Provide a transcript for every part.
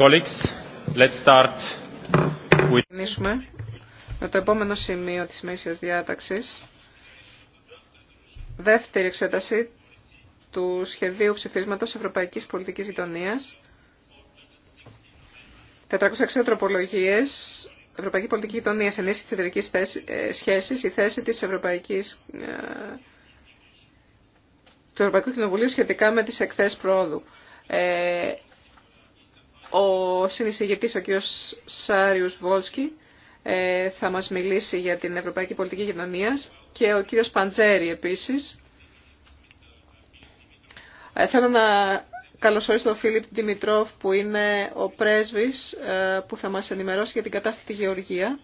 Colleagues, με το επόμενο σημείο της μέσης διάταξης. Δεύτερη εξέταση του σχεδίου ψηφίσματος Ευρωπαϊκής Πολιτικής Γειτονίας. 406 τροπολογίες. Ευρωπαϊκή Πολιτική Γειτονίας, ενίσχυση της εταιρικής ε, σχέσης, η θέση της Ευρωπαϊκής ε, του Ευρωπαϊκού Κοινοβουλίου σχετικά με τις εκθέσεις πρόοδου. Ε, ο συνεισηγητής, ο κύριος Σάριους Βόλσκι, ε, θα μας μιλήσει για την Ευρωπαϊκή Πολιτική Κοινωνία και ο κύριος Παντζέρη επίσης. Ε, θέλω να καλωσορίσω τον Φίλιπ Δημητρόφ που είναι ο πρέσβης ε, που θα μας ενημερώσει για την κατάσταση της Γεωργία,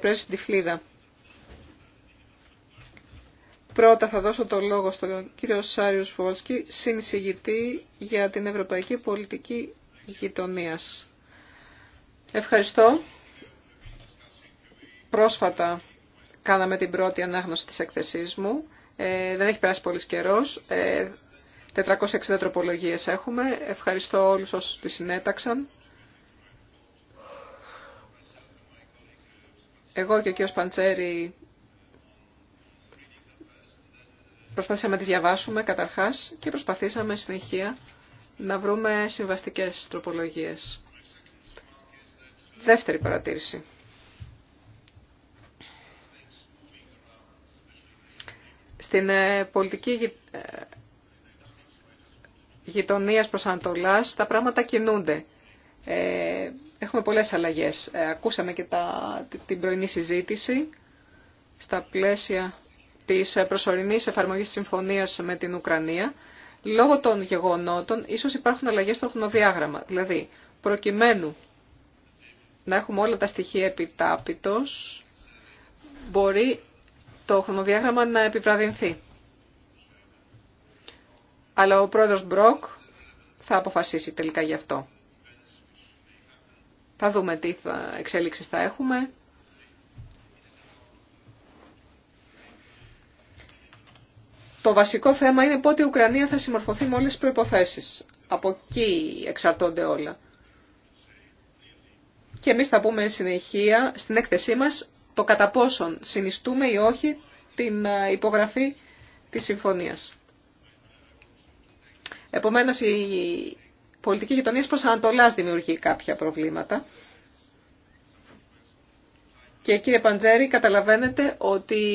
πρέσβης στην Τυφλίδα. Πρώτα θα δώσω το λόγο στον κύριο Σάριους Βόλσκι, συνεισηγητή για την Ευρωπαϊκή Πολιτική γειτονία. Ευχαριστώ. Πρόσφατα κάναμε την πρώτη ανάγνωση της εκθεσής μου. Ε, δεν έχει περάσει πολύ καιρός. Ε, 460 τροπολογίες έχουμε. Ευχαριστώ όλους όσους τη συνέταξαν. Εγώ και ο κ. Παντσέρη προσπαθήσαμε να τις διαβάσουμε καταρχάς και προσπαθήσαμε συνεχεία να βρούμε συμβαστικές τροπολογίες. Δεύτερη παρατήρηση. Στην ε, πολιτική ε, γειτονίας προς Ανατολάς τα πράγματα κινούνται. Ε, έχουμε πολλές αλλαγές. Ακούσαμε και τα, την πρωινή συζήτηση στα πλαίσια της προσωρινής εφαρμογής της συμφωνίας με την Ουκρανία. Λόγω των γεγονότων, ίσως υπάρχουν αλλαγές στο χρονοδιάγραμμα. Δηλαδή, προκειμένου να έχουμε όλα τα στοιχεία επιτάπητος, μπορεί το χρονοδιάγραμμα να επιβραδυνθεί. Αλλά ο πρόεδρος Μπροκ θα αποφασίσει τελικά γι' αυτό. Θα δούμε τι θα, εξέλιξεις θα έχουμε. Το βασικό θέμα είναι πότε η Ουκρανία θα συμμορφωθεί με όλες τις προϋποθέσεις. Από εκεί εξαρτώνται όλα. Και εμείς θα πούμε συνεχεία στην έκθεσή μας το κατά πόσον συνιστούμε ή όχι την ε, υπογραφή της συμφωνίας. Επομένως η πολιτική γειτονία προς Ανατολάς δημιουργεί κάποια προβλήματα. Και κύριε Παντζέρη, καταλαβαίνετε ότι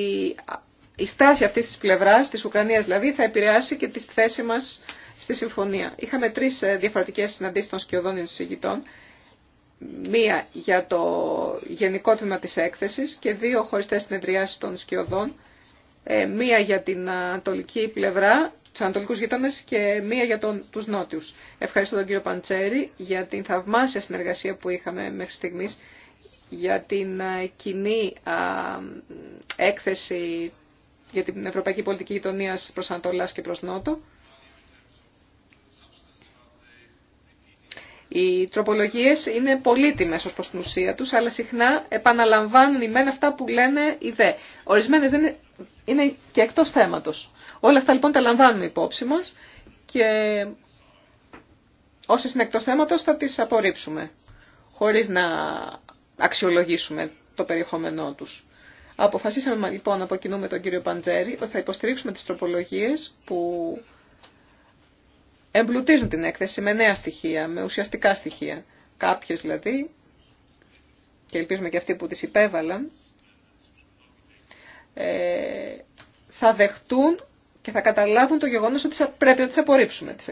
η στάση αυτή τη πλευρά, τη Ουκρανίας δηλαδή, θα επηρεάσει και τη θέση μα στη συμφωνία. Είχαμε τρει ε, διαφορετικέ συναντήσει των σκιωδών εισηγητών. Μία για το γενικό τμήμα τη έκθεση και δύο χωριστέ συνεδριάσει των σκιωδών. Ε, μία για την ανατολική πλευρά, του ανατολικού γείτονε και μία για του νότιου. Ευχαριστώ τον κύριο Παντσέρη για την θαυμάσια συνεργασία που είχαμε μέχρι στιγμή, για την ε, κοινή έκθεση για την Ευρωπαϊκή Πολιτική Γειτονία προ Ανατολά και προ Νότο. Οι τροπολογίε είναι πολύτιμε ω προ την ουσία του, αλλά συχνά επαναλαμβάνουν οι μεν αυτά που λένε οι δε. Ορισμένε είναι, είναι και εκτό θέματο. Όλα αυτά λοιπόν τα λαμβάνουμε υπόψη μα και όσε είναι εκτό θέματο θα τι απορρίψουμε, χωρί να αξιολογήσουμε το περιεχόμενό τους. Αποφασίσαμε λοιπόν από κοινού με τον κύριο Παντζέρη ότι θα υποστηρίξουμε τις τροπολογίες που εμπλουτίζουν την έκθεση με νέα στοιχεία, με ουσιαστικά στοιχεία. Κάποιες δηλαδή, και ελπίζουμε και αυτοί που τις υπέβαλαν, ε, θα δεχτούν και θα καταλάβουν το γεγονός ότι πρέπει να τις απορρίψουμε, τις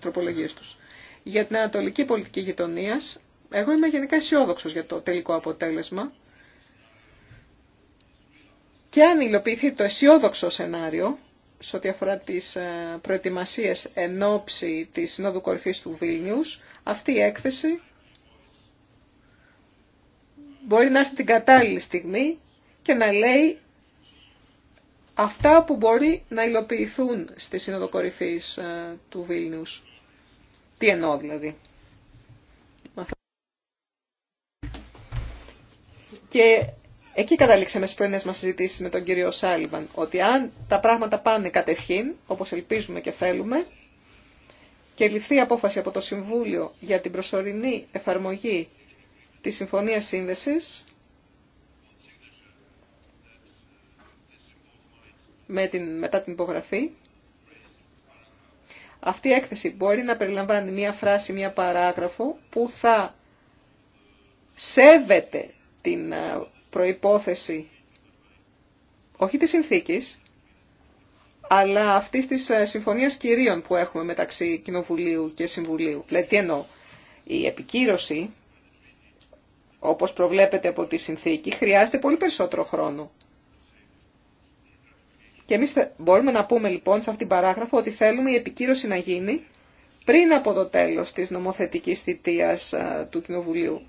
τροπολογίες τους. Για την ανατολική πολιτική γειτονία, εγώ είμαι γενικά αισιόδοξο για το τελικό αποτέλεσμα. Και αν υλοποιηθεί το αισιόδοξο σενάριο, σε ό,τι αφορά τις ε, προετοιμασίες εν ώψη της Συνόδου Κορυφής του Βίλνιους, αυτή η έκθεση μπορεί να έρθει την κατάλληλη στιγμή και να λέει αυτά που μπορεί να υλοποιηθούν στη Σύνοδο Κορυφής ε, του Βίλνιους. Τι εννοώ δηλαδή. Και Εκεί καταλήξαμε στις πρωινές μας συζητήσεις με τον κύριο Σάλιβαν, ότι αν τα πράγματα πάνε κατευχήν, όπως ελπίζουμε και θέλουμε, και ληφθεί απόφαση από το Συμβούλιο για την προσωρινή εφαρμογή της Συμφωνίας Σύνδεσης, με την, μετά την υπογραφή, αυτή η έκθεση μπορεί να περιλαμβάνει μία φράση, μία παράγραφο που θα σέβεται την ε, προϋπόθεση όχι της συνθήκης, αλλά αυτή της ε, συμφωνίας κυρίων που έχουμε μεταξύ Κοινοβουλίου και Συμβουλίου. Δηλαδή τι εννοώ, η επικύρωση, όπως προβλέπεται από τη συνθήκη, χρειάζεται πολύ περισσότερο χρόνο. Και εμείς μπορούμε να πούμε λοιπόν σε αυτήν την παράγραφο ότι θέλουμε η επικύρωση να γίνει πριν από το τέλος της νομοθετικής θητείας ε, του Κοινοβουλίου.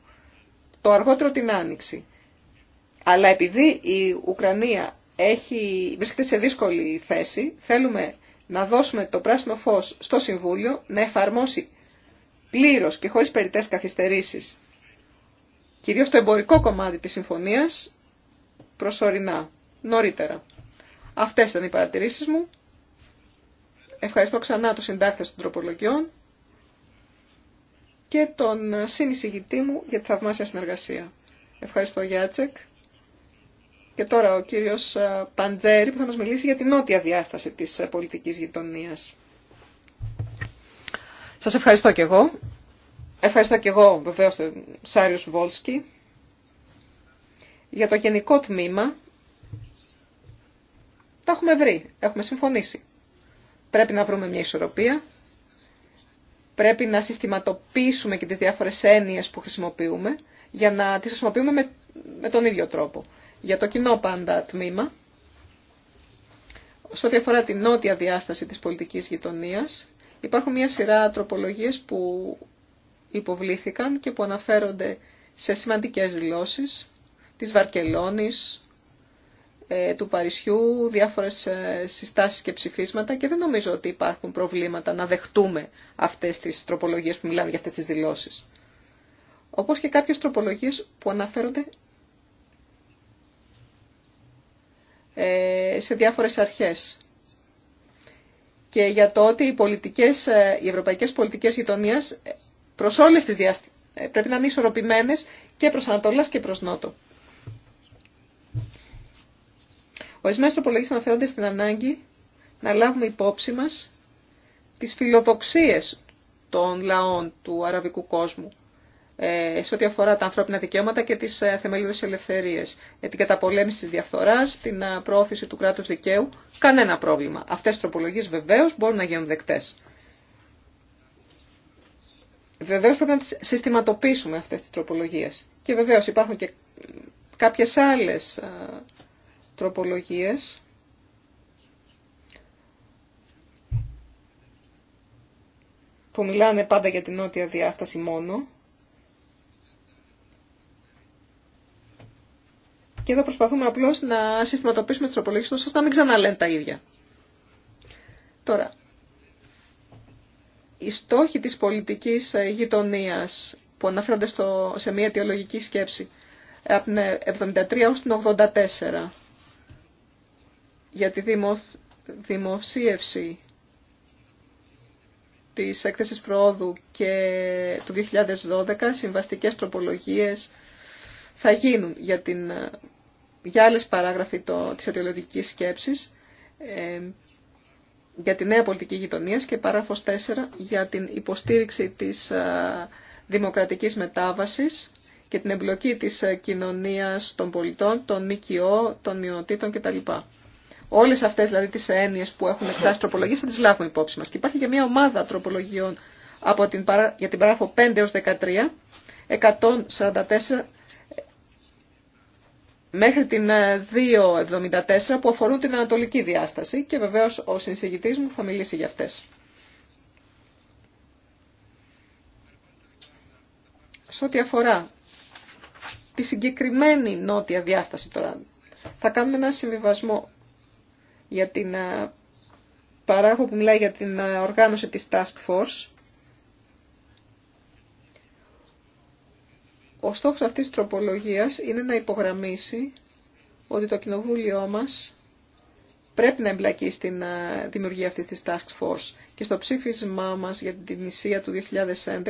Το αργότερο την Άνοιξη. Αλλά επειδή η Ουκρανία έχει, βρίσκεται σε δύσκολη θέση, θέλουμε να δώσουμε το πράσινο φως στο Συμβούλιο να εφαρμόσει πλήρως και χωρίς περιττές καθυστερήσεις, κυρίως το εμπορικό κομμάτι της συμφωνίας, προσωρινά, νωρίτερα. Αυτές ήταν οι παρατηρήσεις μου. Ευχαριστώ ξανά τους συντάκτες των τροπολογιών και τον συνεισηγητή μου για τη θαυμάσια συνεργασία. Ευχαριστώ Γιάτσεκ. Και τώρα ο κύριος ε, Παντζέρη που θα μας μιλήσει για την νότια διάσταση της ε, πολιτικής γειτονίας. Σας ευχαριστώ και εγώ. Ευχαριστώ και εγώ βεβαίως τον Σάριος Βόλσκι για το γενικό τμήμα. Τα έχουμε βρει, έχουμε συμφωνήσει. Πρέπει να βρούμε μια ισορροπία. Πρέπει να συστηματοποιήσουμε και τις διάφορες έννοιες που χρησιμοποιούμε για να τις χρησιμοποιούμε με, με τον ίδιο τρόπο για το κοινό πάντα τμήμα. Σε ό,τι αφορά την νότια διάσταση της πολιτικής γειτονίας, υπάρχουν μια σειρά τροπολογίες που υποβλήθηκαν και που αναφέρονται σε σημαντικές δηλώσεις της Βαρκελόνης, ε, του Παρισιού, διάφορες ε, συστάσεις και ψηφίσματα και δεν νομίζω ότι υπάρχουν προβλήματα να δεχτούμε αυτές τις τροπολογίες που μιλάνε για αυτές τις δηλώσεις. Όπως και κάποιες τροπολογίες που αναφέρονται Ε, σε διάφορες αρχές. Και για το ότι οι, πολιτικές, ε, οι ευρωπαϊκές πολιτικές γειτονίας ε, προς όλες πρέπει να είναι ισορροπημένες και προς Ανατολάς και προς Νότο. Ορισμένε τροπολογίε αναφέρονται στην ανάγκη να λάβουμε υπόψη μας τις φιλοδοξίες των λαών του αραβικού κόσμου ε, σε ό,τι αφορά τα ανθρώπινα δικαιώματα και τις ε, θεμελιώδεις ελευθερίες, ε, την καταπολέμηση της διαφθοράς, την προώθηση του κράτους δικαίου, κανένα πρόβλημα. Αυτές οι τροπολογίες βεβαίως μπορούν να γίνουν δεκτές. Βεβαίως πρέπει να τις συστηματοποιήσουμε αυτές τις τροπολογίες. Και βεβαίως υπάρχουν και κάποιες άλλες τροπολογίες που μιλάνε πάντα για την νότια διάσταση μόνο. Και εδώ προσπαθούμε απλώ να συστηματοποιήσουμε τις τροπολογίες ώστε να μην ξαναλένε τα ίδια. Τώρα, οι στόχοι τη πολιτική γειτονία που αναφέρονται στο, σε μια αιτιολογική σκέψη από την 73 έως την 84 για τη δημο, δημοσίευση της έκθεσης προόδου και του 2012, συμβαστικές τροπολογίες, θα γίνουν για, την, για άλλες παράγραφοι το, της αιτιολογικής σκέψης, ε, για τη νέα πολιτική γειτονία και παράγραφος 4 για την υποστήριξη της ε, δημοκρατικής μετάβασης και την εμπλοκή της κοινωνία ε, κοινωνίας των πολιτών, των ΜΚΟ, των μειονοτήτων κτλ. Όλες αυτές δηλαδή τις έννοιες που έχουν εκφράσει τροπολογίες θα τις λάβουμε υπόψη μας. Και υπάρχει και μια ομάδα τροπολογιών από την, για την παράγραφο 5 έως 13, 144 μέχρι την 2.74 ε, που αφορούν την ανατολική διάσταση και βεβαίως ο συνεισηγητής μου θα μιλήσει για αυτές. Σε ό,τι αφορά τη συγκεκριμένη νότια διάσταση τώρα, θα κάνουμε ένα συμβιβασμό για την ε, παράγω που μιλάει για την ε, οργάνωση της Task Force Ο στόχος αυτής της τροπολογίας είναι να υπογραμμίσει ότι το κοινοβούλιο μας πρέπει να εμπλακεί στην ε, δημιουργία αυτής της Task Force. Και στο ψήφισμά μας για την Ισία του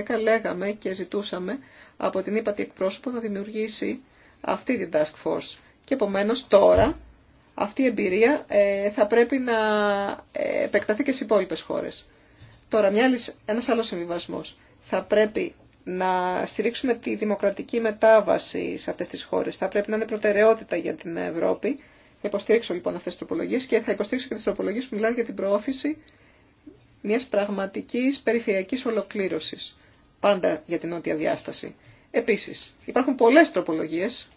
2011 λέγαμε και ζητούσαμε από την ύπατη εκπρόσωπο να δημιουργήσει αυτή την Task Force. Και επομένως τώρα αυτή η εμπειρία ε, θα πρέπει να ε, επεκταθεί και στις υπόλοιπες χώρες. Τώρα μια άλλη, ένας Θα πρέπει να στηρίξουμε τη δημοκρατική μετάβαση σε αυτές τις χώρες. Θα πρέπει να είναι προτεραιότητα για την Ευρώπη. Θα υποστηρίξω λοιπόν αυτές τις τροπολογίες και θα υποστηρίξω και τις τροπολογίες που μιλάνε για την προώθηση μιας πραγματικής περιφερειακής ολοκλήρωσης, πάντα για την νότια διάσταση. Επίσης, υπάρχουν πολλές τροπολογίες,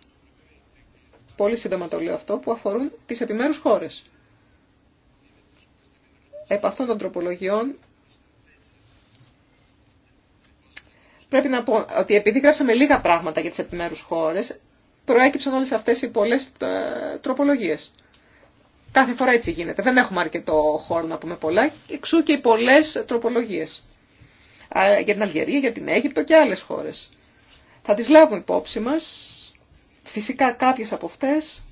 πολύ σύντομα το λέω αυτό, που αφορούν τις επιμέρους χώρες. Επ' αυτών των τροπολογιών Πρέπει να πω ότι επειδή γράψαμε λίγα πράγματα για τις επιμέρους χώρες, προέκυψαν όλες αυτές οι πολλές ε, τροπολογίες. Κάθε φορά έτσι γίνεται. Δεν έχουμε αρκετό χώρο να πούμε πολλά, εξού και οι πολλές τροπολογίες. Για την Αλγερία, για την Αίγυπτο και άλλες χώρες. Θα τις λάβουμε υπόψη μας. Φυσικά κάποιες από αυτές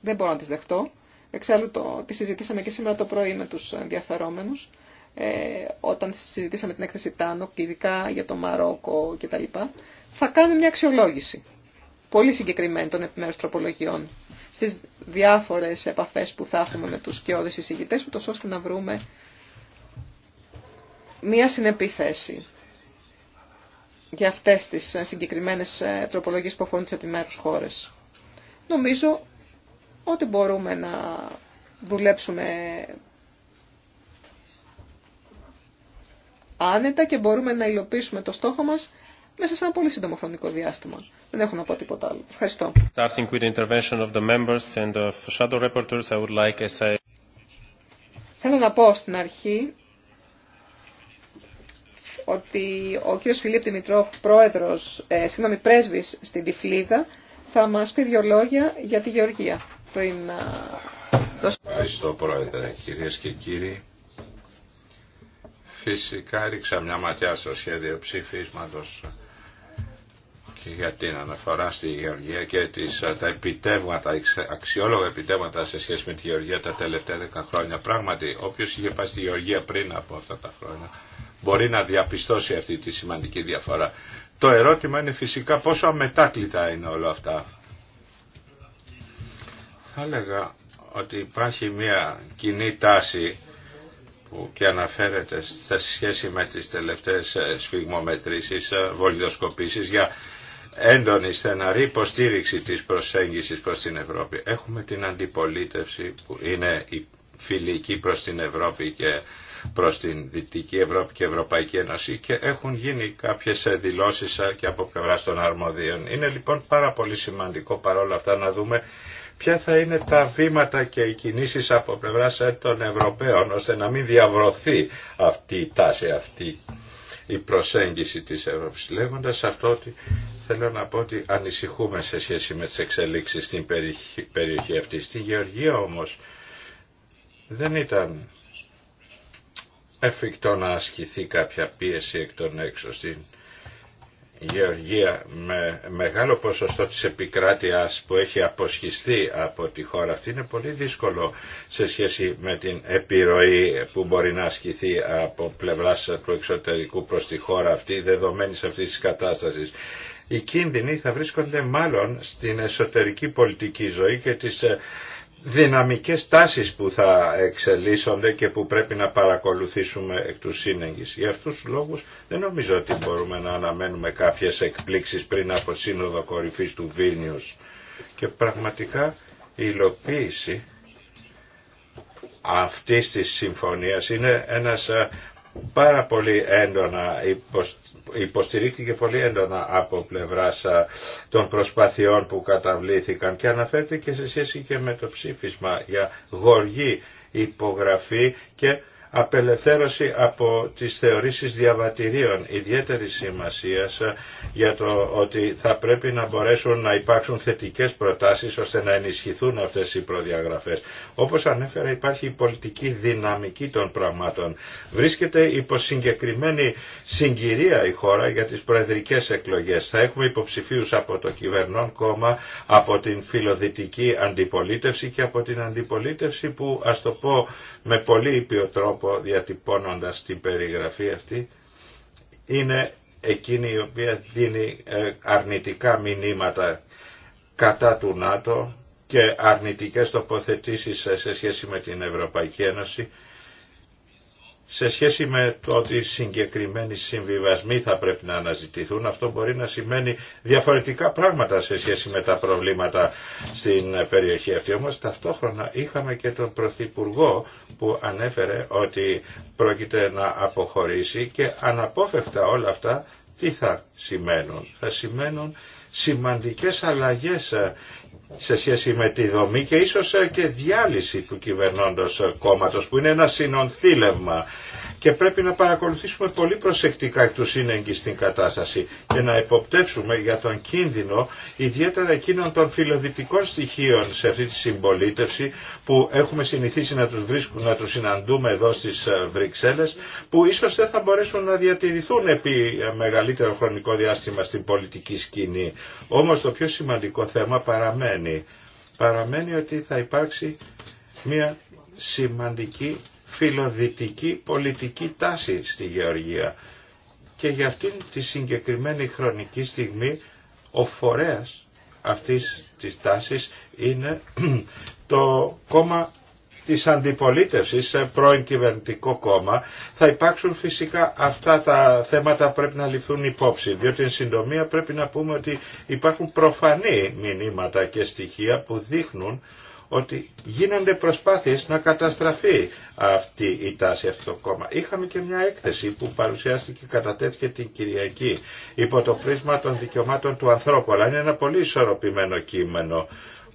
δεν μπορώ να τις δεχτώ. Εξάλλου το, τη συζητήσαμε και σήμερα το πρωί με τους ενδιαφερόμενους. Ε, όταν συζητήσαμε την έκθεση Τάνο, ειδικά για το Μαρόκο κτλ. Θα κάνουμε μια αξιολόγηση πολύ συγκεκριμένη των επιμέρους τροπολογιών στις διάφορες επαφές που θα έχουμε με τους σκιώδες εισηγητές, ούτως ώστε να βρούμε μία συνεπίθεση για αυτές τις συγκεκριμένες ε, τροπολογίες που αφορούν τις επιμέρους χώρες. Νομίζω ότι μπορούμε να δουλέψουμε άνετα και μπορούμε να υλοποιήσουμε το στόχο μας μέσα σε ένα πολύ σύντομο χρονικό διάστημα. Δεν έχω να πω τίποτα άλλο. Ευχαριστώ. Starting with the intervention of the members and of shadow reporters, I would like as I... Θέλω να πω στην αρχή ότι ο κ. Φιλίπ Δημητρόφ, πρόεδρος, ε, συγγνώμη, πρέσβης στην Τυφλίδα, θα μας πει δύο λόγια για τη Γεωργία. Πριν, ε, Ευχαριστώ, πρόεδρε. Κυρίες και κύριοι, Φυσικά ρίξα μια ματιά στο σχέδιο ψηφίσματος και για την αναφορά στη Γεωργία και τις, τα επιτεύγματα, αξιόλογα επιτεύγματα σε σχέση με τη Γεωργία τα τελευταία δέκα χρόνια. Πράγματι, όποιος είχε πάει στη Γεωργία πριν από αυτά τα χρόνια μπορεί να διαπιστώσει αυτή τη σημαντική διαφορά. Το ερώτημα είναι φυσικά πόσο αμετάκλητα είναι όλα αυτά. Θα έλεγα ότι υπάρχει μια κοινή τάση που και αναφέρεται σε σχέση με τις τελευταίες ε, σφιγμομετρήσεις, ε, βολιδοσκοπήσεις για έντονη στεναρή υποστήριξη της προσέγγισης προς την Ευρώπη. Έχουμε την αντιπολίτευση που είναι η φιλική προς την Ευρώπη και προς την Δυτική Ευρώπη και Ευρωπαϊκή Ένωση και έχουν γίνει κάποιες δηλώσεις ε, και από πλευρά των αρμοδίων. Είναι λοιπόν πάρα πολύ σημαντικό παρόλα αυτά να δούμε ποια θα είναι τα βήματα και οι κινήσεις από πλευρά των Ευρωπαίων ώστε να μην διαβρωθεί αυτή η τάση, αυτή η προσέγγιση της Ευρώπης. Λέγοντας αυτό ότι θέλω να πω ότι ανησυχούμε σε σχέση με τις εξελίξεις στην περιοχή αυτή. Στη Γεωργία όμως δεν ήταν εφικτό να ασκηθεί κάποια πίεση εκ των έξω στην Γεωργία με μεγάλο ποσοστό της επικράτειας που έχει αποσχιστεί από τη χώρα αυτή είναι πολύ δύσκολο σε σχέση με την επιρροή που μπορεί να ασκηθεί από πλευράς του εξωτερικού προς τη χώρα αυτή δεδομένης αυτής της κατάστασης. Οι κίνδυνοι θα βρίσκονται μάλλον στην εσωτερική πολιτική ζωή και τις ε, δυναμικές τάσεις που θα εξελίσσονται και που πρέπει να παρακολουθήσουμε εκ του σύνεγγης. Για αυτούς τους λόγους δεν νομίζω ότι μπορούμε να αναμένουμε κάποιες εκπλήξεις πριν από σύνοδο κορυφής του Βίνιους. Και πραγματικά η υλοποίηση αυτής της συμφωνίας είναι ένας ε, πάρα πολύ έντονα υποστηρίχθηκε πολύ έντονα από πλευράς των προσπαθειών που καταβλήθηκαν και αναφέρθηκε σε σχέση και με το ψήφισμα για γοργή υπογραφή και απελευθέρωση από τις θεωρήσεις διαβατηρίων ιδιαίτερης σημασίας για το ότι θα πρέπει να μπορέσουν να υπάρξουν θετικές προτάσεις ώστε να ενισχυθούν αυτές οι προδιαγραφές. Όπως ανέφερα υπάρχει η πολιτική δυναμική των πραγμάτων. Βρίσκεται υπό συγκεκριμένη συγκυρία η χώρα για τις προεδρικές εκλογές. Θα έχουμε υποψηφίους από το κυβερνών κόμμα, από την φιλοδυτική αντιπολίτευση και από την αντιπολίτευση που ας το πω με πολύ ήπιο τρόπο τρόπο διατυπώνοντας την περιγραφή αυτή είναι εκείνη η οποία δίνει ε, αρνητικά μηνύματα κατά του ΝΑΤΟ και αρνητικές τοποθετήσεις σε σχέση με την Ευρωπαϊκή Ένωση σε σχέση με το ότι συγκεκριμένοι συμβιβασμοί θα πρέπει να αναζητηθούν, αυτό μπορεί να σημαίνει διαφορετικά πράγματα σε σχέση με τα προβλήματα στην περιοχή αυτή. Όμως ταυτόχρονα είχαμε και τον Πρωθυπουργό που ανέφερε ότι πρόκειται να αποχωρήσει και αναπόφευκτα όλα αυτά τι θα σημαίνουν. Θα σημαίνουν σημαντικές αλλαγές σε σχέση με τη δομή και ίσως ε, και διάλυση του κυβερνώντος ε, κόμματος που είναι ένα συνονθήλευμα και πρέπει να παρακολουθήσουμε πολύ προσεκτικά του σύνεγγυ στην κατάσταση και να υποπτεύσουμε για τον κίνδυνο ιδιαίτερα εκείνων των φιλοδυτικών στοιχείων σε αυτή τη συμπολίτευση που έχουμε συνηθίσει να τους, βρίσκουν, να τους συναντούμε εδώ στις ε, Βρυξέλλες που ίσως δεν θα μπορέσουν να διατηρηθούν επί μεγαλύτερο χρονικό διάστημα στην πολιτική σκηνή. Όμως το πιο σημαντικό θέμα παραμένει παραμένει. Παραμένει ότι θα υπάρξει μια σημαντική φιλοδυτική πολιτική τάση στη Γεωργία και για αυτήν τη συγκεκριμένη χρονική στιγμή ο φορέας αυτής της τάσης είναι το κόμμα της αντιπολίτευσης σε πρώην κυβερνητικό κόμμα θα υπάρξουν φυσικά αυτά τα θέματα πρέπει να ληφθούν υπόψη διότι εν συντομία πρέπει να πούμε ότι υπάρχουν προφανή μηνύματα και στοιχεία που δείχνουν ότι γίνονται προσπάθειες να καταστραφεί αυτή η τάση, αυτό το κόμμα. Είχαμε και μια έκθεση που παρουσιάστηκε κατά τέτοια την Κυριακή υπό το πρίσμα των δικαιωμάτων του ανθρώπου, αλλά είναι ένα πολύ ισορροπημένο κείμενο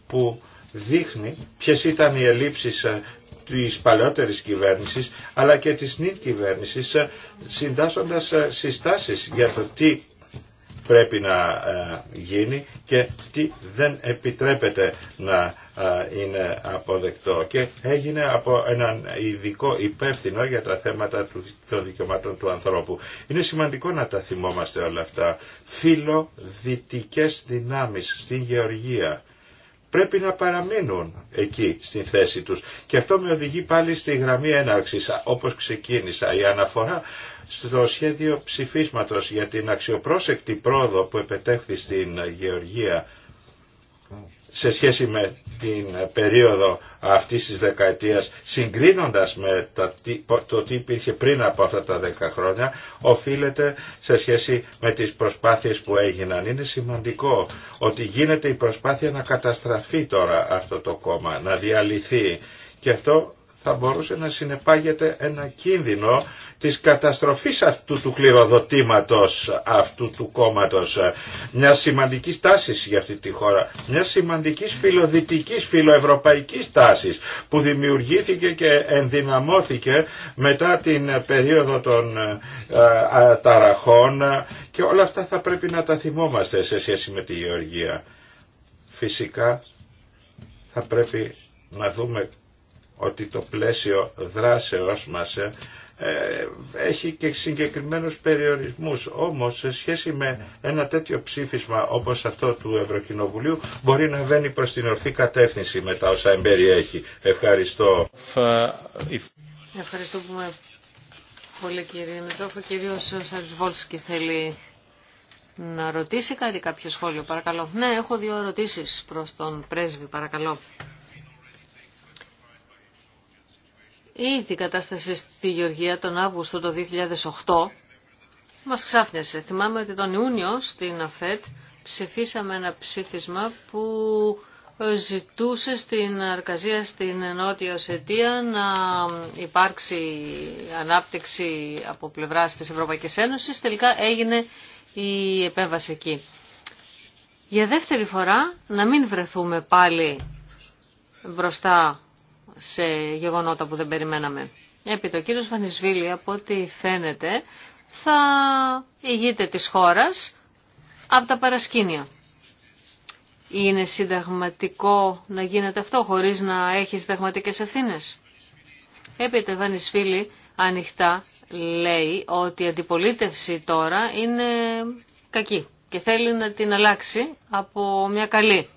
που δείχνει ποιες ήταν οι ελλείψεις ε, της παλαιότερης κυβέρνησης αλλά και της νη κυβέρνησης ε, συντάσσοντας ε, συστάσεις για το τι πρέπει να γίνει και τι δεν επιτρέπεται να είναι αποδεκτό και έγινε από έναν ειδικό υπεύθυνο για τα θέματα των δικαιωμάτων του ανθρώπου. Είναι σημαντικό να τα θυμόμαστε όλα αυτά. Φιλοδυτικές δυνάμεις στην Γεωργία πρέπει να παραμείνουν εκεί στην θέση τους. Και αυτό με οδηγεί πάλι στη γραμμή έναρξης όπως ξεκίνησα. Η αναφορά στο σχέδιο ψηφίσματος για την αξιοπρόσεκτη πρόοδο που επετέχθη στην Γεωργία σε σχέση με την περίοδο αυτής της δεκαετίας συγκρίνοντας με το τι υπήρχε πριν από αυτά τα δέκα χρόνια οφείλεται σε σχέση με τις προσπάθειες που έγιναν. Είναι σημαντικό ότι γίνεται η προσπάθεια να καταστραφεί τώρα αυτό το κόμμα, να διαλυθεί και αυτό θα μπορούσε να συνεπάγεται ένα κίνδυνο της καταστροφής αυτού του κληροδοτήματος αυτού του κόμματος, μια σημαντική τάση για αυτή τη χώρα, μια σημαντική φιλοδυτική φιλοευρωπαϊκής τάσης που δημιουργήθηκε και ενδυναμώθηκε μετά την περίοδο των ε, ταραχών και όλα αυτά θα πρέπει να τα θυμόμαστε σε σχέση με τη Γεωργία. Φυσικά θα πρέπει να δούμε ότι το πλαίσιο δράσεώς μας ε, έχει και συγκεκριμένους περιορισμούς. Όμως σε σχέση με ένα τέτοιο ψήφισμα όπως αυτό του Ευρωκοινοβουλίου μπορεί να βαίνει προς την ορθή κατεύθυνση με τα όσα εμπεριέχει. Ευχαριστώ. Ευχαριστούμε πολύ κύριε Μητρόφο. Κυρίως ο κύριο θέλει να ρωτήσει κάτι κάποιο σχόλιο παρακαλώ. Ναι, έχω δύο ερωτήσεις προς τον πρέσβη παρακαλώ. Ήδη η κατάσταση στη Γεωργία τον Αύγουστο το 2008 μας ξάφνιασε. Θυμάμαι ότι τον Ιούνιο στην ΑΦΕΤ ψηφίσαμε ένα ψήφισμα που ε, ζητούσε στην Αρκαζία στην Νότια Οσετία να υπάρξει ανάπτυξη από πλευράς της Ευρωπαϊκής Ένωσης. Τελικά έγινε η επέμβαση εκεί. Για δεύτερη φορά να μην βρεθούμε πάλι μπροστά σε γεγονότα που δεν περιμέναμε. Έπειτα, ο κύριος Βανισβήλη, από ό,τι φαίνεται, θα ηγείται της χώρας από τα παρασκήνια. Είναι συνταγματικό να γίνεται αυτό χωρίς να έχει συνταγματικές ευθύνε. Έπειτα, Βανισβήλη ανοιχτά λέει ότι η αντιπολίτευση τώρα είναι κακή και θέλει να την αλλάξει από μια καλή,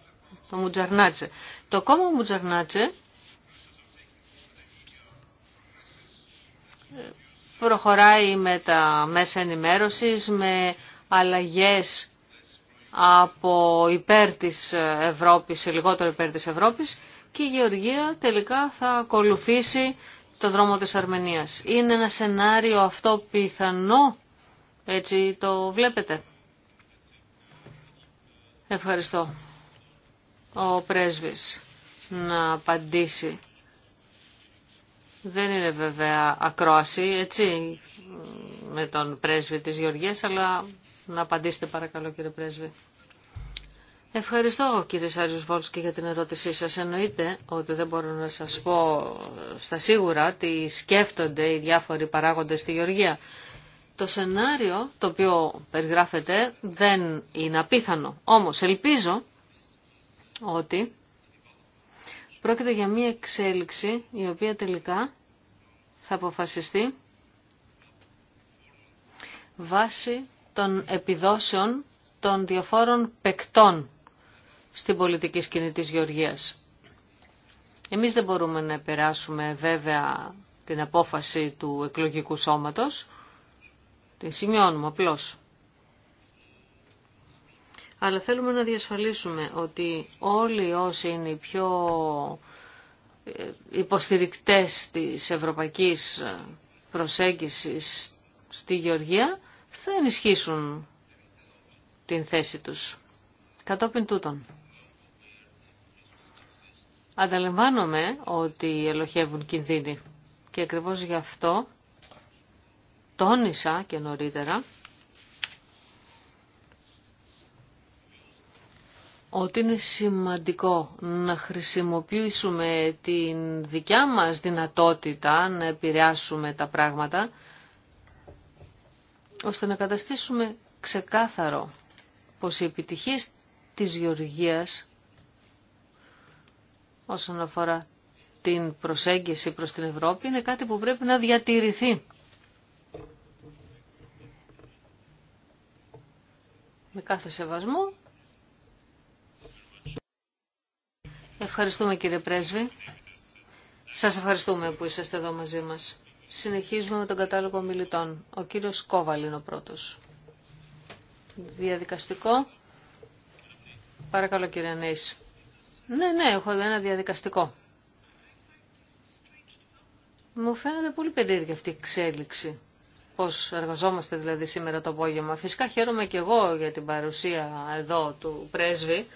το Μουτζαρνάτσε. Το κόμμα Μουτζαρνάτσε προχωράει με τα μέσα ενημέρωσης, με αλλαγές από υπέρ της Ευρώπης σε λιγότερο υπέρ της Ευρώπης και η Γεωργία τελικά θα ακολουθήσει το δρόμο της Αρμενίας. Είναι ένα σενάριο αυτό πιθανό, έτσι το βλέπετε. Ευχαριστώ. Ο πρέσβης να απαντήσει δεν είναι βέβαια ακρόαση, έτσι, με τον πρέσβη της Γεωργίας, αλλά να απαντήσετε παρακαλώ κύριε πρέσβη. Ευχαριστώ κύριε Σάριος Βόλσκι για την ερώτησή σας. Εννοείται ότι δεν μπορώ να σας πω στα σίγουρα τι σκέφτονται οι διάφοροι παράγοντες στη Γεωργία. Το σενάριο το οποίο περιγράφεται δεν είναι απίθανο. Όμως ελπίζω ότι πρόκειται για μία εξέλιξη η οποία τελικά θα αποφασιστεί βάσει των επιδόσεων των διαφόρων παικτών στην πολιτική σκηνή της Γεωργίας. Εμείς δεν μπορούμε να περάσουμε βέβαια την απόφαση του εκλογικού σώματος, την σημειώνουμε απλώς. Αλλά θέλουμε να διασφαλίσουμε ότι όλοι όσοι είναι οι πιο υποστηρικτές της ευρωπαϊκής προσέγγισης στη Γεωργία θα ενισχύσουν την θέση τους. Κατόπιν τούτων. Ανταλαμβάνομαι ότι ελοχεύουν κινδύνοι και ακριβώς γι' αυτό τόνισα και νωρίτερα ότι είναι σημαντικό να χρησιμοποιήσουμε την δικιά μας δυνατότητα να επηρεάσουμε τα πράγματα, ώστε να καταστήσουμε ξεκάθαρο πως η επιτυχία της γεωργίας όσον αφορά την προσέγγιση προς την Ευρώπη είναι κάτι που πρέπει να διατηρηθεί. Με κάθε σεβασμό Ευχαριστούμε κύριε Πρέσβη. Σας ευχαριστούμε που είσαστε εδώ μαζί μας. Συνεχίζουμε με τον κατάλογο μιλητών. Ο κύριος Κόβαλ είναι ο πρώτος. Διαδικαστικό. Παρακαλώ κύριε Νέης. Ναι, ναι, έχω εδώ ένα διαδικαστικό. Μου φαίνεται πολύ περίεργη αυτή η εξέλιξη. Πώς εργαζόμαστε δηλαδή σήμερα το απόγευμα. Φυσικά χαίρομαι και εγώ για την παρουσία εδώ του πρέσβη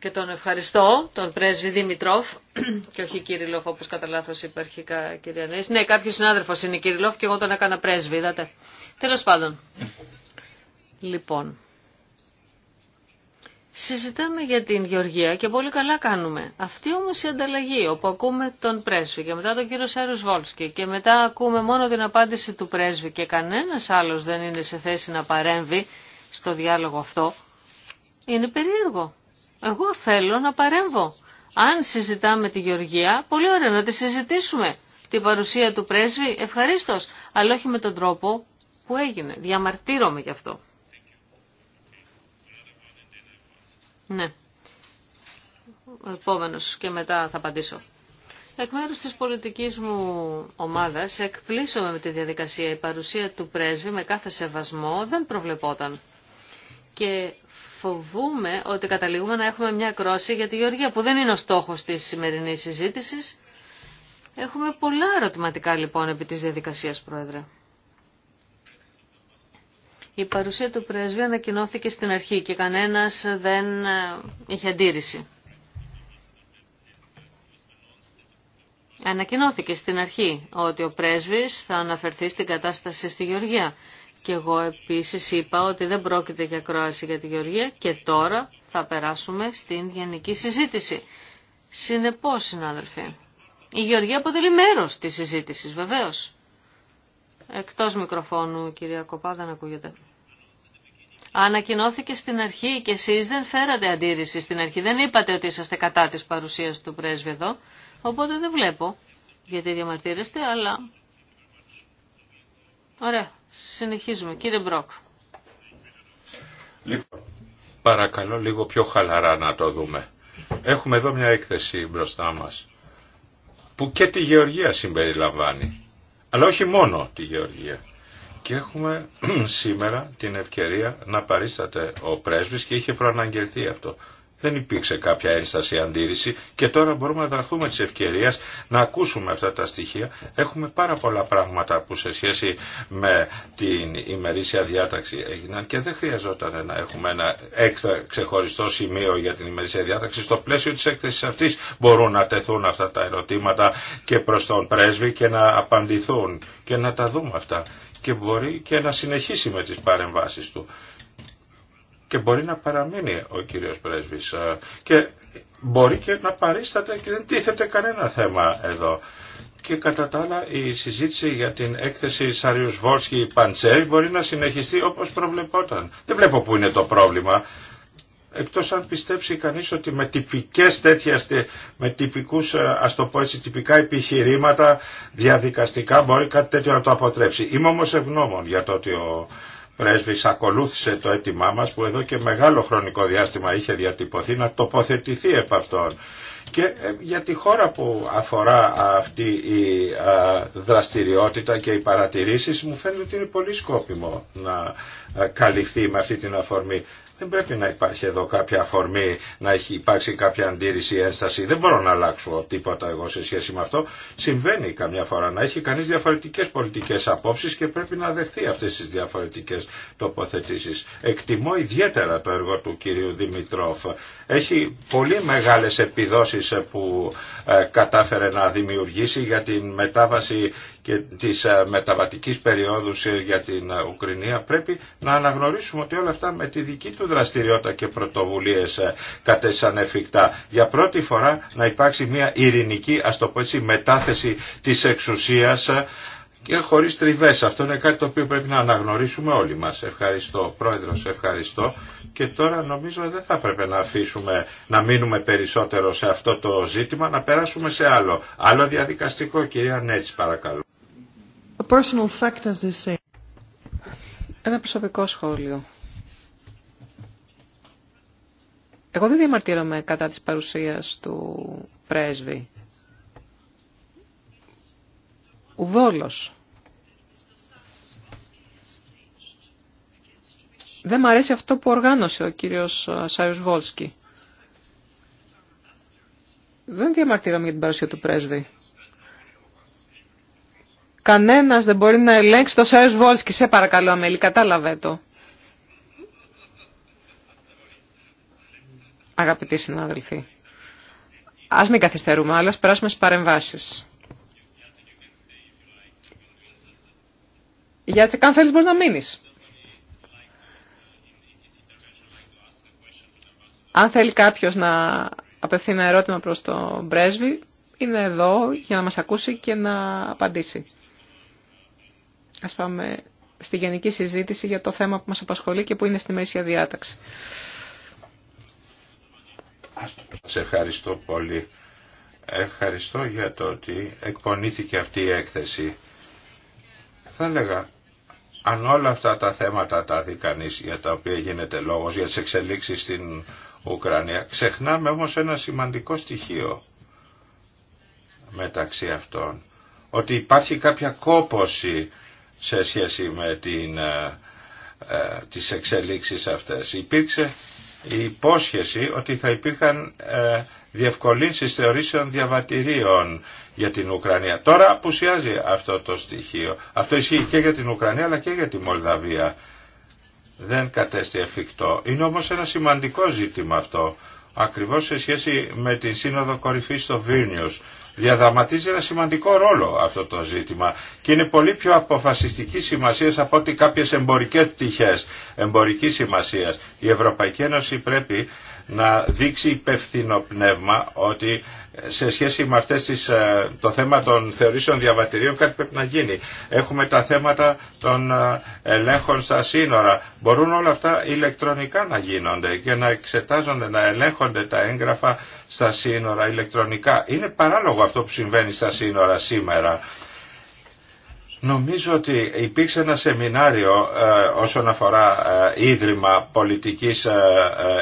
και τον ευχαριστώ, τον πρέσβη Δημητρόφ και όχι Κύριλοφ όπως κατά λάθο είπε αρχικά κυρία Νέης. Ναι, κάποιος συνάδελφος είναι Κύριλοφ και εγώ τον έκανα πρέσβη, είδατε. Τέλος πάντων. Λοιπόν, συζητάμε για την Γεωργία και πολύ καλά κάνουμε. Αυτή όμως η ανταλλαγή όπου ακούμε τον πρέσβη και μετά τον κύριο Σάρους Βόλσκι και μετά ακούμε μόνο την απάντηση του πρέσβη και κανένας άλλος δεν είναι σε θέση να παρέμβει στο διάλογο αυτό, είναι περίεργο. Εγώ θέλω να παρέμβω. Αν συζητάμε τη Γεωργία, πολύ ωραία να τη συζητήσουμε. Την παρουσία του πρέσβη, ευχαρίστω, αλλά όχι με τον τρόπο που έγινε. Διαμαρτύρομαι γι' αυτό. Ναι. Ο και μετά θα απαντήσω. Εκ μέρου τη πολιτική μου ομάδα, εκπλήσω με τη διαδικασία. Η παρουσία του πρέσβη, με κάθε σεβασμό, δεν προβλεπόταν. Και φοβούμε ότι καταλήγουμε να έχουμε μια κρόση για τη Γεωργία που δεν είναι ο στόχος της σημερινής συζήτησης. Έχουμε πολλά ερωτηματικά λοιπόν επί της διαδικασίας, Πρόεδρε. Η παρουσία του πρέσβη ανακοινώθηκε στην αρχή και κανένας δεν ε, είχε αντίρρηση. Ανακοινώθηκε στην αρχή ότι ο πρέσβης θα αναφερθεί στην κατάσταση στη Γεωργία και εγώ επίσης είπα ότι δεν πρόκειται για κρόαση για τη Γεωργία και τώρα θα περάσουμε στην γενική συζήτηση. Συνεπώς, συνάδελφοι, η Γεωργία αποτελεί μέρος της συζήτησης, βεβαίως. Εκτός μικροφώνου, κυρία Κοπά, δεν ακούγεται. Ανακοινώθηκε στην αρχή και εσείς δεν φέρατε αντίρρηση στην αρχή. Δεν είπατε ότι είσαστε κατά της παρουσίας του πρέσβη εδώ, οπότε δεν βλέπω γιατί διαμαρτύρεστε, αλλά Ωραία. Συνεχίζουμε. Κύριε Μπρόκ. Λοιπόν, παρακαλώ λίγο πιο χαλαρά να το δούμε. Έχουμε εδώ μια έκθεση μπροστά μας που και τη γεωργία συμπεριλαμβάνει. Αλλά όχι μόνο τη γεωργία. Και έχουμε σήμερα την ευκαιρία να παρίσταται ο πρέσβης και είχε προαναγγελθεί αυτό. Δεν υπήρξε κάποια ένσταση αντίρρηση και τώρα μπορούμε να δραχθούμε τη ευκαιρία να ακούσουμε αυτά τα στοιχεία. Έχουμε πάρα πολλά πράγματα που σε σχέση με την ημερήσια διάταξη έγιναν και δεν χρειαζόταν να έχουμε ένα έξτρα ξεχωριστό σημείο για την ημερήσια διάταξη. Στο πλαίσιο τη έκθεση αυτή μπορούν να τεθούν αυτά τα ερωτήματα και προ τον πρέσβη και να απαντηθούν και να τα δούμε αυτά. Και μπορεί και να συνεχίσει με τι παρεμβάσει του και μπορεί να παραμείνει ο κύριος πρέσβης ε, και μπορεί και να παρίσταται και δεν τίθεται κανένα θέμα εδώ. Και κατά τα άλλα η συζήτηση για την έκθεση Σαριούς Βόρσκι Παντσέρι μπορεί να συνεχιστεί όπως προβλεπόταν. Δεν βλέπω που είναι το πρόβλημα. Εκτός αν πιστέψει κανείς ότι με τυπικές τέτοια με τυπικούς, ε, ας το πω έτσι, τυπικά επιχειρήματα διαδικαστικά μπορεί κάτι τέτοιο να το αποτρέψει. Είμαι όμως ευγνώμων για το ότι ο πρέσβης ακολούθησε το αίτημά μας που εδώ και μεγάλο χρονικό διάστημα είχε διατυπωθεί να τοποθετηθεί επ' αυτόν. Και ε, για τη χώρα που αφορά αυτή η δραστηριότητα και οι παρατηρήσεις μου φαίνεται ότι είναι πολύ σκόπιμο να καλυφθεί με αυτή την αφορμή. Δεν πρέπει να υπάρχει εδώ κάποια αφορμή, να έχει υπάρξει κάποια αντίρρηση ή ένσταση. Δεν μπορώ να αλλάξω τίποτα εγώ σε σχέση με αυτό. Συμβαίνει καμιά φορά να έχει κανείς διαφορετικές πολιτικές απόψεις και πρέπει να δεχθεί αυτές τις διαφορετικές τοποθετήσεις. Εκτιμώ ιδιαίτερα το έργο του κυρίου Δημητρόφ. Έχει πολύ μεγάλες επιδόσεις που ε, κατάφερε να δημιουργήσει για την μετάβαση και της ε, μεταβατικής περίοδου ε, για την ε, Ουκρινία πρέπει να αναγνωρίσουμε ότι όλα αυτά με τη δική του δραστηριότητα και πρωτοβουλίες κατέσαν εφικτά. Για πρώτη φορά να υπάρξει μια ειρηνική, ας το πω έτσι, μετάθεση της εξουσίας και χωρίς τριβές. Αυτό είναι κάτι το οποίο πρέπει να αναγνωρίσουμε όλοι μας. Ευχαριστώ. σε ευχαριστώ. Και τώρα νομίζω δεν θα πρέπει να αφήσουμε να μείνουμε περισσότερο σε αυτό το ζήτημα, να περάσουμε σε άλλο. Άλλο διαδικαστικό, κυρία Νέτση, παρακαλώ personal fact, as they Ένα προσωπικό σχόλιο. Εγώ δεν διαμαρτύρομαι κατά της παρουσίας του πρέσβη. Ουδόλος. Δεν μου αρέσει αυτό που οργάνωσε ο κύριος Σάριος Βόλσκι. Δεν διαμαρτύρομαι για την παρουσία του πρέσβη. Κανένας δεν μπορεί να ελέγξει το Σάριος Βόλσκι. Σε παρακαλώ, Αμέλη, κατάλαβε το. Αγαπητοί συνάδελφοι, ας μην καθυστερούμε, αλλά ας περάσουμε στις παρεμβάσεις. Γιατί αν θέλεις μπορείς να μείνεις. Αν θέλει κάποιος να απευθύνει ένα ερώτημα προς τον πρέσβη, είναι εδώ για να μας ακούσει και να απαντήσει ας πάμε στη γενική συζήτηση για το θέμα που μας απασχολεί και που είναι στη μέση διάταξη. Σε ευχαριστώ πολύ. Ευχαριστώ για το ότι εκπονήθηκε αυτή η έκθεση. Θα έλεγα, αν όλα αυτά τα θέματα τα δει κανείς για τα οποία γίνεται λόγος, για τις εξελίξεις στην Ουκρανία, ξεχνάμε όμως ένα σημαντικό στοιχείο μεταξύ αυτών. Ότι υπάρχει κάποια κόποση σε σχέση με την, ε, ε, τις εξελίξεις αυτές. Υπήρξε η υπόσχεση ότι θα υπήρχαν ε, διευκολύνσεις θεωρήσεων διαβατηρίων για την Ουκρανία. Τώρα απουσιάζει αυτό το στοιχείο. Αυτό ισχύει και για την Ουκρανία αλλά και για τη Μολδαβία. Δεν κατέστη εφικτό. Είναι όμως ένα σημαντικό ζήτημα αυτό. Ακριβώς σε σχέση με την Σύνοδο Κορυφής στο Βίρνιος διαδραματίζει ένα σημαντικό ρόλο αυτό το ζήτημα και είναι πολύ πιο αποφασιστική σημασία από ότι κάποιες εμπορικές πτυχέ εμπορική σημασίας. Η Ευρωπαϊκή Ένωση πρέπει να δείξει υπευθυνό πνεύμα ότι σε σχέση με αυτές τις, ε, το θέμα των θεωρήσεων διαβατηρίων κάτι πρέπει να γίνει. Έχουμε τα θέματα των ε, ελέγχων στα σύνορα. Μπορούν όλα αυτά ηλεκτρονικά να γίνονται και να εξετάζονται, να ελέγχονται τα έγγραφα στα σύνορα ηλεκτρονικά. Είναι παράλογο αυτό που συμβαίνει στα σύνορα σήμερα. Νομίζω ότι υπήρξε ένα σεμινάριο ε, όσον αφορά ε, ίδρυμα πολιτικής ε,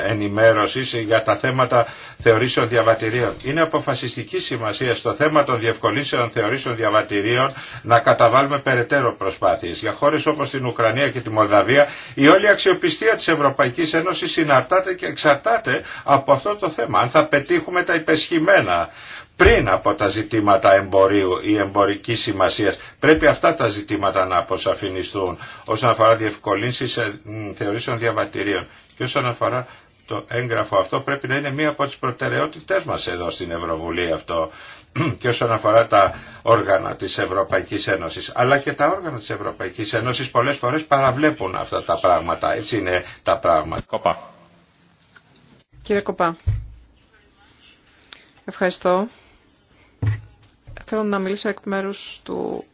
ενημέρωσης για τα θέματα θεωρήσεων διαβατηρίων. Είναι αποφασιστική σημασία στο θέμα των διευκολυσεων θεωρήσεων διαβατηρίων να καταβάλουμε περαιτέρω προσπάθειες. Για χώρες όπως την Ουκρανία και τη Μολδαβία η όλη αξιοπιστία της Ευρωπαϊκής Ένωσης συναρτάται και εξαρτάται από αυτό το θέμα. Αν θα πετύχουμε τα υπεσχημένα πριν από τα ζητήματα εμπορίου ή εμπορική σημασία. Πρέπει αυτά τα ζητήματα να αποσαφινιστούν όσον αφορά διευκολύνσεις ε, θεωρήσεων διαβατηρίων. Και όσον αφορά το έγγραφο αυτό πρέπει να είναι μία από τις προτεραιότητές μας εδώ στην Ευρωβουλή αυτό και όσον αφορά τα όργανα της Ευρωπαϊκής Ένωσης. Αλλά και τα όργανα της Ευρωπαϊκής Ένωσης πολλές φορές παραβλέπουν αυτά τα πράγματα. Έτσι είναι τα πράγματα. Κοπά. Κύριε Κοπά, ευχαριστώ. Θέλω να μιλήσω εκ μέρου του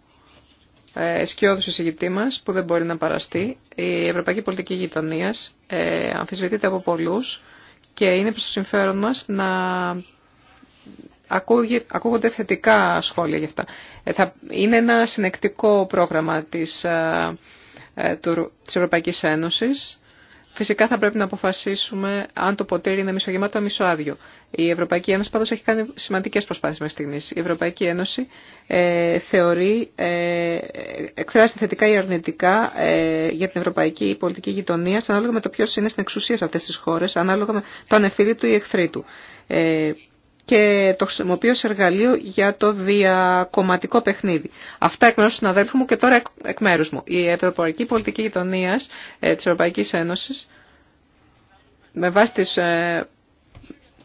ε, σκιώδους εισηγητή που δεν μπορεί να παραστεί. Η ευρωπαϊκή πολιτική γειτονία ε, αμφισβητείται από πολλού και είναι προς το συμφέρον μας να ακούγονται θετικά σχόλια γι' αυτά. Ε, είναι ένα συνεκτικό πρόγραμμα της, ε, ε, της Ευρωπαϊκής Ένωσης Φυσικά θα πρέπει να αποφασίσουμε αν το ποτήρι είναι μισογεμάτο ή μισοάδιο. Η Ευρωπαϊκή Ένωση πάντως έχει κάνει σημαντικές προσπάθειες μέχρι στιγμής. Η Ευρωπαϊκή Ένωση ε, θεωρεί, ε, εκφράζει θετικά ή αρνητικά ε, για την ευρωπαϊκή πολιτική γειτονία ανάλογα με το ποιο είναι στην εξουσία σε αυτές τις χώρες, ανάλογα με το ανεφίλη του ή εχθρή του. Ε, και το χρησιμοποιώ ως εργαλείο για το διακομματικό παιχνίδι. Αυτά εκ μέρους του συναδέλφου μου και τώρα εκ μέρους μου. Η Ευρωπαϊκή Πολιτική Γειτονία ε, της Ευρωπαϊκής Ένωσης με βάση τις ε,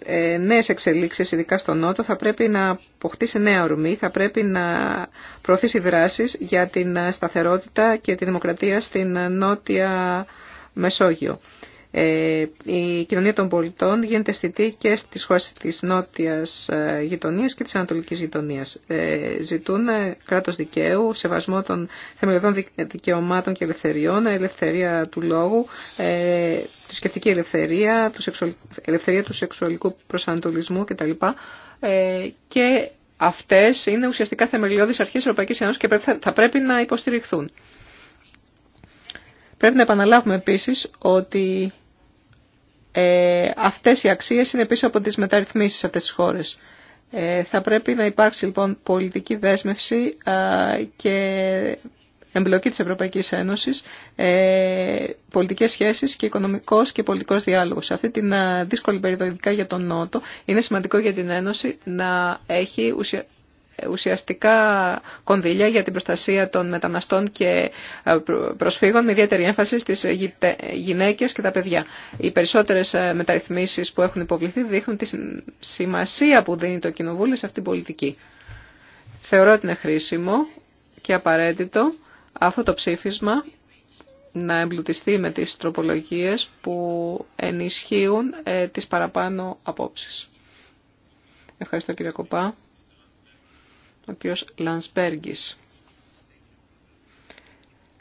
ε, νέες εξελίξεις, ειδικά στο Νότο, θα πρέπει να αποκτήσει νέα ορμή, θα πρέπει να προωθήσει δράσεις για την σταθερότητα και τη δημοκρατία στην Νότια Μεσόγειο. Ε, η κοινωνία των πολιτών γίνεται αισθητή και στις χώρες της νότιας ε, γειτονίας και της ανατολικής γειτονίας. Ε, ζητούν κράτος δικαίου, σεβασμό των θεμελιωδών δικαιωμάτων και ελευθεριών, ελευθερία του λόγου, ε, τη σκεφτική ελευθερία, ελευθερία του σεξουαλικού προσανατολισμού κτλ. και αυτές είναι ουσιαστικά θεμελιώδεις αρχές Ευρωπαϊκής Ένωσης και θα πρέπει να υποστηριχθούν. Πρέπει να επαναλάβουμε επίσης ότι ε, αυτές οι αξίες είναι πίσω από τις μεταρρυθμίσεις αυτές τις χώρες. Ε, θα πρέπει να υπάρξει λοιπόν πολιτική δέσμευση και εμπλοκή της Ευρωπαϊκής Ένωσης, ε, πολιτικές σχέσεις και οικονομικός και πολιτικός διάλογος. Σε αυτή την δύσκολη περίοδο, για τον Νότο, είναι σημαντικό για την Ένωση να έχει ουσιαστικά ουσιαστικά κονδύλια για την προστασία των μεταναστών και ε, προσφύγων με ιδιαίτερη έμφαση στι γυναίκες και τα παιδιά. Οι περισσότερες ε, μεταρρυθμίσεις που έχουν υποβληθεί δείχνουν τη σημασία που δίνει το Κοινοβούλιο σε αυτήν την πολιτική. Θεωρώ ότι είναι χρήσιμο και απαραίτητο αυτό το ψήφισμα να εμπλουτιστεί με τις τροπολογίες που ενισχύουν ε, τις παραπάνω απόψεις. Ευχαριστώ κύριε Κοπά ο κ. Λανσπέργης.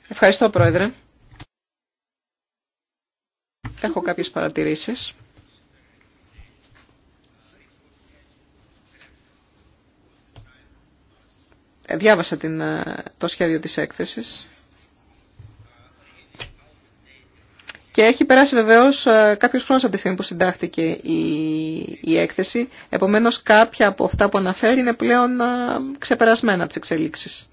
Ευχαριστώ, Πρόεδρε. Έχω κάποιες παρατηρήσεις. Διάβασα την, ε, το σχέδιο της έκθεσης. Και έχει περάσει βεβαίω ε, κάποιο χρόνο από τη στιγμή που συντάχθηκε η, έκθεση. Επομένω, κάποια από αυτά που αναφέρει είναι πλέον ε, ξεπερασμένα από τι εξελίξει.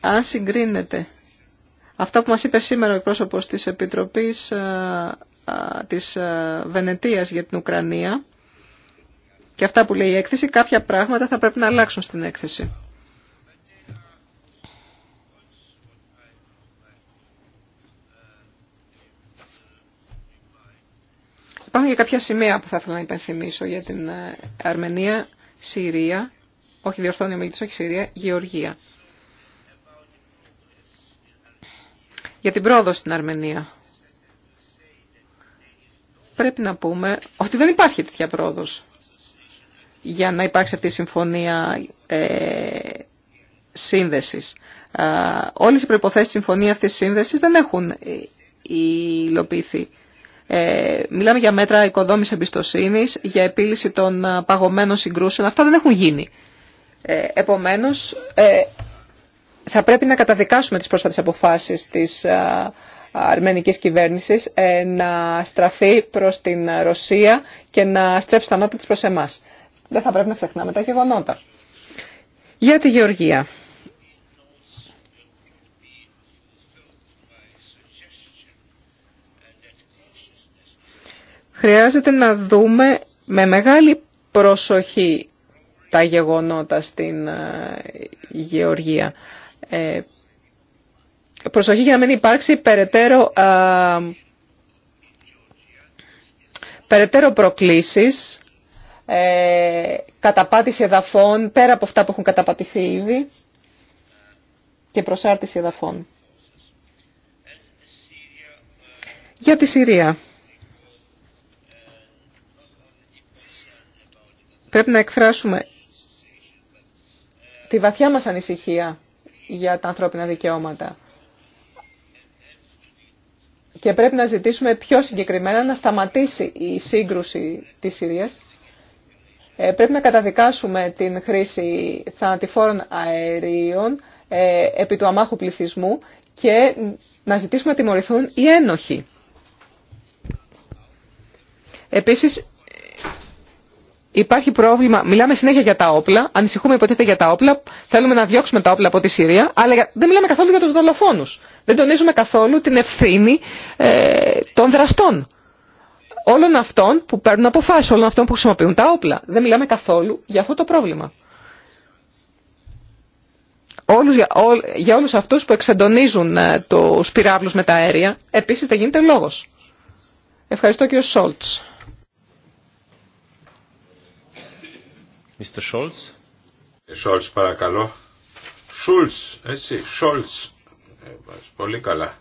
Αν συγκρίνεται αυτά που μας είπε σήμερα ο εκπρόσωπος της Επιτροπής ε, της Βενετίας για την Ουκρανία και αυτά που λέει η έκθεση, κάποια πράγματα θα πρέπει να αλλάξουν στην έκθεση. Υπάρχουν και κάποια σημεία που θα ήθελα να υπενθυμίσω για την ε, Αρμενία, Συρία, όχι διορθώνει ο Μίλτης, όχι Συρία, Γεωργία. Για την πρόοδο στην Αρμενία. Πρέπει να πούμε ότι δεν υπάρχει τέτοια πρόοδος για να υπάρξει αυτή η συμφωνία ε, σύνδεσης. Ε, όλες οι προϋποθέσεις της συμφωνία αυτής της σύνδεση δεν έχουν ε, υλοποιηθεί. Ε, μιλάμε για μέτρα οικοδόμησης εμπιστοσύνης, για επίλυση των ε, παγωμένων συγκρούσεων. Αυτά δεν έχουν γίνει. Ε, επομένως, ε, θα πρέπει να καταδικάσουμε τις πρόσφατες αποφάσεις της αρμενικής κυβέρνησης να στραφεί προς την Ρωσία και να στρέψει τα νότα της προ εμά. Δεν θα πρέπει να ξεχνάμε τα γεγονότα. Για τη Γεωργία. χρειάζεται να δούμε με μεγάλη προσοχή τα γεγονότα στην ε, γεωργία. Ε, προσοχή για να μην υπάρξει περαιτέρω, ε, α, προκλήσεις, ε, καταπάτηση εδαφών, πέρα από αυτά που έχουν καταπατηθεί ήδη, και προσάρτηση εδαφών. Για τη Συρία. Πρέπει να εκφράσουμε τη βαθιά μας ανησυχία για τα ανθρώπινα δικαιώματα. Και πρέπει να ζητήσουμε πιο συγκεκριμένα να σταματήσει η σύγκρουση της Συρίας. Ε, πρέπει να καταδικάσουμε την χρήση θανατηφόρων αερίων ε, επί του αμάχου πληθυσμού και να ζητήσουμε να τιμωρηθούν οι ένοχοι. Επίσης, Υπάρχει πρόβλημα, μιλάμε συνέχεια για τα όπλα, ανησυχούμε υποτίθεται για τα όπλα, θέλουμε να διώξουμε τα όπλα από τη Συρία, αλλά δεν μιλάμε καθόλου για του δολοφόνους. Δεν τονίζουμε καθόλου την ευθύνη ε, των δραστών. Όλων αυτών που παίρνουν αποφάσει όλων αυτών που χρησιμοποιούν τα όπλα. Δεν μιλάμε καθόλου για αυτό το πρόβλημα. Όλους, για, ό, για όλους αυτούς που εξεντονίζουν ε, τους πυράβλους με τα αέρια, επίσης δεν γίνεται λόγος. Ευχαριστώ κύριο Σόλτ. Mr. Scholz. Scholz ε, παρακαλώ. Schulz, έτσι, Scholz. Ε, πολύ καλά.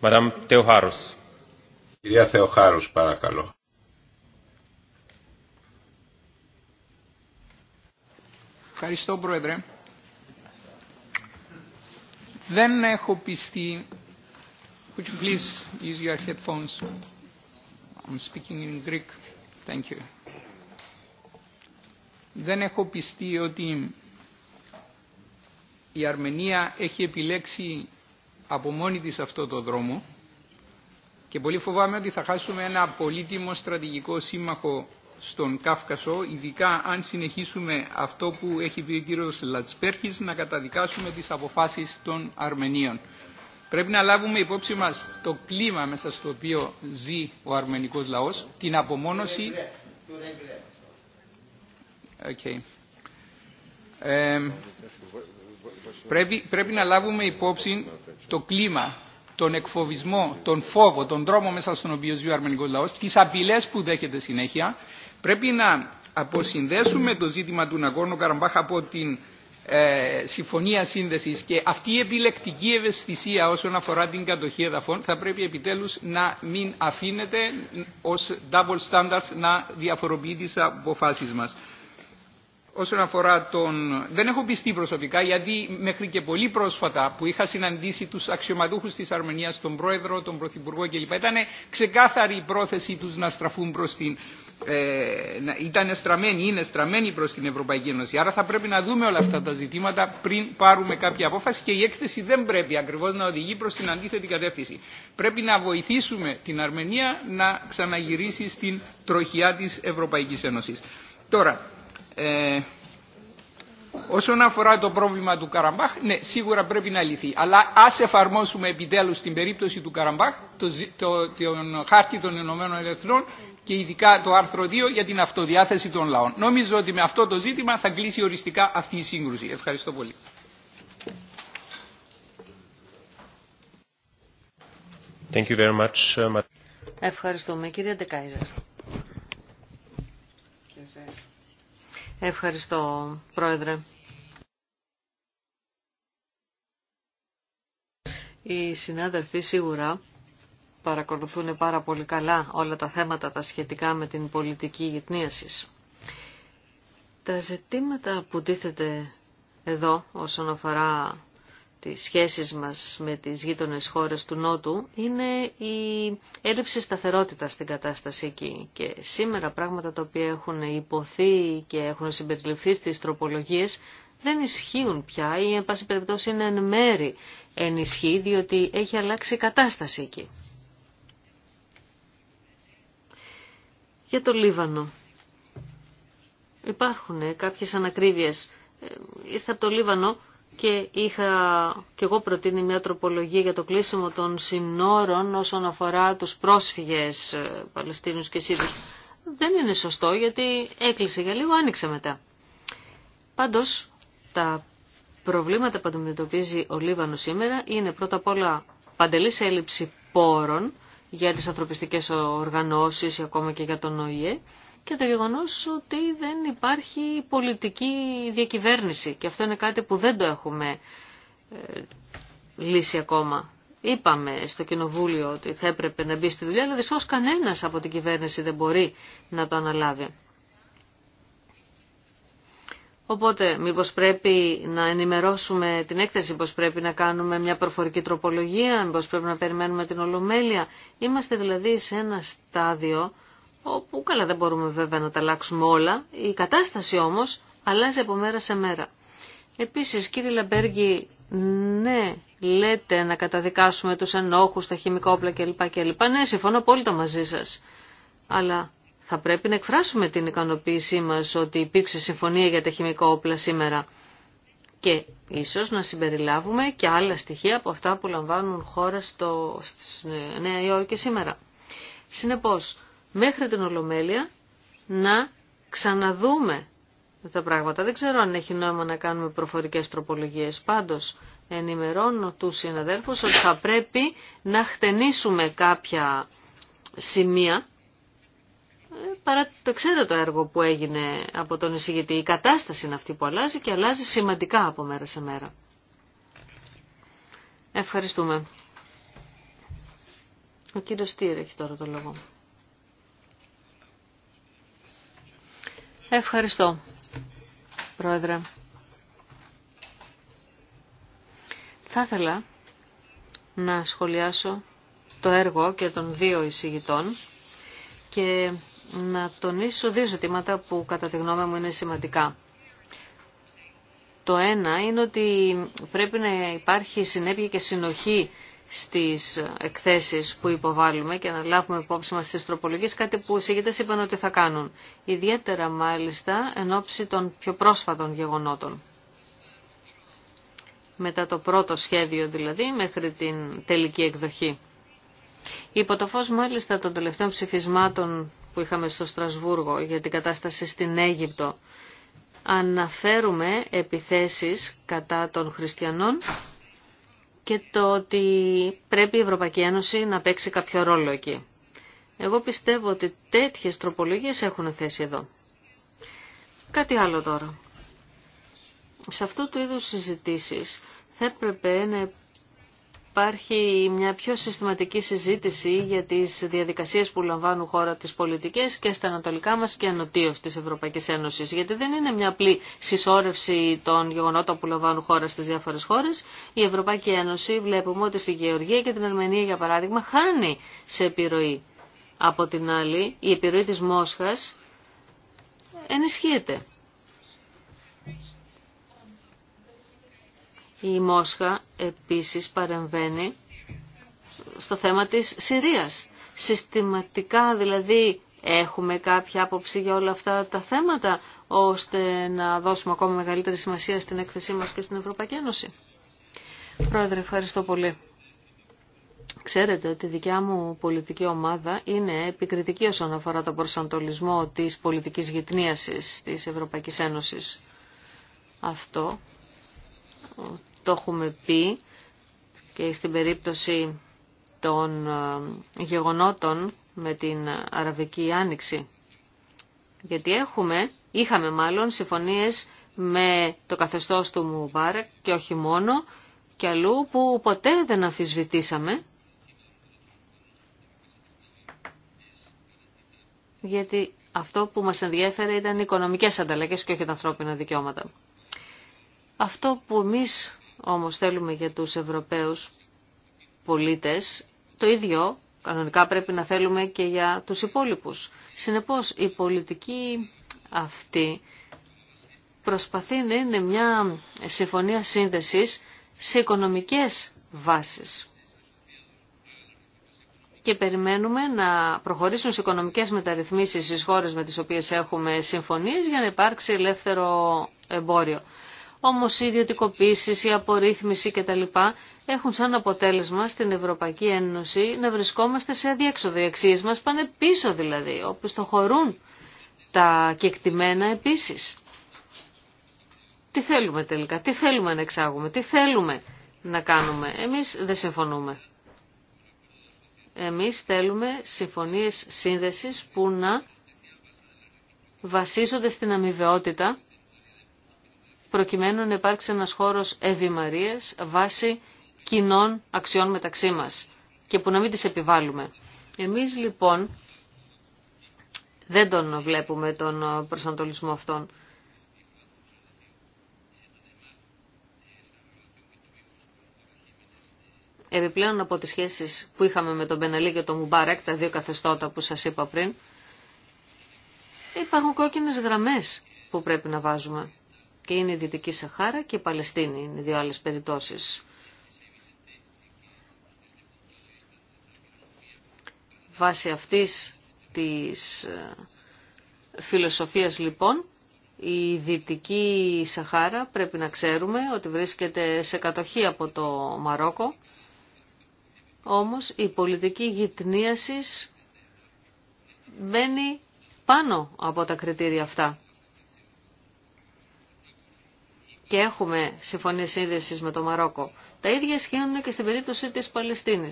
Μαραμ Θεοχάρος. Κυρία Θεοχάρους παρακαλώ. Ευχαριστώ Πρόεδρε. Δεν έχω πιστεί... Would you please use your headphones? I'm speaking in Greek. Thank Δεν έχω πιστεί ότι η Αρμενία έχει επιλέξει από μόνη της αυτό το δρόμο και πολύ φοβάμαι ότι θα χάσουμε ένα πολύτιμο στρατηγικό σύμμαχο στον Κάφκασο, ειδικά αν συνεχίσουμε αυτό που έχει πει ο κύριος Λατσπέρχης, να καταδικάσουμε τις αποφάσεις των Αρμενίων. Πρέπει να λάβουμε υπόψη μας το κλίμα μέσα στο οποίο ζει ο αρμενικός λαός, την απομόνωση... Okay. πρέπει, πρέπει να λάβουμε υπόψη το κλίμα, τον εκφοβισμό, τον φόβο, τον τρόμο μέσα στον οποίο ζει ο αρμενικός λαός, τις απειλές που δέχεται συνέχεια. Πρέπει να αποσυνδέσουμε το ζήτημα του Ναγκόρνο Καραμπάχ από την ε, συμφωνία σύνδεση και αυτή η επιλεκτική ευαισθησία όσον αφορά την κατοχή εδαφών θα πρέπει επιτέλους να μην αφήνεται ως double standards να διαφοροποιεί τις αποφάσεις μας. Όσον αφορά τον... Δεν έχω πιστεί προσωπικά γιατί μέχρι και πολύ πρόσφατα που είχα συναντήσει τους αξιωματούχους της Αρμενίας, τον πρόεδρο, τον πρωθυπουργό κλπ. Ήταν ξεκάθαρη η πρόθεση τους να στραφούν προς την ε, ήταν στραμμένη, είναι στραμμένη προς την Ευρωπαϊκή Ένωση. Άρα θα πρέπει να δούμε όλα αυτά τα ζητήματα πριν πάρουμε κάποια απόφαση και η έκθεση δεν πρέπει ακριβώς να οδηγεί προς την αντίθετη κατεύθυνση. Πρέπει να βοηθήσουμε την Αρμενία να ξαναγυρίσει στην τροχιά της Ευρωπαϊκής Ένωσης. Τώρα, ε, Όσον αφορά το πρόβλημα του Καραμπάχ, ναι, σίγουρα πρέπει να λυθεί. Αλλά α εφαρμόσουμε επιτέλου στην περίπτωση του Καραμπάχ το, το, τον χάρτη των Ηνωμένων Ελευθερών και ειδικά το άρθρο 2 για την αυτοδιάθεση των λαών. Νομίζω ότι με αυτό το ζήτημα θα κλείσει οριστικά αυτή η σύγκρουση. Ευχαριστώ πολύ. Thank you very much. Uh, Ευχαριστούμε κύριε Ντεκάιζερ. Ευχαριστώ πρόεδρε. Οι συνάδελφοι σίγουρα παρακολουθούν πάρα πολύ καλά όλα τα θέματα τα σχετικά με την πολιτική γυτνίασης. Τα ζητήματα που τίθεται εδώ όσον αφορά τις σχέσεις μας με τις γείτονες χώρες του Νότου είναι η έλλειψη σταθερότητας στην κατάσταση εκεί. Και σήμερα πράγματα τα οποία έχουν υποθεί και έχουν συμπεριληφθεί στις τροπολογίες δεν ισχύουν πια ή εν πάση περιπτώσει είναι εν μέρη ενισχύει διότι έχει αλλάξει η κατάσταση εκεί. Για το Λίβανο. Υπάρχουν ε, κάποιες ανακρίβειες. Ε, ήρθα από το Λίβανο και είχα και εγώ προτείνει μια τροπολογία για το κλείσιμο των συνόρων όσον αφορά τους πρόσφυγες ε, Παλαιστίνους και Σύριους. Δεν είναι σωστό γιατί έκλεισε για λίγο, άνοιξε μετά. Πάντως τα προβλήματα που αντιμετωπίζει ο Λίβανο σήμερα είναι πρώτα απ' όλα παντελής έλλειψη πόρων για τις ανθρωπιστικές οργανώσεις ακόμα και για τον ΟΗΕ και το γεγονός ότι δεν υπάρχει πολιτική διακυβέρνηση και αυτό είναι κάτι που δεν το έχουμε ε, λύσει ακόμα. Είπαμε στο Κοινοβούλιο ότι θα έπρεπε να μπει στη δουλειά, αλλά δυστυχώς κανένας από την κυβέρνηση δεν μπορεί να το αναλάβει. Οπότε, μήπως πρέπει να ενημερώσουμε την έκθεση, μήπως πρέπει να κάνουμε μια προφορική τροπολογία, μήπως πρέπει να περιμένουμε την ολομέλεια. Είμαστε δηλαδή σε ένα στάδιο όπου καλά δεν μπορούμε βέβαια να τα αλλάξουμε όλα. Η κατάσταση όμως αλλάζει από μέρα σε μέρα. Επίσης, κύριε Λαμπέργη, ναι, λέτε να καταδικάσουμε τους ενόχους, τα χημικά όπλα κλπ. Ναι, συμφωνώ απόλυτα μαζί σας. Αλλά θα πρέπει να εκφράσουμε την ικανοποίησή μας ότι υπήρξε συμφωνία για τα χημικά όπλα σήμερα και ίσως να συμπεριλάβουμε και άλλα στοιχεία από αυτά που λαμβάνουν χώρα στο, στη ε, Νέα Υόρκη σήμερα. Συνεπώς, μέχρι την Ολομέλεια να ξαναδούμε τα πράγματα. Δεν ξέρω αν έχει νόημα να κάνουμε προφορικές τροπολογίες. Πάντως, ενημερώνω τους συναδέλφους ότι θα πρέπει να χτενίσουμε κάποια σημεία ε, παρά το ξέρω το έργο που έγινε από τον εισηγητή, η κατάσταση είναι αυτή που αλλάζει και αλλάζει σημαντικά από μέρα σε μέρα. Ευχαριστούμε. Ο κύριος Στήρ έχει τώρα το λόγο. Ευχαριστώ, Πρόεδρε. Θα ήθελα να σχολιάσω το έργο και των δύο εισηγητών και να τονίσω δύο ζητήματα που κατά τη γνώμη μου είναι σημαντικά. Το ένα είναι ότι πρέπει να υπάρχει συνέπεια και συνοχή στις εκθέσεις που υποβάλλουμε και να λάβουμε υπόψη μας στις τροπολογίες, κάτι που οι συγκεκριτές είπαν ότι θα κάνουν. Ιδιαίτερα μάλιστα εν ώψη των πιο πρόσφατων γεγονότων. Μετά το πρώτο σχέδιο δηλαδή μέχρι την τελική εκδοχή. Υπό το φως μάλιστα των τελευταίων ψηφισμάτων που είχαμε στο Στρασβούργο για την κατάσταση στην Αίγυπτο αναφέρουμε επιθέσεις κατά των χριστιανών και το ότι πρέπει η Ευρωπαϊκή Ένωση να παίξει κάποιο ρόλο εκεί. Εγώ πιστεύω ότι τέτοιες τροπολογίες έχουν θέση εδώ. Κάτι άλλο τώρα. Σε αυτού του είδους συζητήσεις θα έπρεπε να υπάρχει μια πιο συστηματική συζήτηση για τις διαδικασίες που λαμβάνουν χώρα τις πολιτικές και στα ανατολικά μας και ανωτίως της Ευρωπαϊκής Ένωσης. Γιατί δεν είναι μια απλή συσσόρευση των γεγονότων που λαμβάνουν χώρα στις διάφορες χώρες. Η Ευρωπαϊκή Ένωση βλέπουμε ότι στη Γεωργία και την Αρμενία για παράδειγμα χάνει σε επιρροή. Από την άλλη η επιρροή της Μόσχας ενισχύεται. Η Μόσχα επίσης παρεμβαίνει στο θέμα της Συρίας. Συστηματικά δηλαδή έχουμε κάποια άποψη για όλα αυτά τα θέματα ώστε να δώσουμε ακόμα μεγαλύτερη σημασία στην έκθεσή μας και στην Ευρωπαϊκή Ένωση. Πρόεδρε, ευχαριστώ πολύ. Ξέρετε ότι η δικιά μου πολιτική ομάδα είναι επικριτική όσον αφορά τον προσανατολισμό της πολιτικής γυτνίασης της Ευρωπαϊκής Ένωσης. Αυτό το έχουμε πει και στην περίπτωση των ε, γεγονότων με την Αραβική Άνοιξη. Γιατί έχουμε, είχαμε μάλλον συμφωνίες με το καθεστώς του Μουμπάρεκ και όχι μόνο και αλλού που ποτέ δεν αμφισβητήσαμε γιατί αυτό που μας ενδιέφερε ήταν οι οικονομικές ανταλλαγές και όχι τα ανθρώπινα δικαιώματα. Αυτό που εμείς όμως θέλουμε για τους Ευρωπαίους πολίτες, το ίδιο κανονικά πρέπει να θέλουμε και για τους υπόλοιπους. Συνεπώς η πολιτική αυτή προσπαθεί να είναι μια συμφωνία σύνδεσης σε οικονομικές βάσεις. Και περιμένουμε να προχωρήσουν σε οικονομικές μεταρρυθμίσεις στις χώρες με τις οποίες έχουμε συμφωνίες για να υπάρξει ελεύθερο εμπόριο. Όμως οι ιδιωτικοποίηση, η απορρίθμιση κτλ. έχουν σαν αποτέλεσμα στην Ευρωπαϊκή Ένωση να βρισκόμαστε σε αδιέξοδο. Οι αξίες μας πάνε πίσω δηλαδή, όπου το χωρούν τα κεκτημένα επίσης. Τι θέλουμε τελικά, τι θέλουμε να εξάγουμε, τι θέλουμε να κάνουμε. Εμείς δεν συμφωνούμε. Εμείς θέλουμε συμφωνίες σύνδεσης που να βασίζονται στην αμοιβαιότητα προκειμένου να υπάρξει ένας χώρος ευημαρίας βάσει κοινών αξιών μεταξύ μας και που να μην τις επιβάλλουμε. Εμείς λοιπόν δεν τον βλέπουμε τον προσανατολισμό αυτόν. Επιπλέον από τις σχέσεις που είχαμε με τον Μπεναλή και τον Μουμπάρεκ, τα δύο καθεστώτα που σας είπα πριν, υπάρχουν κόκκινες γραμμές που πρέπει να βάζουμε και είναι η Δυτική Σαχάρα και η Παλαιστίνη είναι δύο άλλες περιπτώσεις. Βάσει αυτής της ε, φιλοσοφίας λοιπόν, η Δυτική Σαχάρα πρέπει να ξέρουμε ότι βρίσκεται σε κατοχή από το Μαρόκο, όμως η πολιτική γυτνίασης μπαίνει πάνω από τα κριτήρια αυτά και έχουμε συμφωνίε σύνδεση με το Μαρόκο. Τα ίδια ισχύουν και στην περίπτωση τη Παλαιστίνη.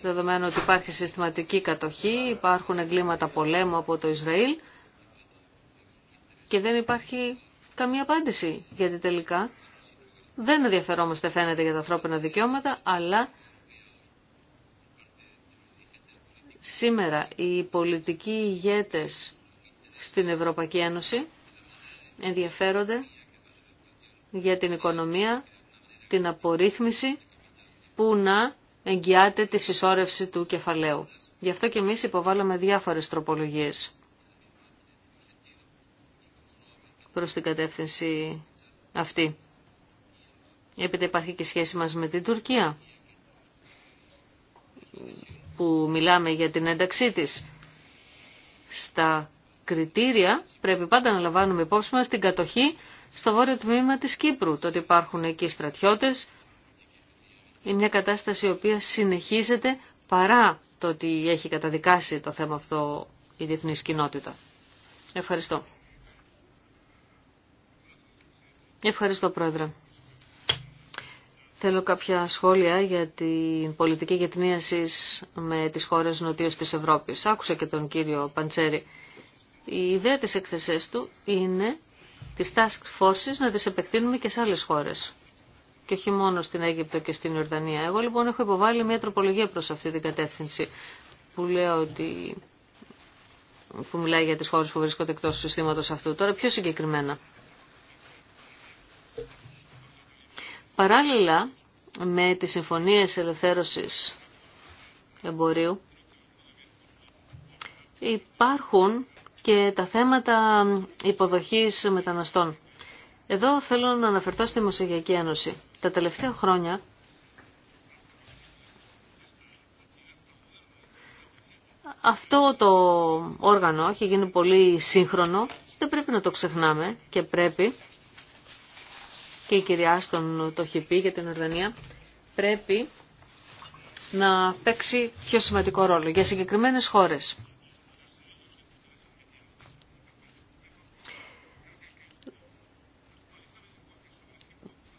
Δεδομένου ότι υπάρχει συστηματική κατοχή, υπάρχουν εγκλήματα πολέμου από το Ισραήλ και δεν υπάρχει καμία απάντηση. Γιατί τελικά δεν ενδιαφερόμαστε φαίνεται για τα ανθρώπινα δικαιώματα, αλλά σήμερα οι πολιτικοί ηγέτες στην Ευρωπαϊκή Ένωση ενδιαφέρονται για την οικονομία, την απορρίθμιση που να εγγυάται τη συσσόρευση του κεφαλαίου. Γι' αυτό και εμείς υποβάλαμε διάφορες τροπολογίες προς την κατεύθυνση αυτή. Επειδή υπάρχει και σχέση μας με την Τουρκία, που μιλάμε για την ένταξή της. Στα κριτήρια πρέπει πάντα να λαμβάνουμε υπόψη μας την κατοχή στο βόρειο τμήμα της Κύπρου, το ότι υπάρχουν εκεί στρατιώτες. Είναι μια κατάσταση η οποία συνεχίζεται παρά το ότι έχει καταδικάσει το θέμα αυτό η διεθνής κοινότητα. Ευχαριστώ. Ευχαριστώ Πρόεδρε. Θέλω κάποια σχόλια για την πολιτική γετνίαση με τις χώρες νοτίως της Ευρώπης. Άκουσα και τον κύριο Παντσέρη. Η ιδέα της έκθεσής του είναι τις task forces να τις επεκτείνουμε και σε άλλες χώρες. Και όχι μόνο στην Αίγυπτο και στην Ιορδανία. Εγώ λοιπόν έχω υποβάλει μια τροπολογία προς αυτή την κατεύθυνση που λέω ότι που μιλάει για τις χώρες που βρίσκονται εκτός του συστήματος αυτού. Τώρα πιο συγκεκριμένα. Παράλληλα με τις συμφωνίες ελευθέρωσης εμπορίου υπάρχουν και τα θέματα υποδοχής μεταναστών. Εδώ θέλω να αναφερθώ στη Μοσογειακή Ένωση. Τα τελευταία χρόνια αυτό το όργανο έχει γίνει πολύ σύγχρονο, δεν πρέπει να το ξεχνάμε και πρέπει, και η κυρία Άστον το έχει πει για την Ορδανία, πρέπει να παίξει πιο σημαντικό ρόλο για συγκεκριμένες χώρες.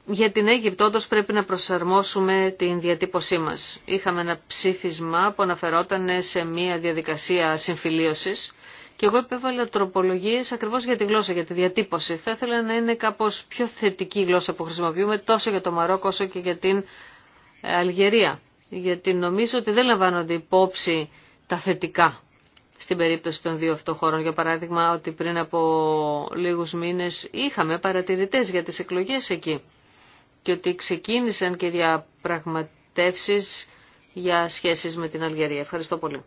για την Αίγυπτο όντως πρέπει να προσαρμόσουμε την διατύπωσή μας. Είχαμε ένα ψήφισμα που αναφερόταν σε μια διαδικασία συμφιλίωσης και εγώ επέβαλα τροπολογίες ακριβώς για τη γλώσσα, για τη διατύπωση. Θα ήθελα να είναι κάπως πιο θετική η γλώσσα που χρησιμοποιούμε τόσο για το Μαρόκο όσο και για την ε, Αλγερία. Γιατί νομίζω ότι δεν λαμβάνονται υπόψη τα θετικά στην περίπτωση των δύο αυτών χώρων. Για παράδειγμα ότι πριν από λίγους μήνες είχαμε παρατηρητές για τις εκλογές εκεί και ότι ξεκίνησαν και διαπραγματεύσεις για σχέσεις με την Αλγερία. Ευχαριστώ πολύ.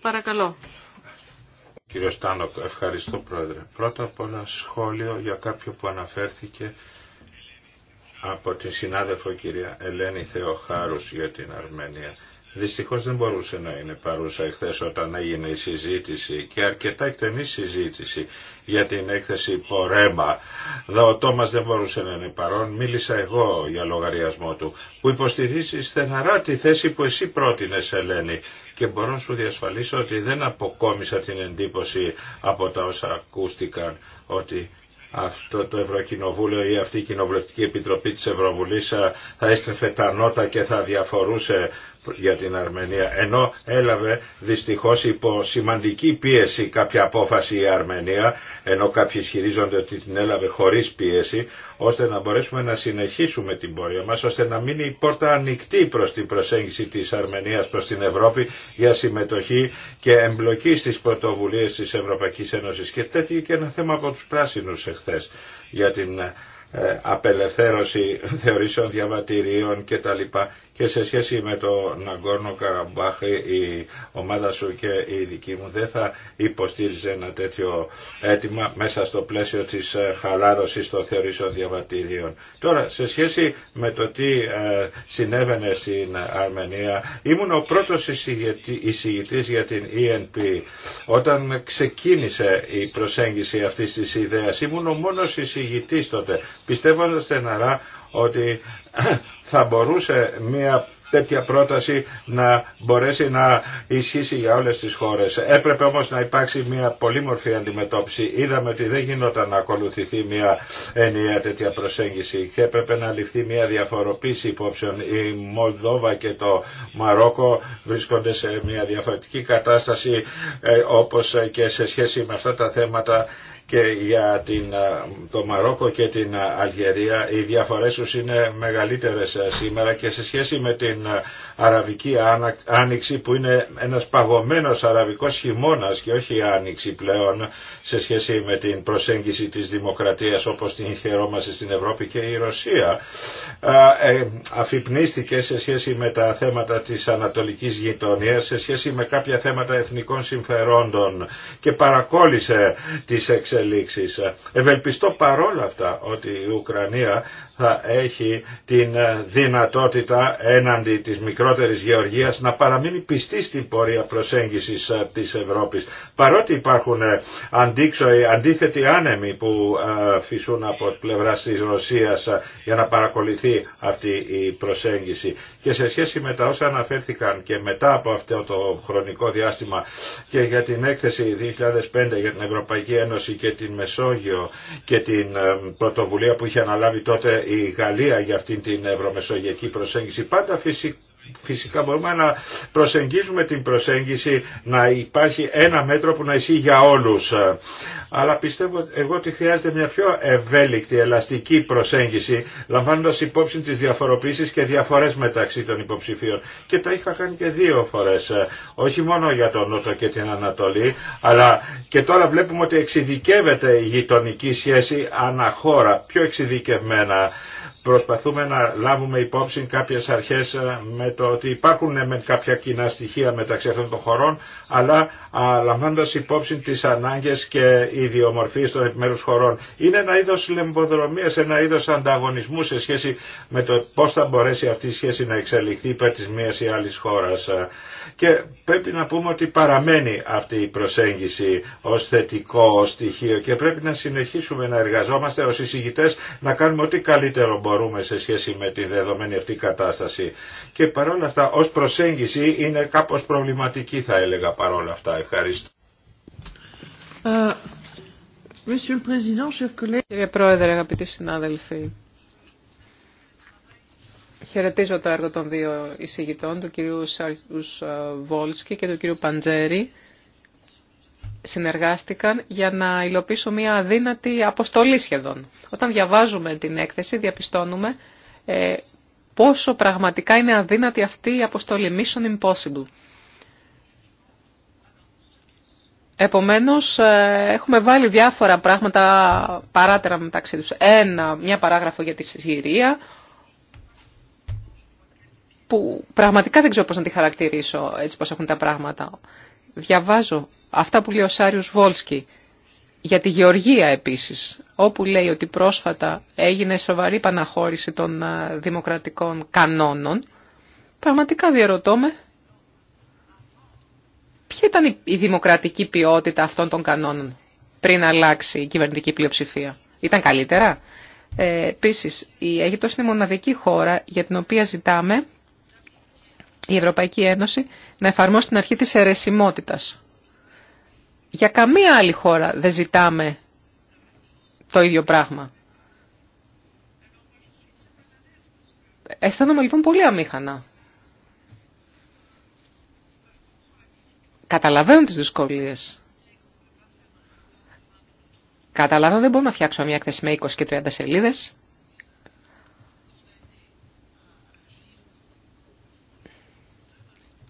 Παρακαλώ. Κύριο Στάνοκ, ευχαριστώ Πρόεδρε. Πρώτα απ' όλα σχόλιο για κάποιο που αναφέρθηκε από την συνάδελφο κυρία Ελένη Θεοχάρους για την Αρμενία. Δυστυχώς δεν μπορούσε να είναι παρούσα εχθές όταν έγινε η συζήτηση και αρκετά εκτενή συζήτηση για την έκθεση Πορέμα. Δα ο Τόμας δεν μπορούσε να είναι παρόν, μίλησα εγώ για λογαριασμό του, που υποστηρίζει στεναρά τη θέση που εσύ πρότεινε, Ελένη και μπορώ να σου διασφαλίσω ότι δεν αποκόμισα την εντύπωση από τα όσα ακούστηκαν ότι αυτό το Ευρωκοινοβούλιο ή αυτή η Κοινοβουλευτική Επιτροπή της Ευρωβουλής ε, θα έστρεφε τα νότα και θα διαφορούσε για την Αρμενία ενώ έλαβε δυστυχώς υπό σημαντική πίεση κάποια απόφαση η Αρμενία ενώ κάποιοι ισχυρίζονται ότι την έλαβε χωρίς πίεση ώστε να μπορέσουμε να συνεχίσουμε την πορεία μας ώστε να μείνει η πόρτα ανοιχτή προς την προσέγγιση της Αρμενίας προς την Ευρώπη για συμμετοχή και εμπλοκή στις πρωτοβουλίες της Ευρωπαϊκής Ένωσης και τέτοιο και ένα θέμα από τους πράσινους εχθές για την ε, απελευθέρωση θεωρήσεων διαβατηρίων κτλ και σε σχέση με το Ναγκόρνο Καραμπάχ η ομάδα σου και η δική μου δεν θα υποστήριζε ένα τέτοιο αίτημα μέσα στο πλαίσιο της ε, χαλάρωσης των θεωρήσεων διαβατήριων. Τώρα σε σχέση με το τι ε, συνέβαινε στην Αρμενία ήμουν ο πρώτος εισηγητής για την ENP όταν ξεκίνησε η προσέγγιση αυτής της ιδέας ήμουν ο μόνος εισηγητής τότε πιστεύω στεναρά ότι θα μπορούσε μια τέτοια πρόταση να μπορέσει να ισχύσει για όλες τις χώρες. Έπρεπε όμως να υπάρξει μια πολύμορφη αντιμετώπιση. Είδαμε ότι δεν γινόταν να ακολουθηθεί μια ενιαία τέτοια προσέγγιση και έπρεπε να ληφθεί μια διαφοροποίηση υπόψεων. Η Μολδόβα και το Μαρόκο βρίσκονται σε μια διαφορετική κατάσταση ε, όπως και σε σχέση με αυτά τα θέματα και για την, ε, το Μαρόκο και την ε, Αλγερία οι διαφορές τους είναι μεγαλύτερες ε, σήμερα και σε σχέση με την Αραβική Άνοιξη που είναι ένας παγωμένος αραβικός χειμώνας και όχι Άνοιξη πλέον σε σχέση με την προσέγγιση της δημοκρατίας όπως την χαιρόμαστε στην Ευρώπη και η Ρωσία αφυπνίστηκε σε σχέση με τα θέματα της Ανατολικής Γειτονίας σε σχέση με κάποια θέματα εθνικών συμφερόντων και παρακόλλησε τις εξελίξεις εξελίξεις. Ευελπιστώ παρόλα αυτά ότι η Ουκρανία θα έχει την δυνατότητα έναντι της μικρότερης γεωργίας να παραμείνει πιστή στην πορεία προσέγγισης ε, της Ευρώπης. Παρότι υπάρχουν ε, αντίξοοι, ε, αντίθετοι άνεμοι που φυσούν από πλευρά της Ρωσίας για να παρακολουθεί αυτή η προσέγγιση και σε σχέση με τα όσα αναφέρθηκαν και μετά από αυτό το χρονικό διάστημα και για την έκθεση 2005 για την Ευρωπαϊκή Ένωση και την Μεσόγειο και την ε, πρωτοβουλία που είχε αναλάβει τότε η Γαλλία για αυτήν την ευρωμεσογειακή προσέγγιση πάντα φυσικά φυσικά μπορούμε να προσεγγίζουμε την προσέγγιση να υπάρχει ένα μέτρο που να ισχύει για όλους. Αλλά πιστεύω εγώ ότι χρειάζεται μια πιο ευέλικτη, ελαστική προσέγγιση, λαμβάνοντας υπόψη τις διαφοροποίησεις και διαφορές μεταξύ των υποψηφίων. Και τα είχα κάνει και δύο φορές, όχι μόνο για τον Νότο και την Ανατολή, αλλά και τώρα βλέπουμε ότι εξειδικεύεται η γειτονική σχέση αναχώρα, πιο εξειδικευμένα προσπαθούμε να λάβουμε υπόψη κάποιες αρχές ε, με το ότι υπάρχουν ε, με κάποια κοινά στοιχεία μεταξύ αυτών των χωρών αλλά λαμβάνοντας υπόψη τις ανάγκες και ιδιομορφίες των επιμέρους χωρών. Είναι ένα είδος λεμποδρομίας, ένα είδος ανταγωνισμού σε σχέση με το πώς θα μπορέσει αυτή η σχέση να εξελιχθεί υπέρ της μίας ή άλλης χώρας. Και πρέπει να πούμε ότι παραμένει αυτή η προσέγγιση ως θετικό στοιχείο και πρέπει να συνεχίσουμε να εργαζόμαστε ως εισηγητές να κάνουμε ό,τι καλύτερο μπορούμε σε σχέση με τη δεδομένη αυτή κατάσταση. Και παρόλα αυτά ως προσέγγιση είναι κάπως προβληματική θα έλεγα παρόλα αυτά. Ευχαριστώ. Ε, Κύριε Πρόεδρε, αγαπητοί συνάδελφοι, Χαιρετίζω το έργο των δύο εισηγητών, του κυρίου Σάρκους ε, Βόλσκι και του κυρίου Παντζέρη. Συνεργάστηκαν για να υλοποιήσω μια αδύνατη αποστολή σχεδόν. Όταν διαβάζουμε την έκθεση διαπιστώνουμε ε, πόσο πραγματικά είναι αδύνατη αυτή η αποστολή. Mission impossible. Επομένως, ε, έχουμε βάλει διάφορα πράγματα παράτερα μεταξύ τους. Ένα, μια παράγραφο για τη Συρία, που πραγματικά δεν ξέρω πώς να τη χαρακτηρίσω έτσι πώς έχουν τα πράγματα. Διαβάζω αυτά που λέει ο Σάριος Βόλσκι για τη Γεωργία επίσης, όπου λέει ότι πρόσφατα έγινε σοβαρή παναχώρηση των δημοκρατικών κανόνων. Πραγματικά διαρωτώ με ποια ήταν η δημοκρατική ποιότητα αυτών των κανόνων πριν αλλάξει η κυβερνητική πλειοψηφία. Ήταν καλύτερα. Ε, επίσης, η Αίγυπτος είναι μοναδική χώρα για την οποία ζητάμε η Ευρωπαϊκή Ένωση να εφαρμόσει την αρχή της αιρεσιμότητας. Για καμία άλλη χώρα δεν ζητάμε το ίδιο πράγμα. Αισθάνομαι λοιπόν πολύ αμήχανα. Καταλαβαίνω τις δυσκολίες. Καταλαβαίνω δεν μπορώ να φτιάξω μια έκθεση με 20 και 30 σελίδες.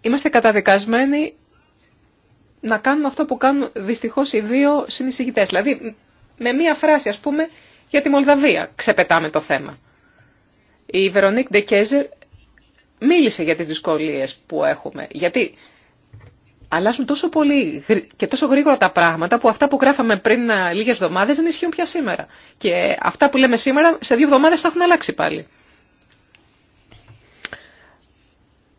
είμαστε καταδικασμένοι να κάνουμε αυτό που κάνουν δυστυχώς οι δύο συνεισηγητές. Δηλαδή, με μία φράση, ας πούμε, για τη Μολδαβία ξεπετάμε το θέμα. Η Βερονίκ Ντεκέζερ μίλησε για τις δυσκολίες που έχουμε. Γιατί αλλάζουν τόσο πολύ και τόσο γρήγορα τα πράγματα που αυτά που γράφαμε πριν ε, λίγες εβδομάδες δεν ισχύουν πια σήμερα. Και αυτά που λέμε σήμερα σε δύο εβδομάδες θα έχουν αλλάξει πάλι.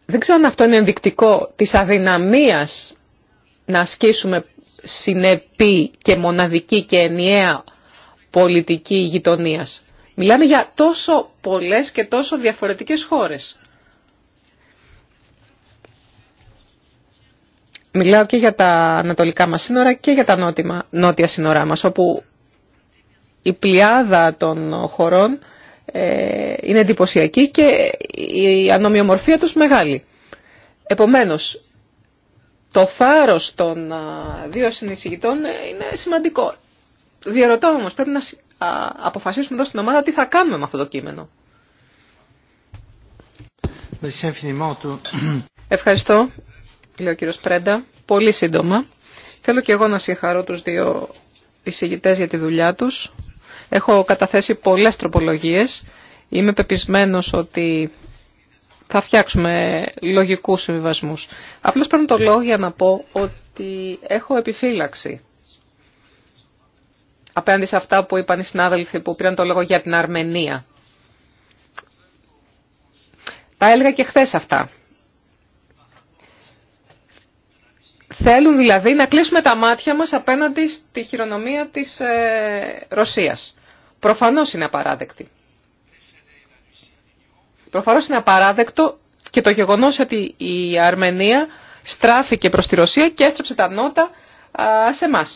Δεν ξέρω αν αυτό είναι ενδεικτικό της αδυναμίας να ασκήσουμε συνεπή και μοναδική και ενιαία πολιτική γειτονίας. Μιλάμε για τόσο πολλές και τόσο διαφορετικές χώρες. Μιλάω και για τα ανατολικά μας σύνορα και για τα νότια σύνορά μας, όπου η πλειάδα των χωρών ε, είναι εντυπωσιακή και η ανομοιομορφία τους μεγάλη. Επομένως, το θάρρος των δύο συνεισηγητών είναι σημαντικό. Διαρωτώ όμως, πρέπει να αποφασίσουμε εδώ στην ομάδα τι θα κάνουμε με αυτό το κείμενο. Ευχαριστώ, λέει ο κύριος Πρέντα. Πολύ σύντομα. Θέλω και εγώ να συγχαρώ τους δύο εισηγητές για τη δουλειά τους. Έχω καταθέσει πολλές τροπολογίες. Είμαι πεπισμένος ότι θα φτιάξουμε λογικούς συμβιβασμούς. Απλώς παίρνω το λόγο για να πω ότι έχω επιφύλαξη απέναντι σε αυτά που είπαν οι συνάδελφοι που πήραν το λόγο για την Αρμενία. Τα έλεγα και χθες αυτά. Θέλουν δηλαδή να κλείσουμε τα μάτια μας απέναντι στη χειρονομία της ε, Ρωσίας. Προφανώς είναι απαράδεκτη. Προφανώς είναι απαράδεκτο και το γεγονός ότι η Αρμενία στράφηκε προς τη Ρωσία και έστρεψε τα νότα σε εμά.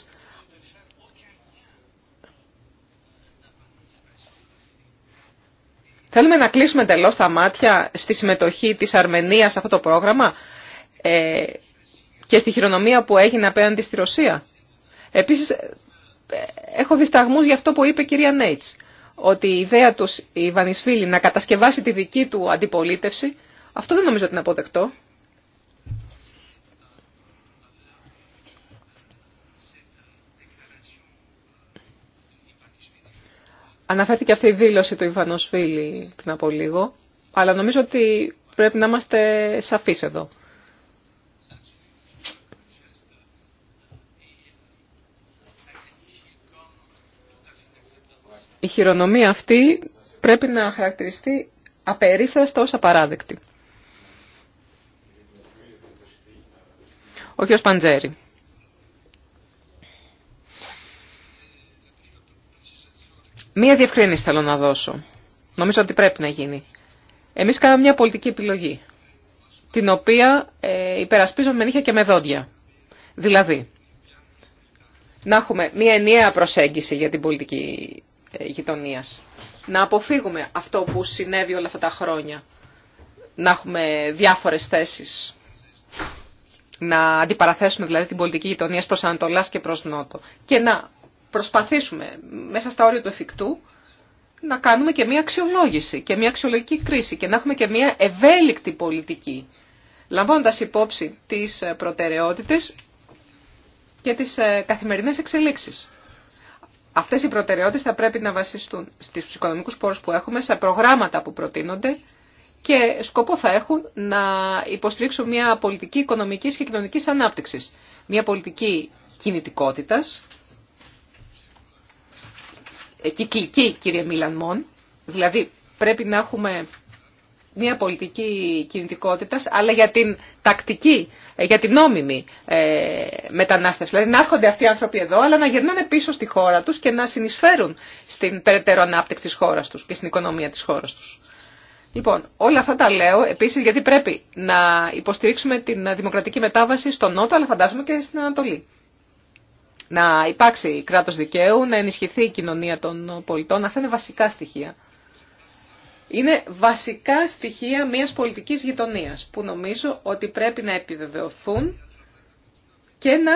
Θέλουμε να κλείσουμε εντελώ τα μάτια στη συμμετοχή της Αρμενίας σε αυτό το πρόγραμμα ε, και στη χειρονομία που έγινε απέναντι στη Ρωσία. Επίσης έχω δισταγμούς για αυτό που είπε η κυρία Νέιτς, ότι η ιδέα του η Βανισφίλη να κατασκευάσει τη δική του αντιπολίτευση, αυτό δεν νομίζω ότι είναι αποδεκτό. Αναφέρθηκε αυτή η δήλωση του Ιβανοσφίλη πριν από λίγο, αλλά νομίζω ότι πρέπει να είμαστε σαφείς εδώ. η χειρονομία αυτή πρέπει να χαρακτηριστεί απερίφραστα ως απαράδεκτη. Ο κ. Παντζέρη. Μία διευκρίνηση θέλω να δώσω. Νομίζω ότι πρέπει να γίνει. Εμείς κάναμε μια πολιτική επιλογή, την οποία ε, υπερασπίζομαι με νύχια και με δόντια. Δηλαδή, να έχουμε μια ενιαία προσέγγιση για την πολιτική ε, γειτονίας. Να αποφύγουμε αυτό που συνέβη όλα αυτά τα χρόνια. Να έχουμε διάφορες θέσεις. Να αντιπαραθέσουμε δηλαδή την πολιτική γειτονία προς Ανατολά και προς Νότο. Και να προσπαθήσουμε μέσα στα όρια του εφικτού να κάνουμε και μια αξιολόγηση και μια αξιολογική κρίση και να έχουμε και μια ευέλικτη πολιτική, λαμβάνοντας υπόψη τις προτεραιότητες και τις ε, καθημερινές εξελίξεις. Αυτές οι προτεραιότητες θα πρέπει να βασιστούν στου οικονομικούς πόρους που έχουμε, σε προγράμματα που προτείνονται και σκοπό θα έχουν να υποστηρίξουν μια πολιτική οικονομικής και κοινωνική ανάπτυξης, μια πολιτική κινητικότητας, ε, κυκλική κύριε Μον, δηλαδή πρέπει να έχουμε μια πολιτική κινητικότητα, αλλά για την τακτική, ε, για την νόμιμη ε, μετανάστευση. Δηλαδή να έρχονται αυτοί οι άνθρωποι εδώ, αλλά να γυρνάνε πίσω στη χώρα του και να συνεισφέρουν στην περαιτέρω ανάπτυξη τη χώρα του και στην οικονομία τη χώρα του. Λοιπόν, όλα αυτά τα λέω επίση γιατί πρέπει να υποστηρίξουμε την δημοκρατική μετάβαση στον Νότο, αλλά φαντάζομαι και στην Ανατολή. Να υπάρξει κράτο δικαίου, να ενισχυθεί η κοινωνία των πολιτών, αυτά είναι βασικά στοιχεία είναι βασικά στοιχεία μιας πολιτικής γειτονίας που νομίζω ότι πρέπει να επιβεβαιωθούν και να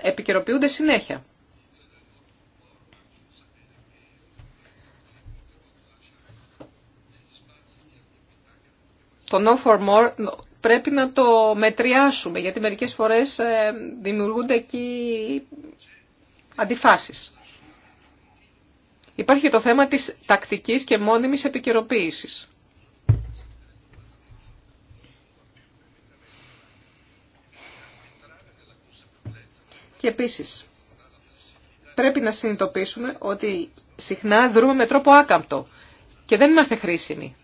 επικαιροποιούνται συνέχεια. Το no for more πρέπει να το μετριάσουμε γιατί μερικές φορές ε, δημιουργούνται εκεί αντιφάσεις. Υπάρχει και το θέμα της τακτικής και μόνιμης επικαιροποίησης. Και επίσης, πρέπει να συνειδητοποιήσουμε ότι συχνά δρούμε με τρόπο άκαμπτο και δεν είμαστε χρήσιμοι.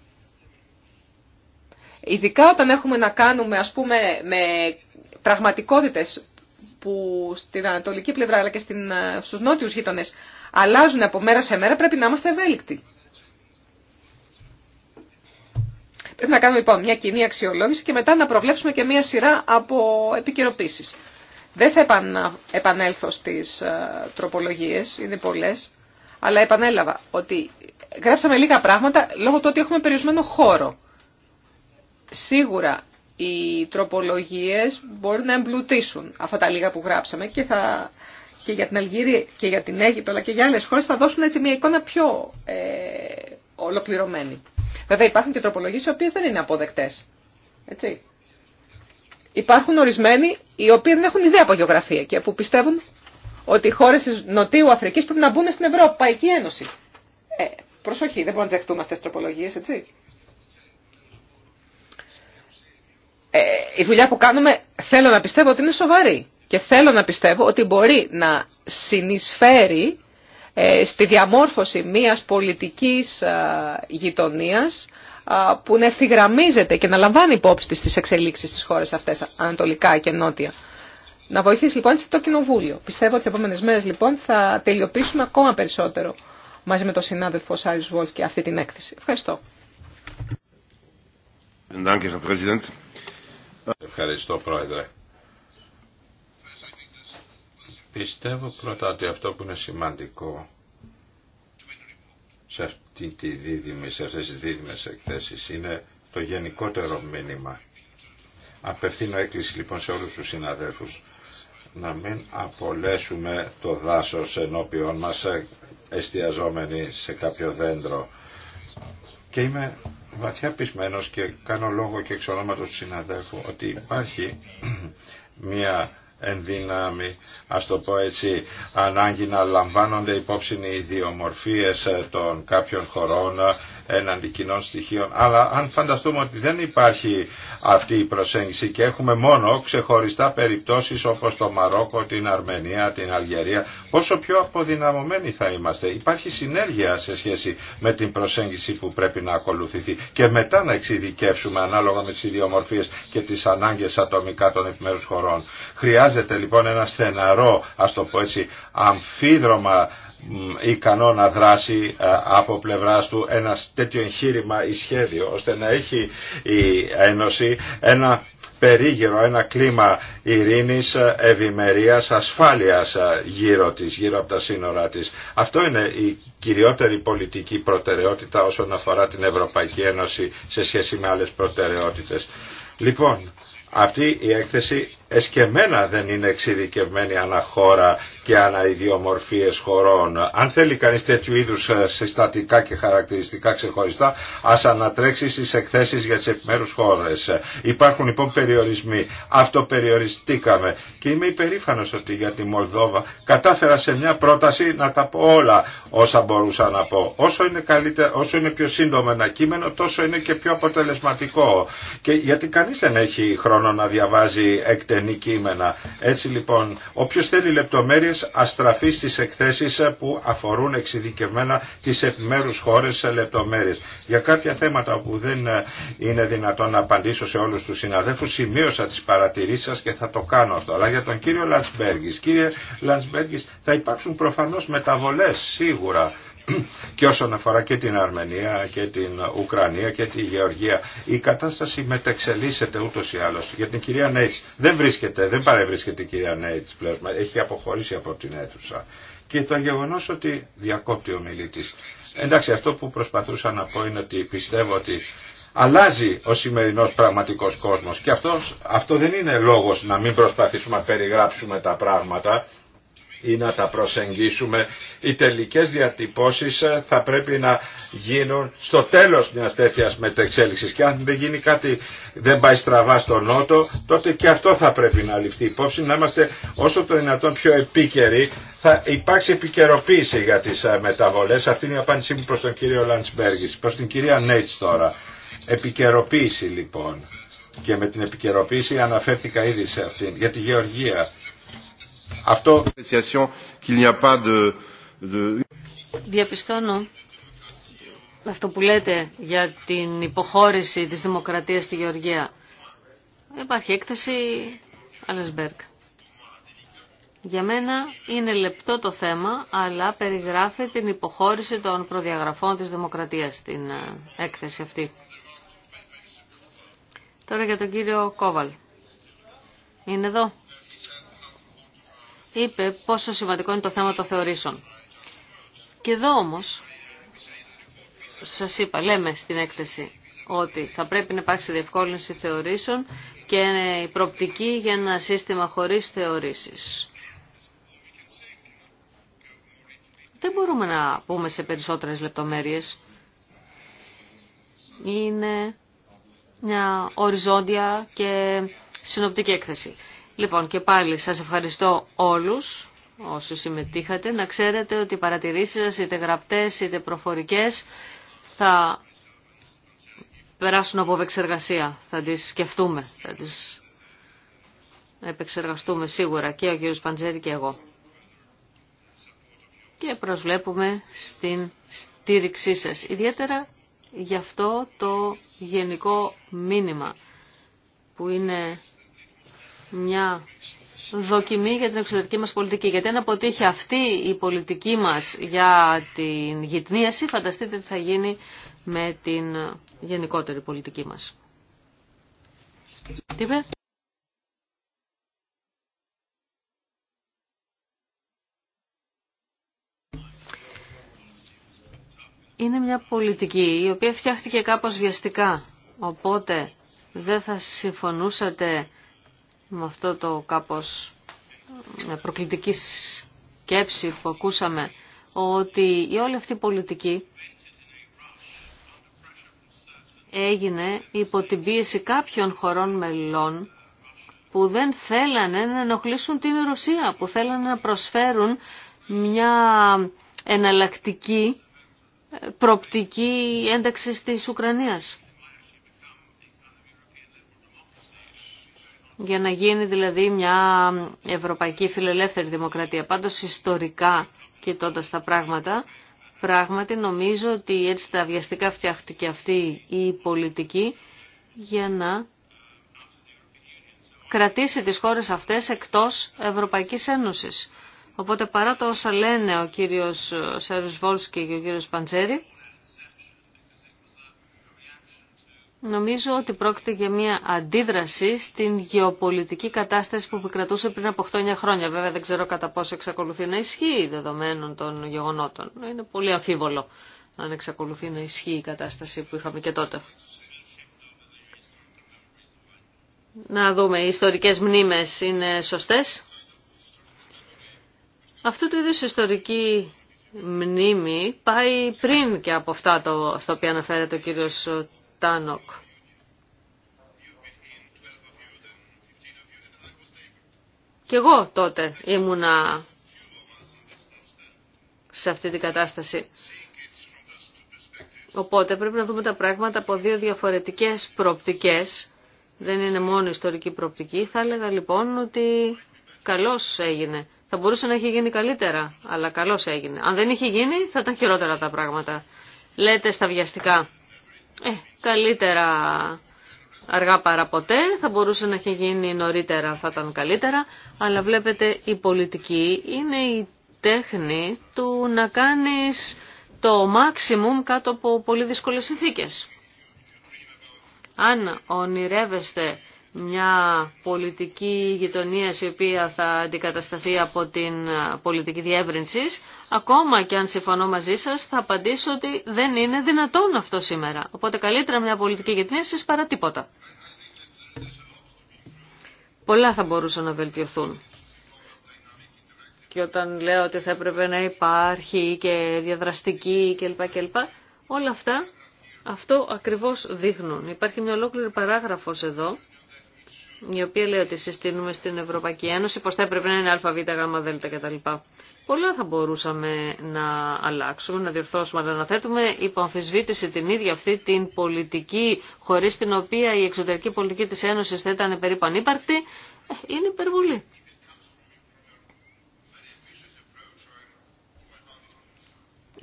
Ειδικά όταν έχουμε να κάνουμε, ας πούμε, με πραγματικότητες που στην ανατολική πλευρά αλλά και στην, ε, στους νότιους γείτονες αλλάζουν από μέρα σε μέρα, πρέπει να είμαστε ευέλικτοι. Πρέπει να κάνουμε λοιπόν μια κοινή αξιολόγηση και μετά να προβλέψουμε και μια σειρά από επικαιροποίησεις. Δεν θα επανέλθω στις ε, τροπολογίες, είναι πολλές, αλλά επανέλαβα ότι γράψαμε λίγα πράγματα λόγω του ότι έχουμε περιορισμένο χώρο. Σίγουρα οι τροπολογίες μπορεί να εμπλουτίσουν αυτά τα λίγα που γράψαμε και, θα, και για την Αλγύρια και για την Αίγυπτο αλλά και για άλλες χώρες θα δώσουν έτσι μια εικόνα πιο ε, ολοκληρωμένη. Βέβαια υπάρχουν και τροπολογίες οι οποίες δεν είναι αποδεκτές. Έτσι. Υπάρχουν ορισμένοι οι οποίοι δεν έχουν ιδέα από γεωγραφία και που πιστεύουν ότι οι χώρες της Νοτιού Αφρικής πρέπει να μπουν στην Ευρωπαϊκή Ένωση. Ε, προσοχή, δεν μπορούμε να δεχτούμε αυτές τις τροπολογίες, έτσι. Ε, η δουλειά που κάνουμε θέλω να πιστεύω ότι είναι σοβαρή και θέλω να πιστεύω ότι μπορεί να συνεισφέρει ε, στη διαμόρφωση μιας πολιτικής ε, γειτονίας ε, που να ευθυγραμμίζεται και να λαμβάνει υπόψη της τις εξελίξεις στις χώρες αυτές, ανατολικά και νότια. Να βοηθήσει λοιπόν το Κοινοβούλιο. Πιστεύω ότι τις επόμενες μέρες λοιπόν θα τελειοποιήσουμε ακόμα περισσότερο μαζί με τον συνάδελφο Βόλφ και αυτή την έκθεση. Ευχαριστώ. Ευχαριστώ. Ευχαριστώ Πρόεδρε. Πιστεύω πρώτα ότι αυτό που είναι σημαντικό σε, αυτή τη δίδυμη, σε αυτές τις δίδυμες εκθέσεις είναι το γενικότερο μήνυμα. Απευθύνω έκκληση λοιπόν σε όλους τους συναδέλφους να μην απολέσουμε το δάσος ενώπιον μας εστιαζόμενοι σε κάποιο δέντρο και είμαι βαθιά πεισμένος και κάνω λόγο και εξ ονόματος του συναδέλφου ότι υπάρχει μια ενδύναμη, ας το πω έτσι, ανάγκη να λαμβάνονται υπόψη οι ιδιομορφίες ε, των κάποιων χωρών έναντι κοινών στοιχείων. Αλλά αν φανταστούμε ότι δεν υπάρχει αυτή η προσέγγιση και έχουμε μόνο ξεχωριστά περιπτώσεις όπως το Μαρόκο, την Αρμενία, την Αλγερία, πόσο πιο αποδυναμωμένοι θα είμαστε. Υπάρχει συνέργεια σε σχέση με την προσέγγιση που πρέπει να ακολουθηθεί και μετά να εξειδικεύσουμε ανάλογα με τις ιδιομορφίες και τις ανάγκες ατομικά των επιμέρους χωρών. Χρειάζεται λοιπόν ένα στεναρό, ας το πω έτσι, αμφίδρομα ικανό να δράσει ε, από πλευράς του ένα τέτοιο εγχείρημα ή σχέδιο ώστε να έχει η Ένωση ένα περίγυρο, ένα κλίμα ειρήνης, ε, ευημερίας, ασφάλειας ε, γύρω της, γύρω από τα σύνορά της. Αυτό είναι η κυριότερη πολιτική προτεραιότητα όσον αφορά την Ευρωπαϊκή Ένωση σε σχέση με άλλες προτεραιότητες. Λοιπόν, αυτή η έκθεση εσκεμένα δεν είναι εξειδικευμένη αναχώρα και αναειδιομορφίες χωρών. Αν θέλει κανείς τέτοιου είδους ε, συστατικά και χαρακτηριστικά ξεχωριστά, ας ανατρέξει στις εκθέσεις για τις επιμέρους χώρες. Υπάρχουν λοιπόν περιορισμοί. Αυτοπεριοριστήκαμε και είμαι υπερήφανος ότι για τη Μολδόβα κατάφερα σε μια πρόταση να τα πω όλα όσα μπορούσα να πω. Όσο είναι, όσο είναι πιο σύντομο ένα κείμενο, τόσο είναι και πιο αποτελεσματικό. Και γιατί κανείς δεν έχει χρόνο να διαβάζει εκτενή κείμενα. Έτσι λοιπόν, οποίο θέλει λεπτομέρειες αστραφής στις εκθέσεις που αφορούν εξειδικευμένα τις επιμέρους χώρες σε λεπτομέρειες. Για κάποια θέματα που δεν είναι δυνατόν να απαντήσω σε όλους τους συναδέλφους, σημείωσα τις παρατηρήσεις σας και θα το κάνω αυτό. Αλλά για τον κύριο Λαντσμπέργης. Κύριε Λαντσμπέργης, θα υπάρξουν προφανώς μεταβολές σίγουρα και όσον αφορά και την Αρμενία και την Ουκρανία και τη Γεωργία. Η κατάσταση μετεξελίσσεται ούτως ή άλλως. Για την κυρία Νέιτς δεν βρίσκεται, δεν παρευρίσκεται η κυρία Νέιτς πλέον, έχει αποχωρήσει από την αίθουσα. Και το γεγονό ότι διακόπτει ο μιλήτης. Εντάξει, αυτό που προσπαθούσα να πω είναι ότι πιστεύω ότι αλλάζει ο σημερινός πραγματικός κόσμος και αυτός, αυτό δεν είναι λόγος να μην προσπαθήσουμε να περιγράψουμε τα πράγματα ή να τα προσεγγίσουμε. Οι τελικές διατυπώσεις ε, θα πρέπει να γίνουν στο τέλος μιας τέτοιας μετεξέλιξης και αν δεν γίνει κάτι δεν πάει στραβά στο νότο τότε και αυτό θα πρέπει να ληφθεί υπόψη να είμαστε όσο το δυνατόν πιο επίκαιροι θα υπάρξει επικαιροποίηση για τις ε, μεταβολές αυτή είναι η απάντησή μου προς τον κύριο Λαντσμπέργης προς την κυρία Νέιτς τώρα επικαιροποίηση λοιπόν και με την επικαιροποίηση αναφέρθηκα ήδη σε αυτήν για τη γεωργία αυτό... Διαπιστώνω αυτό που λέτε για την υποχώρηση της δημοκρατίας στη Γεωργία. Υπάρχει έκθεση Αλεσμπέρκ. Για μένα είναι λεπτό το θέμα, αλλά περιγράφει την υποχώρηση των προδιαγραφών της δημοκρατίας στην ε, έκθεση αυτή. Τώρα για τον κύριο Κόβαλ. Είναι εδώ είπε πόσο σημαντικό είναι το θέμα των θεωρήσεων. Και εδώ όμως, σας είπα, λέμε στην έκθεση ότι θα πρέπει να υπάρξει διευκόλυνση θεωρήσεων και η προοπτική για ένα σύστημα χωρίς θεωρήσεις. Δεν μπορούμε να πούμε σε περισσότερες λεπτομέρειες. Είναι μια οριζόντια και συνοπτική έκθεση. Λοιπόν και πάλι σας ευχαριστώ όλους όσοι συμμετείχατε. Να ξέρετε ότι οι παρατηρήσεις σας είτε γραπτές είτε προφορικές θα περάσουν από επεξεργασία. Θα τις σκεφτούμε, θα τις επεξεργαστούμε σίγουρα και ο κύριος Παντζέρη και εγώ. Και προσβλέπουμε στην στήριξή σας. Ιδιαίτερα γι' αυτό το γενικό μήνυμα που είναι μια δοκιμή για την εξωτερική μας πολιτική. Γιατί αν αποτύχει αυτή η πολιτική μας για την γυτνίαση, φανταστείτε τι θα γίνει με την γενικότερη πολιτική μας. Τι Είναι μια πολιτική η οποία φτιάχτηκε κάπως βιαστικά, οπότε δεν θα συμφωνούσατε με αυτό το κάπως ε, προκλητική σκέψη που ακούσαμε ότι η όλη αυτή η πολιτική έγινε υπό την πίεση κάποιων χωρών μελών που δεν θέλανε να ενοχλήσουν την Ρωσία, που θέλανε να προσφέρουν μια εναλλακτική ε, προπτική ένταξη της Ουκρανίας. για να γίνει δηλαδή μια ευρωπαϊκή φιλελεύθερη δημοκρατία. Πάντως ιστορικά κοιτώντα τα πράγματα, πράγματι νομίζω ότι έτσι τα βιαστικά φτιάχτηκε αυτή η πολιτική για να κρατήσει τις χώρες αυτές εκτός Ευρωπαϊκής Ένωσης. Οπότε παρά το όσα λένε ο κύριος Σέρους Βόλσκι και ο κύριος Παντζέρη, Νομίζω ότι πρόκειται για μια αντίδραση στην γεωπολιτική κατάσταση που επικρατούσε πριν από 8-9 χρόνια. Βέβαια δεν ξέρω κατά πόσο εξακολουθεί να ισχύει δεδομένων των γεγονότων. Είναι πολύ αμφίβολο αν εξακολουθεί να ισχύει η κατάσταση που είχαμε και τότε. Να δούμε, οι ιστορικές μνήμες είναι σωστές. Αυτό το είδους ιστορική μνήμη πάει πριν και από αυτά το, οποίο αναφέρεται ο κύριος Τάνοκ. Κι εγώ τότε ήμουνα σε αυτή την κατάσταση. Οπότε πρέπει να δούμε τα πράγματα από δύο διαφορετικές προοπτικές. Δεν είναι μόνο ιστορική προοπτική. Θα έλεγα λοιπόν ότι καλώς έγινε. Θα μπορούσε να έχει γίνει καλύτερα, αλλά καλώς έγινε. Αν δεν είχε γίνει θα ήταν χειρότερα τα πράγματα. Λέτε στα βιαστικά. Ε, καλύτερα αργά παρά ποτέ, θα μπορούσε να έχει γίνει νωρίτερα, θα ήταν καλύτερα, αλλά βλέπετε η πολιτική είναι η τέχνη του να κάνεις το maximum κάτω από πολύ δύσκολες συνθήκες. Αν ονειρεύεστε μια πολιτική γειτονία η οποία θα αντικατασταθεί από την πολιτική διεύρυνση, ακόμα και αν συμφωνώ μαζί σα, θα απαντήσω ότι δεν είναι δυνατόν αυτό σήμερα. Οπότε καλύτερα μια πολιτική γειτονία παρά τίποτα. Πολλά θα μπορούσαν να βελτιωθούν. Και όταν λέω ότι θα έπρεπε να υπάρχει και διαδραστική κλπ. κλπ όλα αυτά, αυτό ακριβώς δείχνουν. Υπάρχει μια ολόκληρη παράγραφος εδώ η οποία λέει ότι συστήνουμε στην Ευρωπαϊκή Ένωση πως θα έπρεπε να είναι α, β, γ, δ κτλ. Πολλά θα μπορούσαμε να αλλάξουμε, να διορθώσουμε, αλλά να θέτουμε υπό αμφισβήτηση την ίδια αυτή την πολιτική χωρίς την οποία η εξωτερική πολιτική της Ένωσης θα ήταν περίπου ανύπαρκτη, ε, είναι υπερβολή.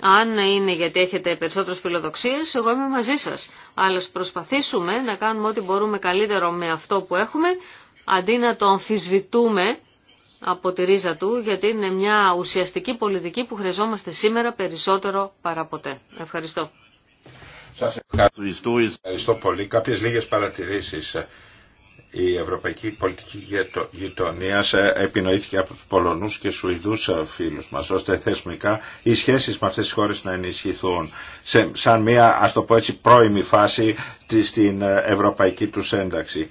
Αν είναι γιατί έχετε περισσότερε φιλοδοξίες, εγώ είμαι μαζί σας. Αλλά προσπαθήσουμε να κάνουμε ό,τι μπορούμε καλύτερο με αυτό που έχουμε, αντί να το αμφισβητούμε από τη ρίζα του, γιατί είναι μια ουσιαστική πολιτική που χρειαζόμαστε σήμερα περισσότερο παρά ποτέ. Ευχαριστώ. Σας ευχαριστώ πολύ. λίγες παρατηρήσεις η ευρωπαϊκή πολιτική γειτονία ε, επινοήθηκε από του Πολωνούς και Σουηδούς ε, φίλου μα ώστε θεσμικά οι σχέσει με αυτέ τι χώρε να ενισχυθούν σε, σαν μια, α το πω έτσι, πρώιμη φάση στην ε, ευρωπαϊκή του ένταξη.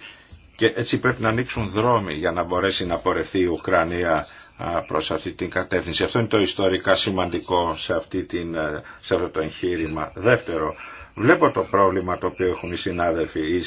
Και έτσι πρέπει να ανοίξουν δρόμοι για να μπορέσει να πορεθεί η Ουκρανία προ αυτή την κατεύθυνση. Αυτό είναι το ιστορικά σημαντικό σε, αυτή την, σε αυτό το εγχείρημα. Δεύτερο, βλέπω το πρόβλημα το οποίο έχουν οι συνάδελφοι, οι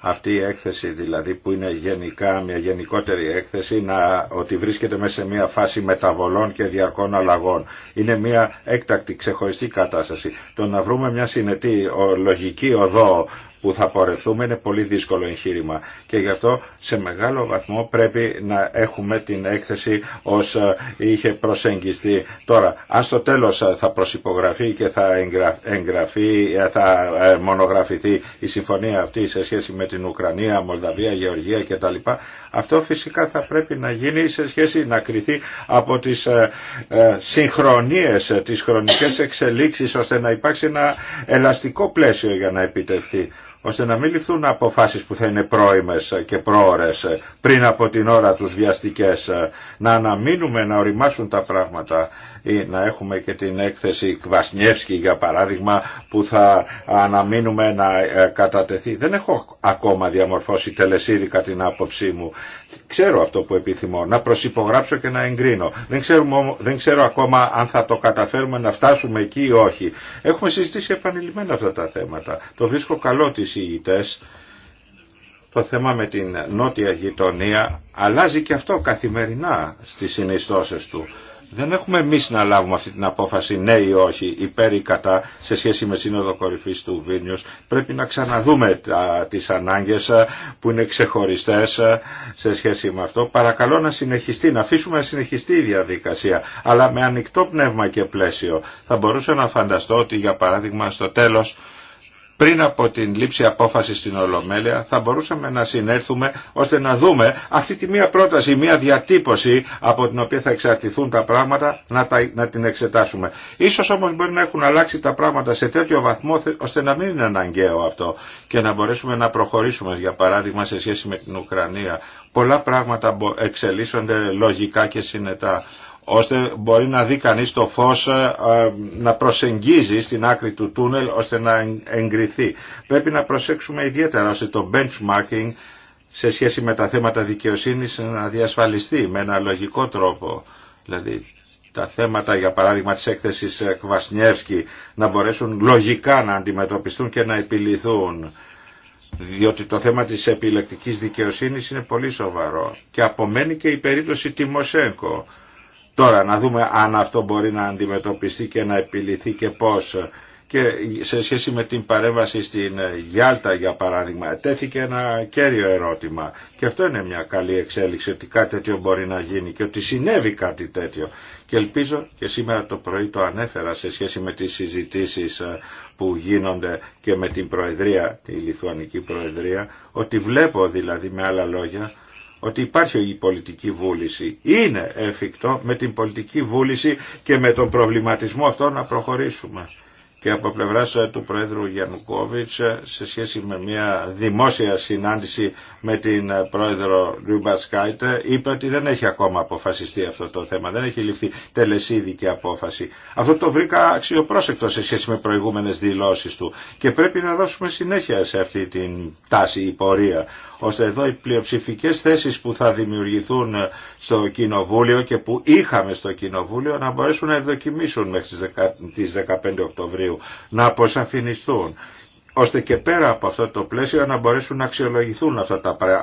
αυτή η έκθεση δηλαδή που είναι γενικά μια γενικότερη έκθεση να, ότι βρίσκεται μέσα σε μια φάση μεταβολών και διαρκών αλλαγών. Είναι μια έκτακτη ξεχωριστή κατάσταση. Το να βρούμε μια συνετή λογική οδό που θα πορευτούμε είναι πολύ δύσκολο εγχείρημα και γι' αυτό σε μεγάλο βαθμό πρέπει να έχουμε την έκθεση ως ε, είχε προσεγγιστεί. Τώρα, αν στο τέλος ε, θα προσυπογραφεί και θα εγγραφεί, ε, θα μονογραφηθεί η συμφωνία αυτή σε σχέση με την Ουκρανία, Μολδαβία, Γεωργία κτλ. Αυτό φυσικά θα πρέπει να γίνει σε σχέση να κριθεί από τις συγχρονίες, τις χρονικές εξελίξεις ώστε να υπάρξει ένα ελαστικό πλαίσιο για να επιτευχθεί ώστε να μην ληφθούν αποφάσεις που θα είναι πρόημες και πρόορες πριν από την ώρα τους βιαστικές, να αναμείνουμε να οριμάσουν τα πράγματα ή ε, να έχουμε και την έκθεση Κβασνιεύσκη για παράδειγμα που θα αναμείνουμε να ε, κατατεθεί. Δεν έχω ακόμα διαμορφώσει τελεσίδικα την άποψή μου. Ξέρω αυτό που επιθυμώ, να προσυπογράψω και να εγκρίνω. Δεν, δεν ξέρω ακόμα αν θα το καταφέρουμε να φτάσουμε εκεί ή όχι. Έχουμε συζητήσει επανειλημμένα αυτά τα θέματα. Το βρίσκω καλό τις ηγητές το θέμα με την νότια γειτονία αλλάζει και αυτό καθημερινά στις συνιστώσεις του. Δεν έχουμε εμείς να λάβουμε αυτή την απόφαση ναι ή όχι, υπέρ ή κατά, σε σχέση με σύνοδο κορυφής του Βίνιους. Πρέπει να ξαναδούμε τι τις ανάγκες ε, που είναι ξεχωριστές ε, σε σχέση με αυτό. Παρακαλώ να συνεχιστεί, να αφήσουμε να συνεχιστεί η διαδικασία, αλλά με ανοιχτό πνεύμα και πλαίσιο. Θα μπορούσα να φανταστώ ότι για παράδειγμα στο τέλος πριν από την λήψη απόφαση στην Ολομέλεια θα μπορούσαμε να συνέρθουμε ώστε να δούμε αυτή τη μία πρόταση, μία διατύπωση από την οποία θα εξαρτηθούν τα πράγματα να, να την εξετάσουμε. Ίσως όμως μπορεί να έχουν αλλάξει τα πράγματα σε τέτοιο βαθμό ώστε να μην είναι αναγκαίο αυτό και να μπορέσουμε να προχωρήσουμε για παράδειγμα σε σχέση με την Ουκρανία. Πολλά πράγματα εξελίσσονται λογικά και συνετά ώστε μπορεί να δει κανείς το φως ε, ε, να προσεγγίζει στην άκρη του τούνελ ώστε να εγκριθεί. Πρέπει να προσέξουμε ιδιαίτερα ώστε το benchmarking σε σχέση με τα θέματα δικαιοσύνης να διασφαλιστεί με ένα λογικό τρόπο. Δηλαδή τα θέματα για παράδειγμα της έκθεσης Κβασνιεύσκη να μπορέσουν λογικά να αντιμετωπιστούν και να επιληθούν διότι το θέμα της επιλεκτικής δικαιοσύνης είναι πολύ σοβαρό και απομένει και η περίπτωση Τιμοσέγκο Τώρα να δούμε αν αυτό μπορεί να αντιμετωπιστεί και να επιληθεί και πώς. Και σε σχέση με την παρέμβαση στην Γιάλτα για παράδειγμα τέθηκε ένα κέριο ερώτημα και αυτό είναι μια καλή εξέλιξη ότι κάτι τέτοιο μπορεί να γίνει και ότι συνέβη κάτι τέτοιο. Και ελπίζω και σήμερα το πρωί το ανέφερα σε σχέση με τις συζητήσεις ε, που γίνονται και με την Προεδρία, τη Λιθουανική Προεδρία, ότι βλέπω δηλαδή με άλλα λόγια ότι υπάρχει η πολιτική βούληση. Είναι εφικτό με την πολιτική βούληση και με τον προβληματισμό αυτό να προχωρήσουμε και από πλευρά ε, του Πρόεδρου Γιαννουκόβιτς ε, σε σχέση με μια δημόσια συνάντηση με την ε, Πρόεδρο Ριουμπασκάιτε είπε ότι δεν έχει ακόμα αποφασιστεί αυτό το θέμα, δεν έχει ληφθεί τελεσίδικη απόφαση. Αυτό το βρήκα αξιοπρόσεκτο σε σχέση με προηγούμενες δηλώσεις του και πρέπει να δώσουμε συνέχεια σε αυτή την τάση ή πορεία ώστε εδώ οι πλειοψηφικές θέσεις που θα δημιουργηθούν στο Κοινοβούλιο και που είχαμε στο Κοινοβούλιο να μπορέσουν να ευδοκιμήσουν μέχρι τις 15 Οκτωβρίου να αποσαφινιστούν ώστε και πέρα από αυτό το πλαίσιο να μπορέσουν να αξιολογηθούν αυτά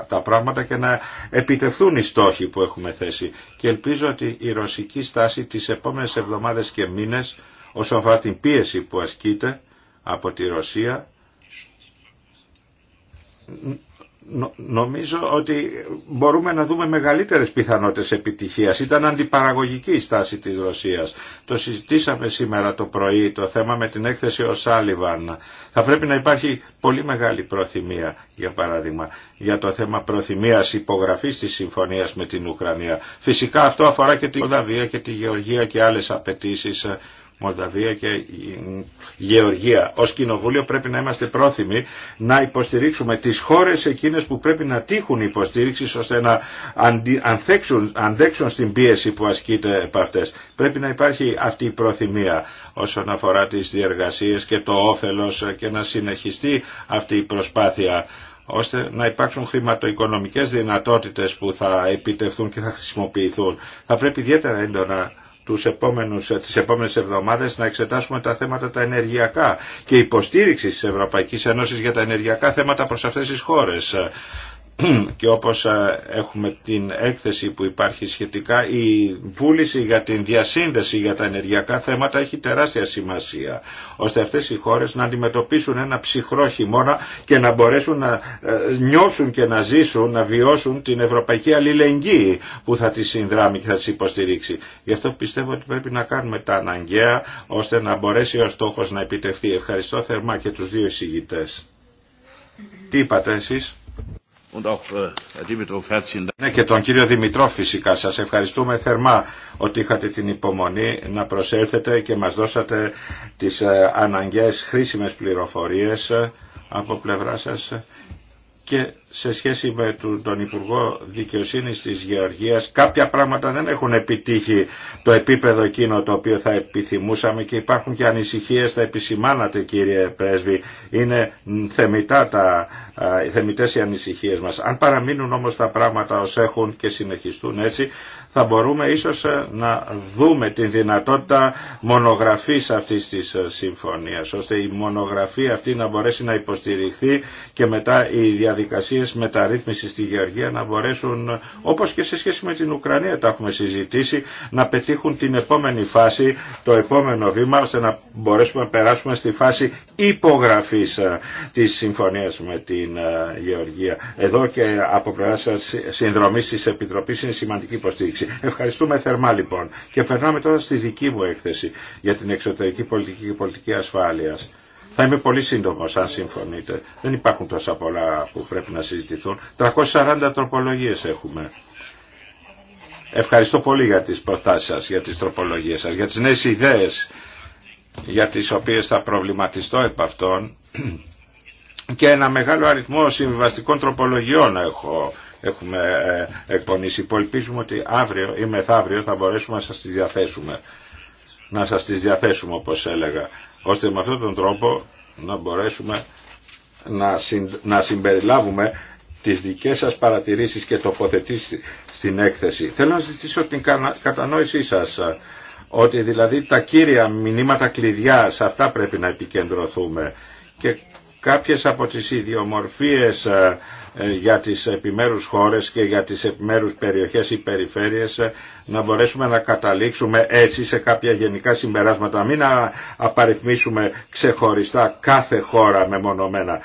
τα πράγματα και να επιτευχθούν οι στόχοι που έχουμε θέσει. Και ελπίζω ότι η ρωσική στάση τις επόμενες εβδομάδες και μήνες όσον αφορά την πίεση που ασκείται από τη Ρωσία νομίζω ότι μπορούμε να δούμε μεγαλύτερες πιθανότητες επιτυχίας. Ήταν αντιπαραγωγική η στάση της Ρωσίας. Το συζητήσαμε σήμερα το πρωί το θέμα με την έκθεση ο Σάλιβαν. Θα πρέπει να υπάρχει πολύ μεγάλη προθυμία, για παράδειγμα, για το θέμα προθυμίας υπογραφής της συμφωνίας με την Ουκρανία. Φυσικά αυτό αφορά και τη Οδαβία και τη Γεωργία και άλλες απαιτήσει Μολδαβία και Γεωργία. Ως Κοινοβούλιο πρέπει να είμαστε πρόθυμοι να υποστηρίξουμε τις χώρες εκείνες που πρέπει να τύχουν υποστήριξη ώστε να αντέξουν, αντέξουν στην πίεση που ασκείται από αυτές. Πρέπει να υπάρχει αυτή η προθυμία όσον αφορά τις διεργασίες και το όφελος και να συνεχιστεί αυτή η προσπάθεια ώστε να υπάρξουν χρηματοοικονομικές δυνατότητες που θα επιτευθούν και θα χρησιμοποιηθούν. Θα πρέπει ιδιαίτερα έντονα τους επόμενους, ε, τις επόμενες εβδομάδες να εξετάσουμε τα θέματα τα ενεργειακά και υποστήριξη της Ευρωπαϊκής Ένωσης για τα ενεργειακά θέματα προς αυτές τις χώρες. και όπως έχουμε την έκθεση που υπάρχει σχετικά η βούληση για την διασύνδεση για τα ενεργειακά θέματα έχει τεράστια σημασία ώστε αυτές οι χώρες να αντιμετωπίσουν ένα ψυχρό χειμώνα και να μπορέσουν να ε, νιώσουν και να ζήσουν, να βιώσουν την ευρωπαϊκή αλληλεγγύη που θα τις συνδράμει και θα τις υποστηρίξει. Γι' αυτό πιστεύω ότι πρέπει να κάνουμε τα αναγκαία ώστε να μπορέσει ο στόχος να επιτευχθεί. Ευχαριστώ θερμά και τους δύο εισηγητές. Τι είπατε εσείς? Äh, ναι και τον κύριο Δημητρό φυσικά σας ευχαριστούμε θερμά ότι είχατε την υπομονή να προσέλθετε και μας δώσατε τις ε, αναγκαίες χρήσιμες πληροφορίες ε, από πλευρά σας και σε σχέση με τον Υπουργό Δικαιοσύνης της Γεωργίας κάποια πράγματα δεν έχουν επιτύχει το επίπεδο εκείνο το οποίο θα επιθυμούσαμε και υπάρχουν και ανησυχίες θα επισημάνατε κύριε Πρέσβη είναι θεμητά τα, θεμητές οι ανησυχίες μας αν παραμείνουν όμως τα πράγματα ως έχουν και συνεχιστούν έτσι θα μπορούμε ίσως ε, να δούμε τη δυνατότητα μονογραφής αυτής της ε, συμφωνίας, ώστε η μονογραφή αυτή να μπορέσει να υποστηριχθεί και μετά οι διαδικασίες μεταρρύθμισης στη Γεωργία να μπορέσουν, ε, όπως και σε σχέση με την Ουκρανία τα έχουμε συζητήσει, να πετύχουν την επόμενη φάση, το επόμενο βήμα, ώστε να μπορέσουμε να περάσουμε στη φάση υπογραφής της συμφωνίας με την Γεωργία. Εδώ και από πλευρά συνδρομή τη Επιτροπή είναι σημαντική υποστήριξη. Ευχαριστούμε θερμά λοιπόν. Και περνάμε τώρα στη δική μου έκθεση για την εξωτερική πολιτική και πολιτική ασφάλειας. Θα είμαι πολύ σύντομος αν συμφωνείτε. Δεν υπάρχουν τόσα πολλά που πρέπει να συζητηθούν. 340 τροπολογίες έχουμε. Ευχαριστώ πολύ για τις προτάσεις σας, για τις τροπολογίες σας, για τις νέες ιδέες για τις οποίες θα προβληματιστώ επ' αυτών και ένα μεγάλο αριθμό συμβιβαστικών τροπολογιών έχω έχουμε ε, εκπονήσει που ότι αύριο ή μεθαύριο θα μπορέσουμε να σας τις διαθέσουμε. Να σας τις διαθέσουμε όπως έλεγα, ώστε με αυτόν τον τρόπο να μπορέσουμε να συμπεριλάβουμε τις δικές σας παρατηρήσεις και τοποθετήσεις στην έκθεση. Θέλω να ζητήσω την κατανόησή σας ότι δηλαδή τα κύρια μηνύματα κλειδιά αυτά πρέπει να επικεντρωθούμε και Κάποιες από τις ιδιομορφίες ε, ε, για τις επιμέρους χώρες και για τις επιμέρους περιοχές ή περιφέρειες ε, να μπορέσουμε να καταλήξουμε έτσι σε κάποια γενικά συμπεράσματα. Μην απαριθμίσουμε ξεχωριστά κάθε χώρα μεμονωμένα.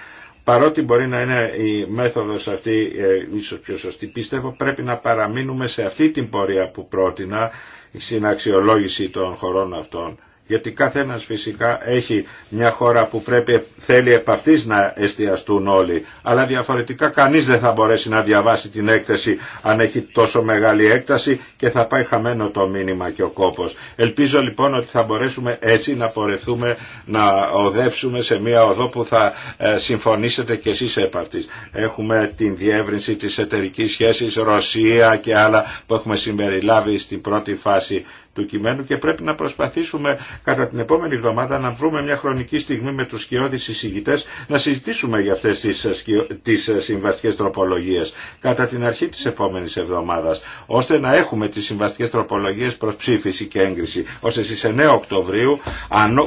Παρότι μπορεί να είναι η μέθοδος αυτή ίσως πιο σωστή, πιστεύω πρέπει να παραμείνουμε σε αυτή την πορεία που πρότεινα στην αξιολόγηση των χωρών αυτών γιατί κάθε ένας φυσικά έχει μια χώρα που πρέπει, θέλει επ' αυτής να εστιαστούν όλοι. Αλλά διαφορετικά κανείς δεν θα μπορέσει να διαβάσει την έκθεση αν έχει τόσο μεγάλη έκταση και θα πάει χαμένο το μήνυμα και ο κόπος. Ελπίζω λοιπόν ότι θα μπορέσουμε έτσι να πορεθούμε να οδεύσουμε σε μια οδό που θα ε, συμφωνήσετε κι εσείς επ' αυτής. Έχουμε την διεύρυνση της εταιρικής σχέσης Ρωσία και άλλα που έχουμε συμπεριλάβει στην πρώτη φάση του κειμένου και πρέπει να προσπαθήσουμε κατά την επόμενη εβδομάδα να βρούμε μια χρονική στιγμή με τους σκιώδεις εισηγητές να συζητήσουμε για αυτές τις, ε, τις ε, συμβαστικές τροπολογίες κατά την αρχή της επόμενης εβδομάδας ώστε να έχουμε τις συμβαστικές τροπολογίες προς ψήφιση και έγκριση ώστε στις 9 Οκτωβρίου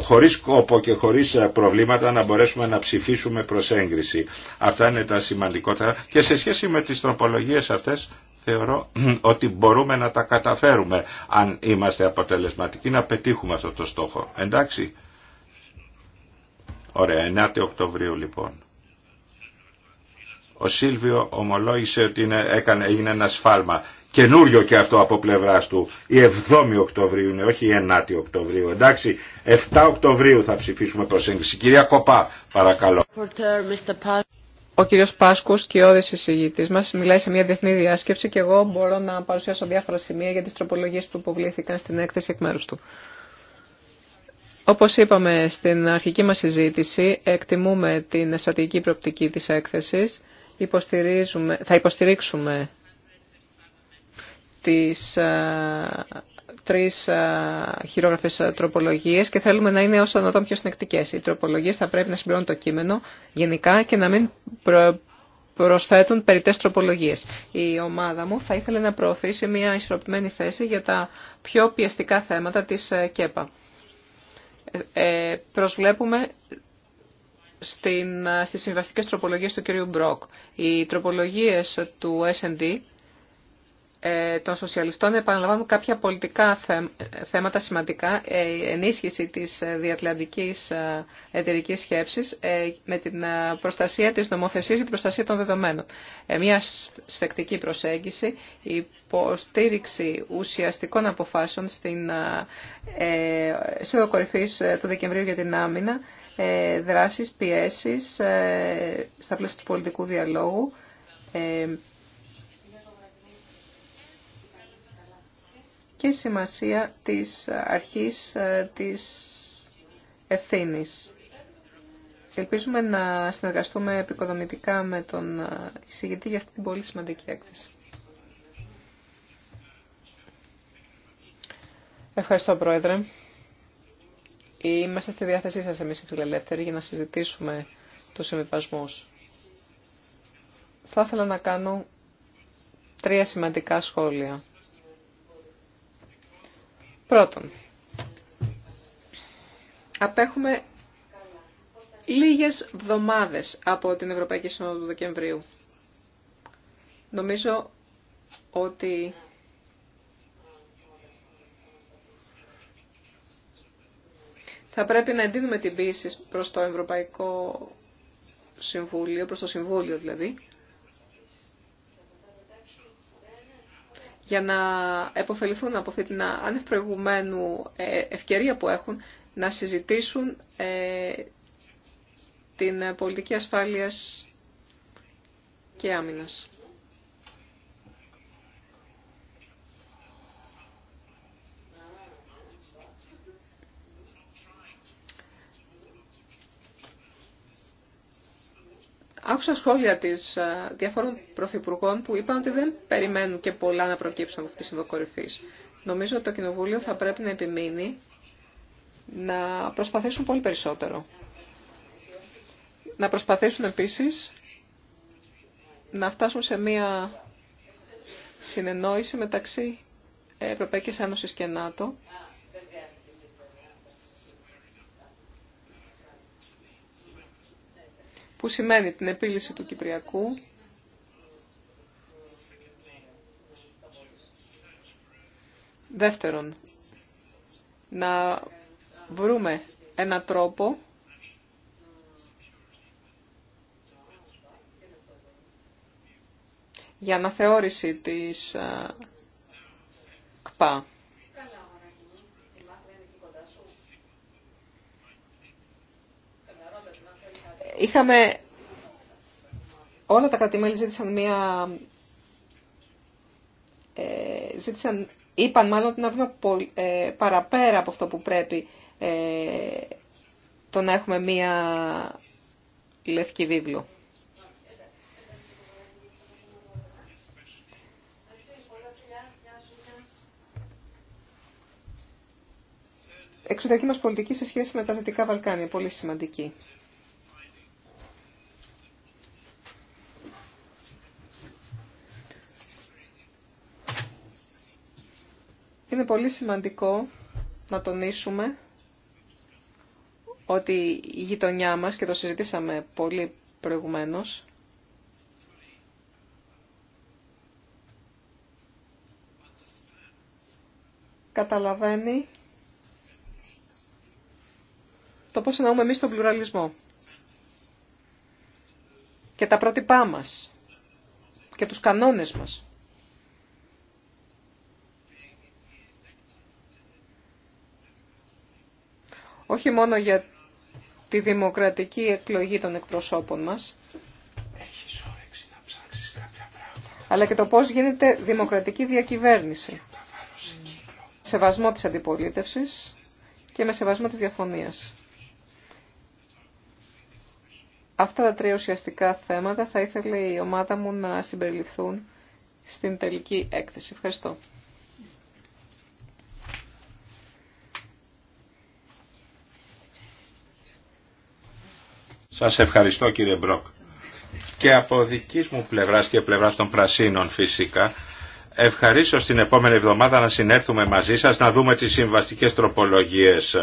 χωρίς κόπο και χωρίς ε, προβλήματα να μπορέσουμε να ψηφίσουμε προς έγκριση. Αυτά είναι τα σημαντικότερα και σε σχέση με τις τροπολογίες αυτές θεωρώ ότι μπορούμε να τα καταφέρουμε αν είμαστε αποτελεσματικοί να πετύχουμε αυτό το στόχο. Εντάξει. Ωραία, 9 Οκτωβρίου λοιπόν. Ο Σίλβιο ομολόγησε ότι είναι, έκανε, έγινε ένα σφάλμα. Καινούριο και αυτό από πλευρά του. Η 7η Οκτωβρίου είναι, όχι η 9η Οκτωβρίου. Εντάξει, 7 Οκτωβρίου θα ψηφίσουμε προσέγγιση. Κυρία Κοπά, παρακαλώ ο κύριος Πάσκος και ο εισηγητής μας μιλάει σε μια διεθνή διάσκεψη και εγώ μπορώ να παρουσιάσω διάφορα σημεία για τις τροπολογίες που υποβλήθηκαν στην έκθεση εκ μέρους του. Όπως είπαμε στην αρχική μας συζήτηση, εκτιμούμε την στρατηγική προοπτική της έκθεσης, Υποστηρίζουμε, θα υποστηρίξουμε τις ε, Τρει χειρόγραφες τροπολογίες και θέλουμε να είναι όσο δυνατόν πιο συνεκτικέ. Οι τροπολογίες θα πρέπει να συμπληρώνουν το κείμενο γενικά και να μην προσθέτουν περιττές τροπολογίε. Η ομάδα μου θα ήθελε να προωθήσει μια ισορροπημένη θέση για τα πιο πιεστικά θέματα της ε, ΚΕΠΑ. Ε, ε, προσβλέπουμε στην, ε, στις συμβαστικές τροπολογίες του κ. Μπροκ. Οι τροπολογίες του S&D ε, των σοσιαλιστών επαναλαμβάνουν κάποια πολιτικά θέματα σημαντικά. Η ε, ενίσχυση της διατλαντικής ε, εταιρικής σχέψης με την προστασία της νομοθεσίας και την προστασία των δεδομένων. Μια σφεκτική προσέγγιση, η υποστήριξη ουσιαστικών αποφάσεων στην σύνοδο του Δεκεμβρίου για την άμυνα, δράσεις, πιέσεις στα πλαίσια του πολιτικού διαλόγου, και σημασία της αρχής ε, της ευθύνης. Ελπίζουμε να συνεργαστούμε επικοδομητικά με τον ε, εισηγητή για αυτή την πολύ σημαντική έκθεση. Ευχαριστώ, Πρόεδρε. Είμαστε στη διάθεσή σας εμείς οι φιλελεύθεροι για να συζητήσουμε τους συμβιβασμούς. Θα ήθελα να κάνω τρία σημαντικά σχόλια. Πρώτον, απέχουμε λίγες βδομάδες από την Ευρωπαϊκή Σύνοδο του Δεκεμβρίου. Νομίζω ότι θα πρέπει να εντείνουμε την πίεση προς το Ευρωπαϊκό Συμβούλιο, προς το Συμβούλιο δηλαδή, για να επωφεληθούν από αυτή την ανευπροηγουμένου ε, ευκαιρία που έχουν να συζητήσουν ε, την πολιτική ασφάλειας και άμυνας. Άκουσα σχόλια της ε, διαφόρων πρωθυπουργών που είπαν ότι δεν περιμένουν και πολλά να προκύψουν από αυτή τη συνδοκορυφή. Νομίζω ότι το Κοινοβούλιο θα πρέπει να επιμείνει να προσπαθήσουν πολύ περισσότερο. Να προσπαθήσουν επίση να φτάσουν σε μία συνεννόηση μεταξύ Ευρωπαϊκής Ένωσης και ΝΑΤΟ που σημαίνει την επίλυση του Κυπριακού, Δεύτερον, να βρούμε ένα τρόπο για να αναθεώρηση της ΚΠΑ. είχαμε όλα τα κρατημέλη ζήτησαν μια ε, ζήτησαν, είπαν μάλλον ότι να βρούμε ε, παραπέρα από αυτό που πρέπει ε, το να έχουμε μία λευκή βίβλο. Εξωτερική μας πολιτική σε σχέση με τα Δυτικά Βαλκάνια, πολύ σημαντική. Είναι πολύ σημαντικό να τονίσουμε ότι η γειτονιά μας, και το συζητήσαμε πολύ προηγουμένως, καταλαβαίνει το πώς εννοούμε εμείς τον πλουραλισμό και τα πρότυπά μας και τους κανόνες μας. όχι μόνο για τη δημοκρατική εκλογή των εκπροσώπων μας, αλλά και το πώς γίνεται δημοκρατική διακυβέρνηση. Σεβασμό της αντιπολίτευσης και με σεβασμό της διαφωνίας. Αυτά τα τρία ουσιαστικά θέματα θα ήθελε η ομάδα μου να συμπεριληφθούν στην τελική έκθεση. Ευχαριστώ. Σας ευχαριστώ κύριε Μπρόκ. Και από δική μου πλευράς και πλευράς των Πρασίνων φυσικά, ευχαρίσω στην επόμενη εβδομάδα να συνέρθουμε μαζί σας, να δούμε τις συμβαστικές τροπολογίες,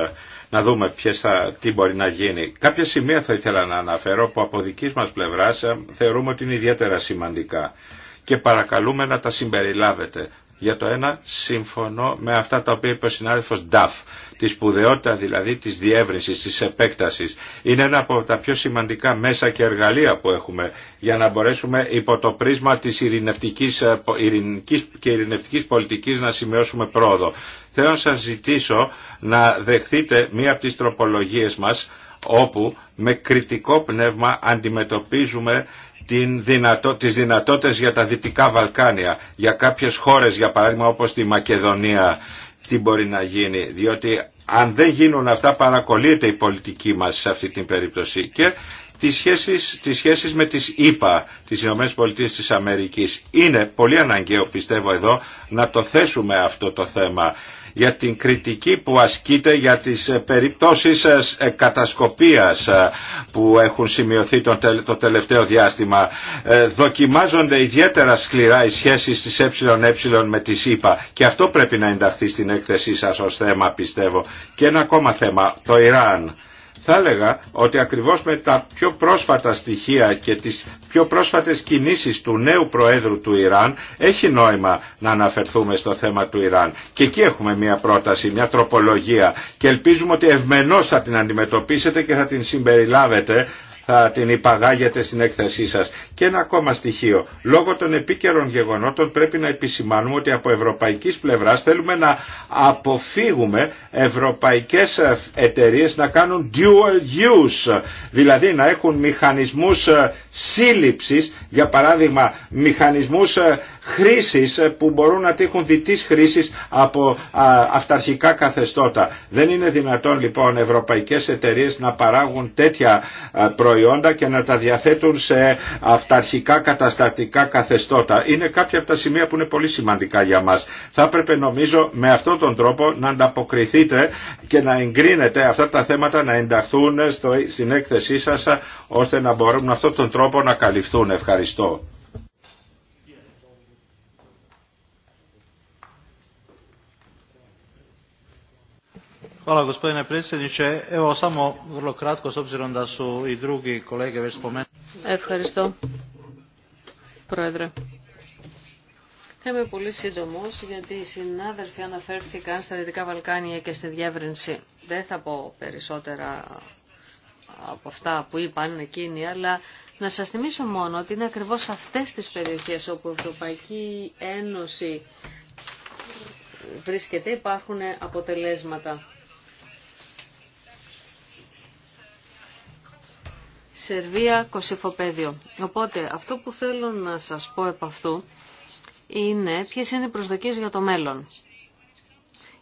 να δούμε ποιες θα, τι μπορεί να γίνει. Κάποια σημεία θα ήθελα να αναφέρω που από δική μας πλευράς ε, θεωρούμε ότι είναι ιδιαίτερα σημαντικά και παρακαλούμε να τα συμπεριλάβετε. Για το ένα συμφωνώ με αυτά τα οποία είπε ο συνάδελφος Νταφ, τη σπουδαιότητα δηλαδή της διεύρυνσης, της επέκτασης. Είναι ένα από τα πιο σημαντικά μέσα και εργαλεία που έχουμε για να μπορέσουμε υπό το πρίσμα της ειρηνευτικής, ε, ειρηνικής και ειρηνευτικής πολιτικής να σημειώσουμε πρόοδο. Θέλω να σας ζητήσω να δεχθείτε μία από τις τροπολογίες μας όπου με κριτικό πνεύμα αντιμετωπίζουμε την δυνατό, τις δυνατότητες για τα Δυτικά Βαλκάνια, για κάποιες χώρες για παράδειγμα όπως τη Μακεδονία, τι μπορεί να γίνει, διότι αν δεν γίνουν αυτά παρακολύεται η πολιτική μας σε αυτή την περίπτωση και τις σχέσεις, τις σχέσεις με τις ΗΠΑ, τις ΗΠΑ Είναι πολύ αναγκαίο πιστεύω εδώ να το θέσουμε αυτό το θέμα για την κριτική που ασκείται για τις ε, περιπτώσεις ε, ε, κατασκοπίας που έχουν σημειωθεί το τελευταίο διάστημα. Δοκιμάζονται ιδιαίτερα σκληρά οι σχέσεις της ΕΕ με τη ΣΥΠΑ και αυτό πρέπει να ενταχθεί στην έκθεσή σας ως θέμα πιστεύω. Και ένα ακόμα θέμα, το Ιράν. Θα έλεγα ότι ακριβώς με τα πιο πρόσφατα στοιχεία και τις πιο πρόσφατες κινήσεις του νέου Προέδρου του Ιράν έχει νόημα να αναφερθούμε στο θέμα του Ιράν. Και εκεί έχουμε μια πρόταση, μια τροπολογία και ελπίζουμε ότι ευμενώς θα την αντιμετωπίσετε και θα την συμπεριλάβετε θα την υπαγάγετε στην έκθεσή σας. Και ένα ακόμα στοιχείο. Λόγω των επίκαιρων γεγονότων πρέπει να επισημάνουμε ότι από ευρωπαϊκής πλευράς θέλουμε να αποφύγουμε ευρωπαϊκές εταιρείες να κάνουν dual use, δηλαδή να έχουν μηχανισμούς ε, σύλληψης, για παράδειγμα μηχανισμούς ε, χρήσεις ε, που μπορούν να τύχουν διτής χρήσης από αυταρχικά καθεστώτα. Δεν είναι δυνατόν λοιπόν ευρωπαϊκές εταιρείες να παράγουν τέτοια προϊόντα και να τα διαθέτουν σε αυταρχικά καταστατικά καθεστώτα. Είναι κάποια από τα σημεία που είναι πολύ σημαντικά για μας. Θα έπρεπε νομίζω με αυτόν τον τρόπο να ανταποκριθείτε και να εγκρίνετε αυτά τα θέματα να ενταχθούν στην έκθεσή σας ώστε να μπορούν με αυτόν τον τρόπο να καλυφθούν. Ευχαριστώ. gospodine Evo samo vrlo kratko s obzirom da su i drugi kolege spomenuli. Ευχαριστώ. Πρόεδρε. είμαι πολύ σύντομο γιατί οι συνάδελφοι αναφέρθηκαν στα Δυτικά Βαλκάνια και στη διεύρυνση. Δεν θα πω περισσότερα από αυτά που είπαν εκείνοι, αλλά να σας θυμίσω μόνο ότι είναι ακριβώς αυτές τις περιοχές όπου η Ευρωπαϊκή Ένωση βρίσκεται, υπάρχουν αποτελέσματα. Σερβία, κοσυφοπεδιο Οπότε αυτό που θέλω να σας πω επ' αυτού είναι ποιες είναι οι προσδοκίες για το μέλλον.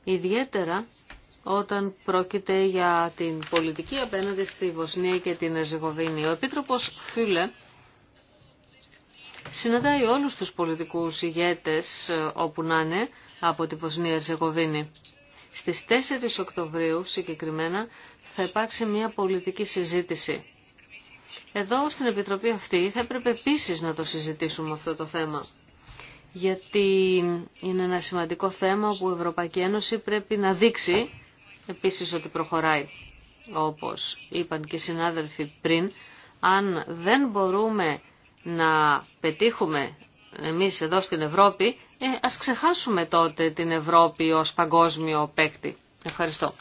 Ιδιαίτερα όταν πρόκειται για την πολιτική απέναντι στη Βοσνία και την Ερζεγοβίνη. Ο Επίτροπος Φίλε συναντάει όλους τους πολιτικούς ηγέτες ε, όπου να είναι από τη Βοσνία Ερζεγοβίνη. Στις 4 Οκτωβρίου συγκεκριμένα θα υπάρξει μια πολιτική συζήτηση εδώ στην Επιτροπή αυτή θα έπρεπε επίση να το συζητήσουμε αυτό το θέμα. Γιατί είναι ένα σημαντικό θέμα που η Ευρωπαϊκή Ένωση πρέπει να δείξει επίσης ότι προχωράει. Όπως είπαν και οι συνάδελφοι πριν, αν δεν μπορούμε να πετύχουμε εμείς εδώ στην Ευρώπη, ε, ας ξεχάσουμε τότε την Ευρώπη ως παγκόσμιο παίκτη. Ευχαριστώ.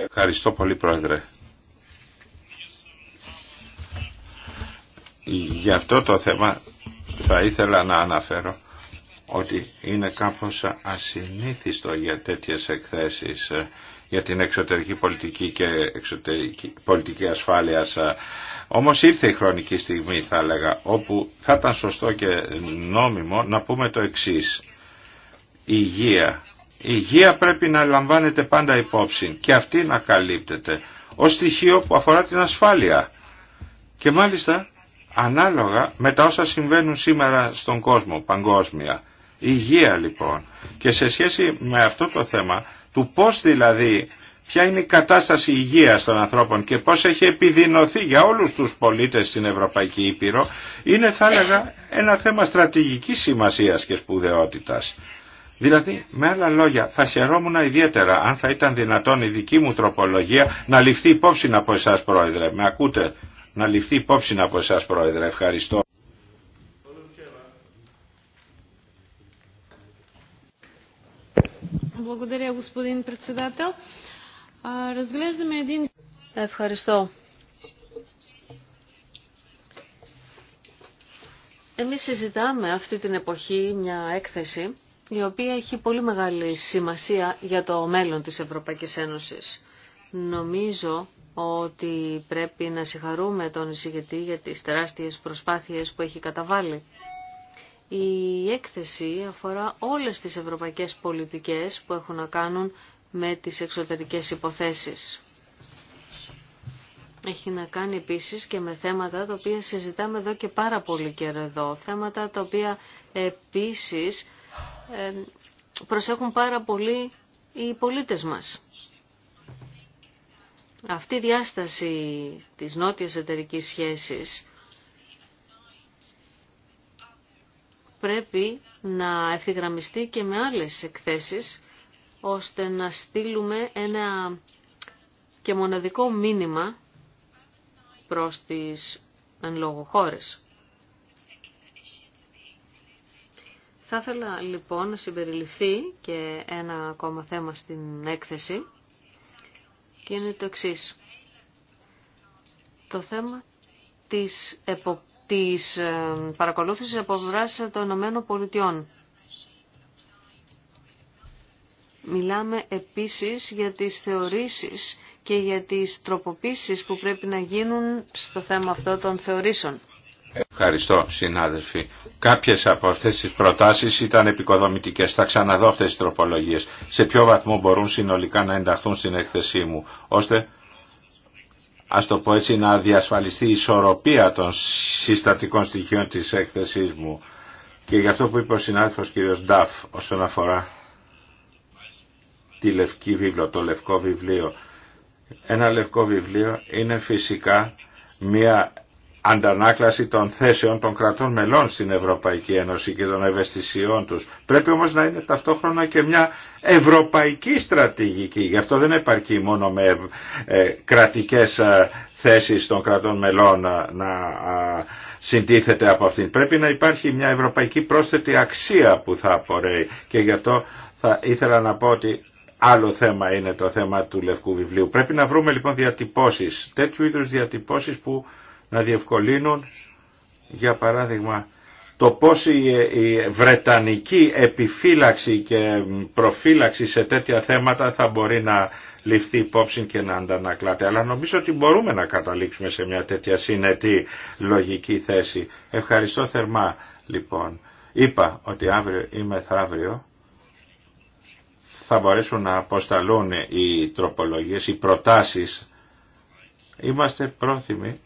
Ευχαριστώ πολύ Πρόεδρε. Για αυτό το θέμα θα ήθελα να αναφέρω ότι είναι κάπως ασυνήθιστο για τέτοιες εκθέσεις ε, για την εξωτερική πολιτική και εξωτερική πολιτική ασφάλειας. Ε, όμως ήρθε η χρονική στιγμή θα έλεγα όπου θα ήταν σωστό και νόμιμο να πούμε το εξής. Η υγεία η υγεία πρέπει να λαμβάνεται πάντα υπόψη και αυτή να καλύπτεται ως στοιχείο που αφορά την ασφάλεια. Και μάλιστα ανάλογα με τα όσα συμβαίνουν σήμερα στον κόσμο παγκόσμια. Η Υγεία λοιπόν. Και σε σχέση με αυτό το θέμα του πώς δηλαδή ποια είναι η κατάσταση υγείας των ανθρώπων και πώς έχει επιδεινωθεί για όλους τους πολίτες στην Ευρωπαϊκή Ήπειρο είναι θα έλεγα ένα θέμα στρατηγικής σημασίας και σπουδαιότητας. Δηλαδή, με άλλα λόγια, θα χαιρόμουν ιδιαίτερα αν θα ήταν δυνατόν η δική μου τροπολογία να ληφθεί υπόψη από εσά, Πρόεδρε. Με ακούτε, να ληφθεί υπόψη από εσά, Πρόεδρε. Ευχαριστώ. Ευχαριστώ. Εμείς συζητάμε αυτή την εποχή μια έκθεση η οποία έχει πολύ μεγάλη σημασία για το μέλλον της Ευρωπαϊκής Ένωσης. Νομίζω ότι πρέπει να συγχαρούμε τον εισηγητή για τις τεράστιες προσπάθειες που έχει καταβάλει. Η έκθεση αφορά όλες τις ευρωπαϊκές πολιτικές που έχουν να κάνουν με τις εξωτερικές υποθέσεις. Έχει να κάνει επίσης και με θέματα τα οποία συζητάμε εδώ και πάρα πολύ καιρό εδώ. Θέματα τα οποία επίσης ε, προσέχουν πάρα πολύ οι πολίτες μας. Αυτή η διάσταση της νότιας εταιρικής σχέσης πρέπει να ευθυγραμμιστεί και με άλλες εκθέσεις, ώστε να στείλουμε ένα και μοναδικό μήνυμα προς τις εν λόγω χώρες. Θα ήθελα λοιπόν να συμπεριληφθεί και ένα ακόμα θέμα στην έκθεση και είναι το εξή. Το θέμα της, επο... της ε, παρακολούθησης από το των Ηνωμένων Μιλάμε επίσης για τις θεωρήσεις και για τις τροποποίησεις που πρέπει να γίνουν στο θέμα αυτό των θεωρήσεων. Ευχαριστώ συνάδελφοι. Κάποιες από αυτές τις προτάσεις ήταν επικοδομητικές. Θα ξαναδώ αυτές τις τροπολογίες. Σε ποιο βαθμό μπορούν συνολικά να ενταχθούν στην έκθεσή μου, ώστε ας το πω έτσι να διασφαλιστεί η ισορροπία των συστατικών στοιχείων της έκθεσής μου. Και γι' αυτό που είπε ο συνάδελφος κ. Νταφ όσον αφορά τη λευκή βίβλο, το λευκό βιβλίο. Ένα λευκό βιβλίο είναι φυσικά μια αντανάκλαση των θέσεων των κρατών μελών στην Ευρωπαϊκή Ένωση και των ευαισθησιών τους. Πρέπει όμως να είναι ταυτόχρονα και μια ευρωπαϊκή στρατηγική. Γι' αυτό δεν επαρκεί μόνο με ε, κρατικές ε, θέσεις των κρατών μελών ε, να συντίθεται από αυτήν. Πρέπει να υπάρχει μια ευρωπαϊκή πρόσθετη αξία που θα απορρέει και γι' αυτό θα ήθελα να πω ότι Άλλο θέμα είναι το θέμα του Λευκού Βιβλίου. Πρέπει να βρούμε λοιπόν διατυπώσεις, τέτοιου είδους διατυπώσεις που να διευκολύνουν για παράδειγμα το πώς η βρετανική επιφύλαξη και προφύλαξη σε τέτοια θέματα θα μπορεί να ληφθεί υπόψη και να αντανακλάται. Αλλά νομίζω ότι μπορούμε να καταλήξουμε σε μια τέτοια συνετή λογική θέση. Ευχαριστώ θερμά λοιπόν. Είπα ότι αύριο ή μεθαύριο θα μπορέσουν να αποσταλούν οι τροπολογίες, οι προτάσεις. Είμαστε πρόθυμοι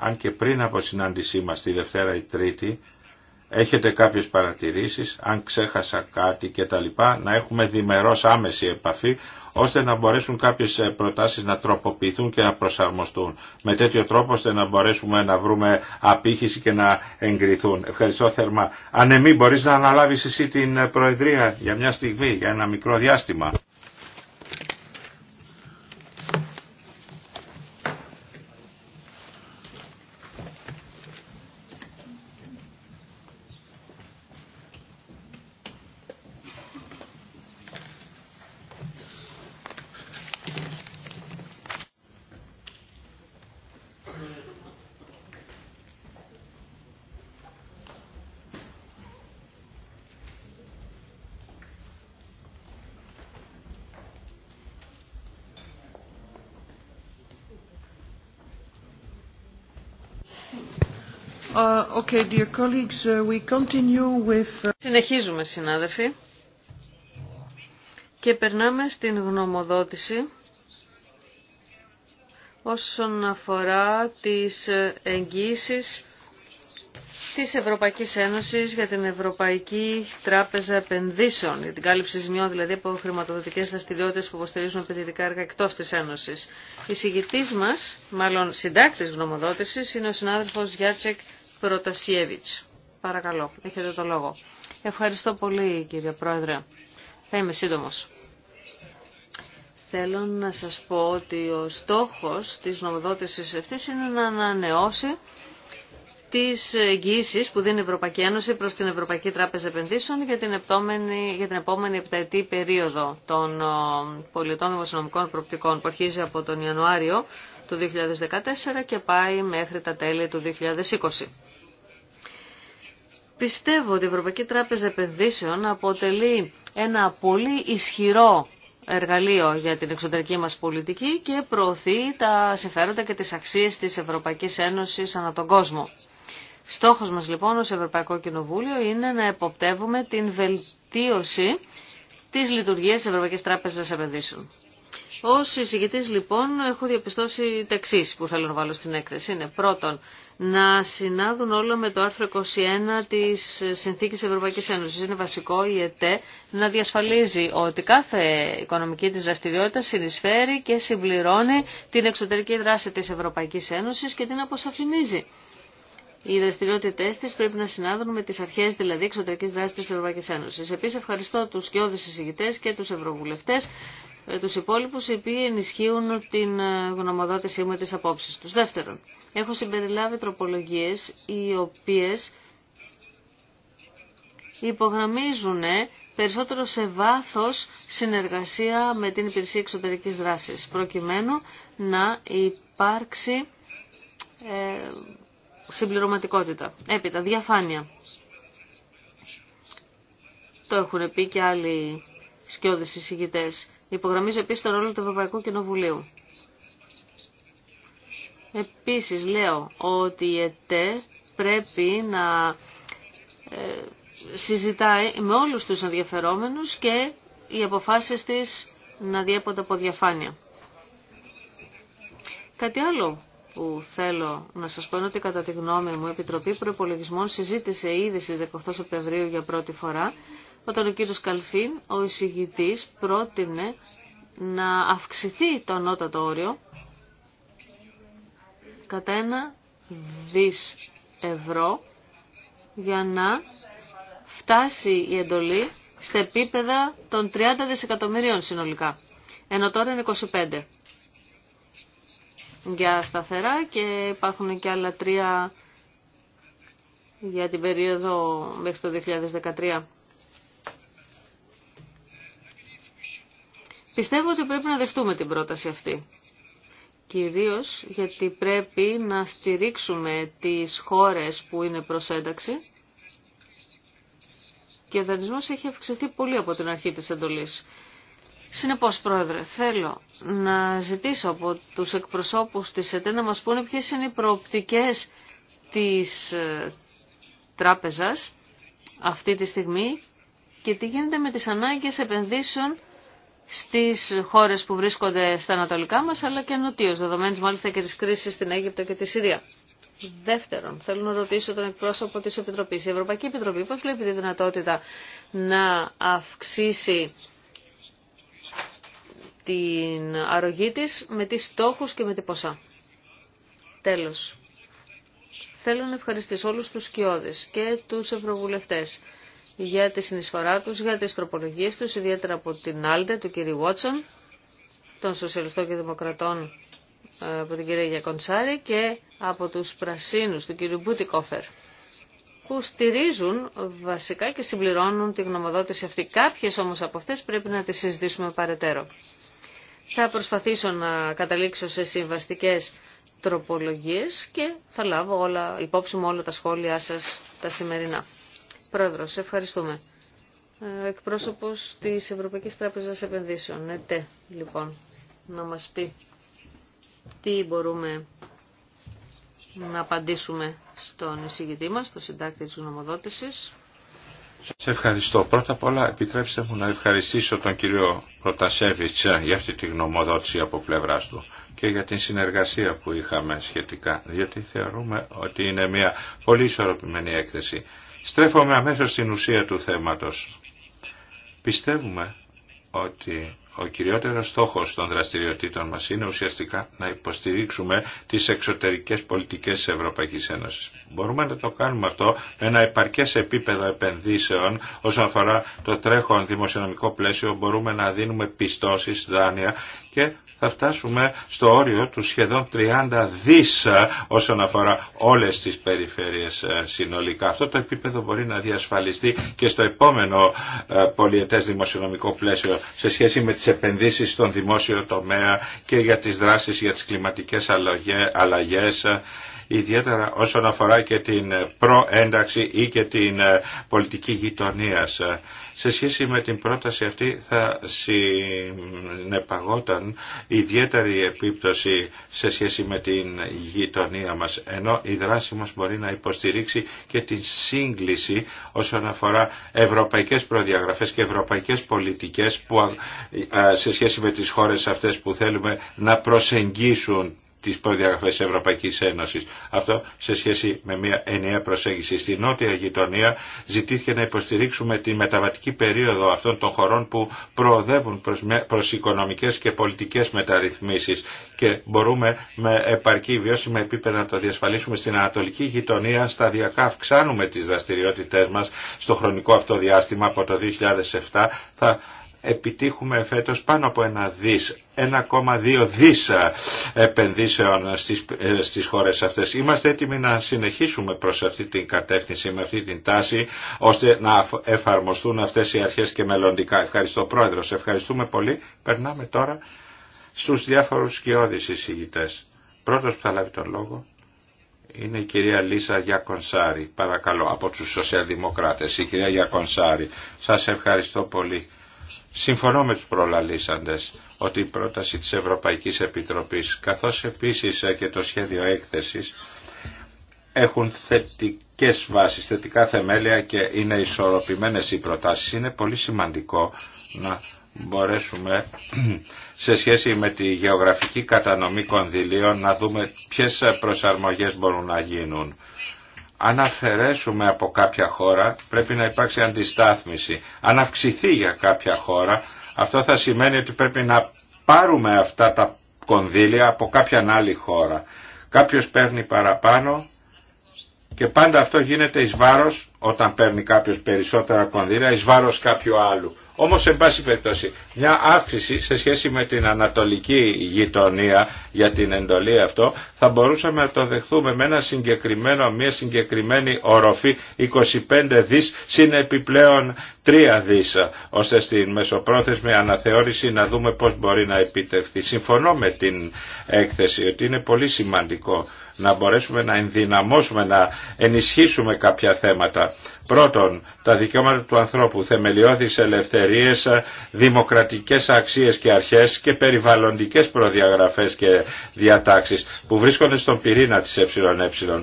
αν και πριν από συνάντησή μας τη Δευτέρα ή Τρίτη, έχετε κάποιες παρατηρήσεις, αν ξέχασα κάτι κτλ, να έχουμε διμερώς άμεση επαφή, ώστε να μπορέσουν κάποιες ε, προτάσεις να τροποποιηθούν και να προσαρμοστούν. Με τέτοιο τρόπο ώστε να μπορέσουμε να βρούμε απήχηση και να εγκριθούν. Ευχαριστώ θερμά. Αν ναι, μπορείς να αναλάβεις εσύ την ε, Προεδρία για μια στιγμή, για ένα μικρό διάστημα. Uh, uh, Συνεχίζουμε συνάδελφοι και περνάμε στην γνωμοδότηση όσον αφορά τις ε, εγγύησεις της Ευρωπαϊκής Ένωσης για την Ευρωπαϊκή Τράπεζα Επενδύσεων, για την κάλυψη ζημιών δηλαδή από χρηματοδοτικές δραστηριότητε που υποστηρίζουν επενδυτικά έργα εκτός της Ένωσης. Η συγητής μας, μάλλον συντάκτης γνωμοδότησης, είναι ο συνάδελφος Γιάτσεκ Προτασιέβιτς. Παρακαλώ, έχετε το λόγο. Ευχαριστώ πολύ κύριε Πρόεδρε. Θα είμαι σύντομος. Θέλω να σας πω ότι ο στόχος της νομοδότησης αυτής είναι να ανανεώσει τις εγγυήσει που δίνει η Ευρωπαϊκή Ένωση προς την Ευρωπαϊκή Τράπεζα Επενδύσεων για την, επόμενη, για την επόμενη επταετή περίοδο των ε, πολιτών δημοσιονομικών προπτικών που αρχίζει από τον Ιανουάριο του 2014 και πάει μέχρι τα τέλη του 2020. Πιστεύω ότι η Ευρωπαϊκή Τράπεζα Επενδύσεων αποτελεί ένα πολύ ισχυρό εργαλείο για την εξωτερική μας πολιτική και προωθεί τα συμφέροντα και τις αξίες της Ευρωπαϊκής Ένωσης ανά τον κόσμο. Στόχος μας λοιπόν ως Ευρωπαϊκό Κοινοβούλιο είναι να εποπτεύουμε την βελτίωση της λειτουργίας της Ευρωπαϊκής Τράπεζας Επενδύσεων. Ω συζητητή, λοιπόν έχω διαπιστώσει τα εξή που θέλω να βάλω στην έκθεση. Είναι πρώτον να συνάδουν όλα με το άρθρο 21 της Συνθήκης Ευρωπαϊκή Ένωση. Είναι βασικό η ΕΤΕ να διασφαλίζει ότι κάθε οικονομική τη δραστηριότητα συνεισφέρει και συμπληρώνει την εξωτερική δράση τη Ευρωπαϊκή Ένωση και την αποσαφηνίζει. Οι δραστηριότητέ τη πρέπει να συνάδουν με τι αρχέ δηλαδή εξωτερική δράση τη Ευρωπαϊκή Ένωση. Επίση, ευχαριστώ του σκιώδει συζητητέ και του ευρωβουλευτέ ε, τους υπόλοιπους οι οποίοι ενισχύουν την ε, γνωμοδότησή μου τις απόψεις τους. Δεύτερον, έχω συμπεριλάβει τροπολογίες οι οποίες υπογραμμίζουν ε, περισσότερο σε βάθος συνεργασία με την υπηρεσία εξωτερικής δράσης, προκειμένου να υπάρξει ε, συμπληρωματικότητα. Έπειτα, διαφάνεια. Το έχουν πει και άλλοι εισηγητές. Υπογραμμίζω επίση τον ρόλο του Ευρωπαϊκού Κοινοβουλίου. Επίσης λέω ότι η ΕΤΕ πρέπει να ε, συζητάει με όλους τους ενδιαφερόμενους και οι αποφάσεις της να διέπονται από διαφάνεια. Κάτι άλλο που θέλω να σας πω είναι ότι κατά τη γνώμη μου η Επιτροπή Προπολογισμών συζήτησε ήδη στις 18 Σεπτεμβρίου για πρώτη φορά όταν ο κύριος Καλφίν, ο εισηγητής, πρότεινε να αυξηθεί το ανώτατο όριο κατά ένα δις ευρώ για να φτάσει η εντολή στα επίπεδα των 30 δισεκατομμυρίων συνολικά. Ενώ τώρα είναι 25 για σταθερά και υπάρχουν και άλλα τρία για την περίοδο μέχρι το 2013. Πιστεύω ότι πρέπει να δεχτούμε την πρόταση αυτή. Κυρίως γιατί πρέπει να στηρίξουμε τις χώρες που είναι προς ένταξη και ο δανεισμός έχει αυξηθεί πολύ από την αρχή της εντολής. Συνεπώς, Πρόεδρε, θέλω να ζητήσω από τους εκπροσώπους της ΕΤΕ να μας πούνε ποιες είναι οι προοπτικές της ε, τράπεζας αυτή τη στιγμή και τι γίνεται με τις ανάγκες επενδύσεων στις χώρες που βρίσκονται στα ανατολικά μας, αλλά και νοτίως, δεδομένης μάλιστα και της κρίσης στην Αίγυπτο και τη Συρία. Δεύτερον, θέλω να ρωτήσω τον εκπρόσωπο της Επιτροπής. Η Ευρωπαϊκή Επιτροπή πώς βλέπει τη δυνατότητα να αυξήσει την αρρωγή της με τις στόχους και με την ποσά. Τέλος, θέλω να ευχαριστήσω όλους τους σκιώδες και τους ευρωβουλευτές για τη συνεισφορά τους, για τις τροπολογίες τους, ιδιαίτερα από την Άλτε, του κ. Βότσον, των Σοσιαλιστών και Δημοκρατών ε, από την κυρία Γιακονσάρη και από τους Πρασίνους του κ. Μπουτικόφερ που στηρίζουν βασικά και συμπληρώνουν τη γνωμοδότηση αυτή. Κάποιες όμως από αυτές πρέπει να τις συζητήσουμε παρετέρω. Θα προσπαθήσω να καταλήξω σε συμβαστικές τροπολογίες και θα λάβω όλα, υπόψη μου όλα τα σχόλιά σας τα σημερινά. Πρόεδρος, ευχαριστούμε. Ε, εκπρόσωπος της Ευρωπαϊκής Τράπεζας Επενδύσεων, ΕΤΕ, λοιπόν, να μας πει τι μπορούμε να απαντήσουμε στον εισηγητή μας, στον συντάκτη της γνωμοδότησης. Σας ευχαριστώ. Πρώτα απ' όλα επιτρέψτε μου να ευχαριστήσω τον κύριο Προτασέβιτς για αυτή τη γνωμοδότηση από πλευράς του και για την συνεργασία που είχαμε σχετικά, διότι θεωρούμε ότι είναι μια πολύ ισορροπημένη έκθεση. Στρέφομαι αμέσως στην ουσία του θέματος. Πιστεύουμε ότι ο κυριότερος στόχος των δραστηριοτήτων μας είναι ουσιαστικά να υποστηρίξουμε τις εξωτερικές πολιτικές της Ευρωπαϊκής Ένωσης. Μπορούμε να το κάνουμε αυτό με ένα επαρκές επίπεδο επενδύσεων όσον αφορά το τρέχον δημοσιονομικό πλαίσιο μπορούμε να δίνουμε πιστώσεις, δάνεια και θα φτάσουμε στο όριο του σχεδόν 30 δις ε, όσον αφορά όλες τις περιφέρειες ε, συνολικά. Αυτό το επίπεδο μπορεί να διασφαλιστεί και στο επόμενο ε, πολιετές δημοσιονομικό πλαίσιο σε σχέση με τις επενδύσεις στον δημόσιο τομέα και για τις δράσεις για τις κλιματικές αλλαγές ιδιαίτερα όσον αφορά και την προένταξη ή και την ε, πολιτική γειτονίας. Ε, σε σχέση με την πρόταση αυτή θα συνεπαγόταν ιδιαίτερη επίπτωση σε σχέση με την γειτονία μας, ενώ η δράση μας μπορεί να υποστηρίξει και την σύγκληση όσον αφορά ευρωπαϊκές προδιαγραφές και ευρωπαϊκές πολιτικές που ε, σε σχέση με τις χώρες αυτές που θέλουμε να προσεγγίσουν προδιαγραφέ τη Ευρωπαϊκή Ένωση. Αυτό σε σχέση με μια ενιαία προσέγγιση. Στη νότια γειτονία ζητήθηκε να υποστηρίξουμε τη μεταβατική περίοδο αυτών των χωρών που προοδεύουν προ οικονομικέ και πολιτικέ μεταρρυθμίσει και μπορούμε με επαρκή βιώσιμα επίπεδα να το διασφαλίσουμε στην ανατολική γειτονία. Σταδιακά αυξάνουμε τι δραστηριότητε μα στο χρονικό αυτό διάστημα από το 2007 θα επιτύχουμε φέτος πάνω από ένα δις 1,2 δις επενδύσεων στις, ε, στις χώρες αυτές. Είμαστε έτοιμοι να συνεχίσουμε προς αυτή την κατεύθυνση, με αυτή την τάση, ώστε να εφαρμοστούν αυτές οι αρχές και μελλοντικά. Ευχαριστώ Πρόεδρο, σε ευχαριστούμε πολύ. Περνάμε τώρα στους διάφορους σκιώδεις εισηγητές. Πρώτος που θα λάβει τον λόγο είναι η κυρία Λίσα Γιακονσάρη, παρακαλώ, από τους σοσιαλδημοκράτες. Η κυρία Γιακονσάρη, σας ευχαριστώ πολύ Συμφωνώ με τους προλαλήσαντες ότι η πρόταση της Ευρωπαϊκής Επιτροπής καθώς επίσης ε, και το σχέδιο έκθεσης έχουν θετικές βάσεις, θετικά θεμέλια και είναι ισορροπημένες οι προτάσεις. Είναι πολύ σημαντικό να μπορέσουμε σε σχέση με τη γεωγραφική κατανομή κονδυλίων να δούμε ποιες προσαρμογές μπορούν να γίνουν αν αφαιρέσουμε από κάποια χώρα πρέπει να υπάρξει αντιστάθμιση. Αν αυξηθεί για κάποια χώρα αυτό θα σημαίνει ότι πρέπει να πάρουμε αυτά τα κονδύλια από κάποια άλλη χώρα. Κάποιος παίρνει παραπάνω και πάντα αυτό γίνεται εις βάρος, όταν παίρνει κάποιος περισσότερα κονδύλια, εις βάρος κάποιου άλλου. Όμως, εν πάση περιπτώσει, μια αύξηση σε σχέση με την ανατολική γειτονία για την εντολή αυτό θα μπορούσαμε να το δεχθούμε με ένα συγκεκριμένο, μια συγκεκριμένη οροφή 25 δις συν επιπλέον 3 δις ώστε στην μεσοπρόθεσμη αναθεώρηση να δούμε πώς μπορεί να επιτευχθεί. Συμφωνώ με την έκθεση ότι είναι πολύ σημαντικό να μπορέσουμε να ενδυναμώσουμε, να ενισχύσουμε κάποια θέματα. Πρώτον, τα δικαιώματα του ανθρώπου, θεμελιώδεις ελευθερίες, δημοκρατικές αξίες και αρχές και περιβαλλοντικές προδιαγραφές και διατάξεις που βρίσκονται στον πυρήνα της ΕΕ.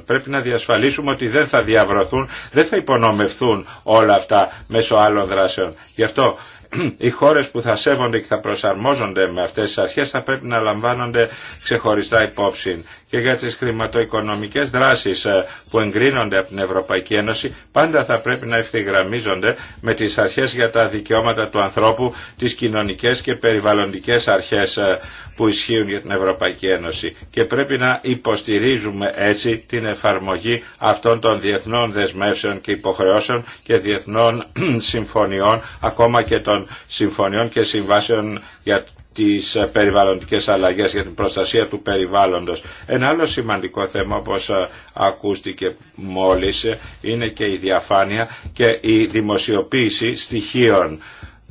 Πρέπει να διασφαλίσουμε ότι δεν θα διαβρωθούν, δεν θα υπονομευθούν όλα αυτά μέσω άλλων δράσεων. Γι' αυτό οι χώρες που θα σέβονται και θα προσαρμόζονται με αυτές τις αρχές θα πρέπει να λαμβάνονται ξεχωριστά υπόψη και για τις χρηματοοικονομικές δράσεις ε, που εγκρίνονται από την Ευρωπαϊκή Ένωση πάντα θα πρέπει να ευθυγραμμίζονται με τις αρχές για τα δικαιώματα του ανθρώπου, τις κοινωνικές και περιβαλλοντικές αρχές ε, που ισχύουν για την Ευρωπαϊκή Ένωση και πρέπει να υποστηρίζουμε έτσι την εφαρμογή αυτών των διεθνών δεσμεύσεων και υποχρεώσεων και διεθνών συμφωνιών ακόμα και των συμφωνιών και συμβάσεων για τις ε, περιβαλλοντικές αλλαγές για την προστασία του περιβάλλοντος. Ένα άλλο σημαντικό θέμα όπως ε, ακούστηκε μόλις είναι και η διαφάνεια και η δημοσιοποίηση στοιχείων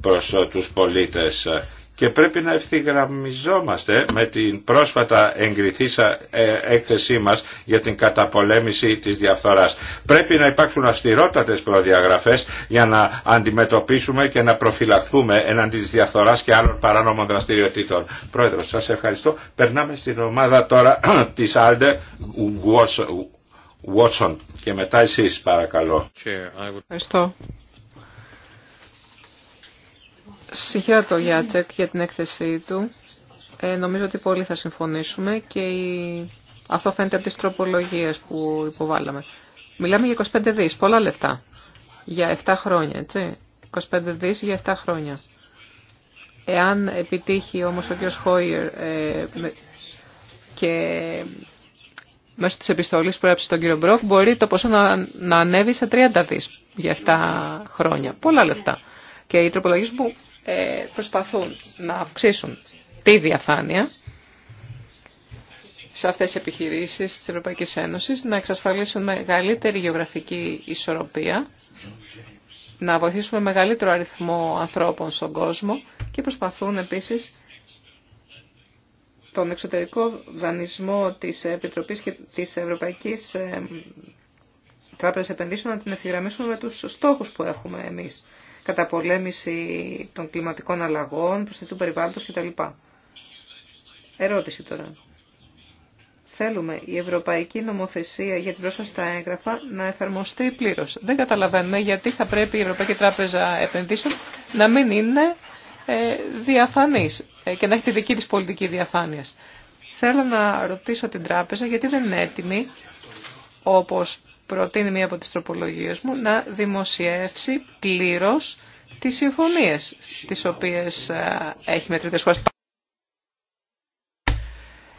προς ε, τους πολίτες και πρέπει να ευθυγραμμιζόμαστε με την πρόσφατα εγκριθήσα ε, έκθεσή μας για την καταπολέμηση της διαφθοράς. Πρέπει να υπάρξουν αυστηρότατες προδιαγραφές για να αντιμετωπίσουμε και να προφυλαχθούμε εναντί της διαφθοράς και άλλων παράνομων δραστηριοτήτων. Πρόεδρος, σας ευχαριστώ. Περνάμε στην ομάδα τώρα της Άλντε Watson και μετά εσείς παρακαλώ. Ευχαριστώ. Συγχαίρω το Γιάτσεκ για την έκθεσή του. Ε, νομίζω ότι πολλοί θα συμφωνήσουμε και αυτό φαίνεται από τις τροπολογίες που υποβάλαμε. Μιλάμε για 25 δις, πολλά λεφτά. Για 7 χρόνια, έτσι. 25 δις για 7 χρόνια. Εάν επιτύχει όμως ο κ. Χόιερ ε, και μέσω της επιστολής που έγραψε τον κύριο Μπρόκ μπορεί το ποσό να, να ανέβει σε 30 δις για 7 χρόνια. Πολλά λεφτά. Και οι τροπολογίες που ε, προσπαθούν να αυξήσουν τη διαφάνεια σε αυτές τις επιχειρήσεις της Ευρωπαϊκής Ένωσης, να εξασφαλίσουν μεγαλύτερη γεωγραφική ισορροπία, να βοηθήσουμε μεγαλύτερο αριθμό ανθρώπων στον κόσμο και προσπαθούν επίσης τον εξωτερικό δανεισμό της Επιτροπής και της Ευρωπαϊκής ε, Τράπεζας Επενδύσεων να την ευθυγραμμίσουμε με τους στόχους που έχουμε εμείς καταπολέμηση των κλιματικών αλλαγών, προσθετού περιβάλλοντος κτλ. Ερώτηση τώρα. Θέλουμε η ευρωπαϊκή νομοθεσία για την πρόσφαση στα έγγραφα να εφαρμοστεί πλήρως. Δεν καταλαβαίνουμε γιατί θα πρέπει η Ευρωπαϊκή Τράπεζα Επενδύσεων να μην είναι ε, διαφανής ε, και να έχει τη δική της πολιτική διαφάνειας. Θέλω να ρωτήσω την τράπεζα γιατί δεν είναι έτοιμη, όπως προτείνει μία από τις τροπολογίες μου να δημοσιεύσει πλήρως τις συμφωνίες τις οποίες ε, έχει με τρίτες χώρες.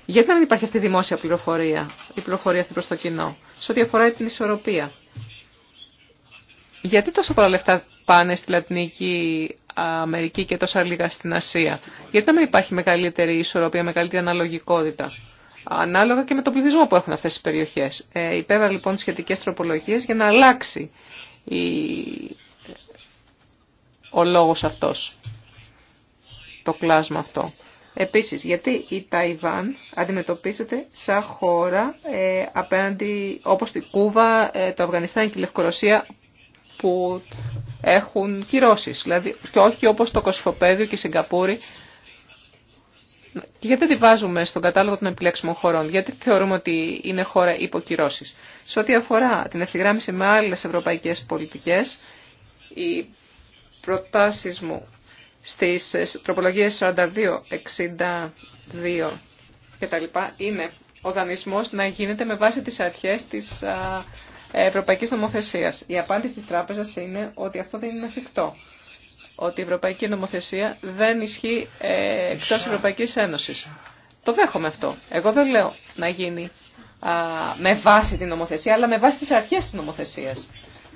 Γιατί να μην υπάρχει αυτή η δημόσια πληροφορία, η πληροφορία αυτή προς το κοινό, σε ό,τι αφορά την ισορροπία. Γιατί τόσο πολλά λεφτά πάνε στη Λατινική Αμερική και τόσα λίγα στην Ασία. Γιατί να μην υπάρχει μεγαλύτερη ισορροπία, μεγαλύτερη αναλογικότητα ανάλογα και με τον πληθυσμό που έχουν αυτές τις περιοχές. Ε, υπέβαλα λοιπόν σχετικές τροπολογίες για να αλλάξει η... ο λόγος αυτός, το κλάσμα αυτό. Επίσης, γιατί η Ταϊβάν αντιμετωπίζεται σαν χώρα ε, απέναντι όπως την Κούβα, ε, το Αφγανιστάν και η Λευκορωσία που έχουν κυρώσεις, δηλαδή και όχι όπως το Κοσφοπέδιο και η Σιγκαπούρη και γιατί τη βάζουμε στον κατάλογο των επιλέξιμων χωρών, γιατί θεωρούμε ότι είναι χώρα υποκυρώσει. Σε ό,τι αφορά την ευθυγράμμιση με άλλε ευρωπαϊκές πολιτικές, οι προτάσει μου στι τροπολογίε 42, 62 κτλ. είναι ο δανεισμό να γίνεται με βάση τις αρχές της ευρωπαϊκής Νομοθεσία. Η απάντηση τη τράπεζα είναι ότι αυτό δεν είναι εφικτό ότι η Ευρωπαϊκή Νομοθεσία δεν ισχύει ε, εκτός Ευρωπαϊκής Ένωσης. Το δέχομαι αυτό. Εγώ δεν λέω να γίνει με βάση την νομοθεσία, αλλά με βάση τις αρχές της νομοθεσίας.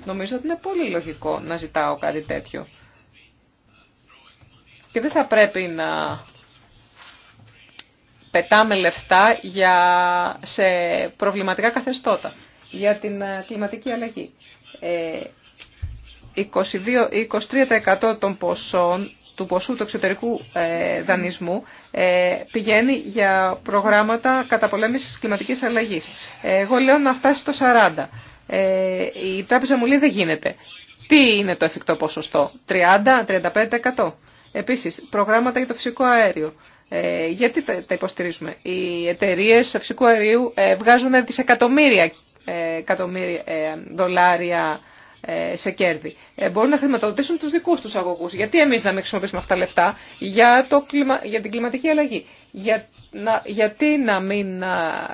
Νομίζω ότι είναι πολύ λογικό να ζητάω κάτι τέτοιο. Και δεν θα πρέπει να πετάμε λεφτά για, σε προβληματικά καθεστώτα για την ε, κλιματική αλλαγή. Ε, 22-23% των ποσών του ποσού του εξωτερικού ε, δανεισμού ε, πηγαίνει για προγράμματα καταπολέμησης κλιματικής αλλαγής. Εγώ λέω να φτάσει στο 40%. Ε, η τράπεζα μου λέει δεν γίνεται. Τι είναι το εφικτό ποσοστό, 30-35%. Επίσης, προγράμματα για το φυσικό αέριο. γιατί τα, υποστηρίζουμε. Οι εταιρείε φυσικού αερίου βγάζουν δισεκατομμύρια δολάρια ε, σε κέρδη. Ε, μπορούν να χρηματοδοτήσουν τους δικούς τους αγωγούς. Γιατί εμείς να μην χρησιμοποιήσουμε αυτά τα λεφτά για, το κλιμα... για την κλιματική αλλαγή. Για... Να... Γιατί να μην ε,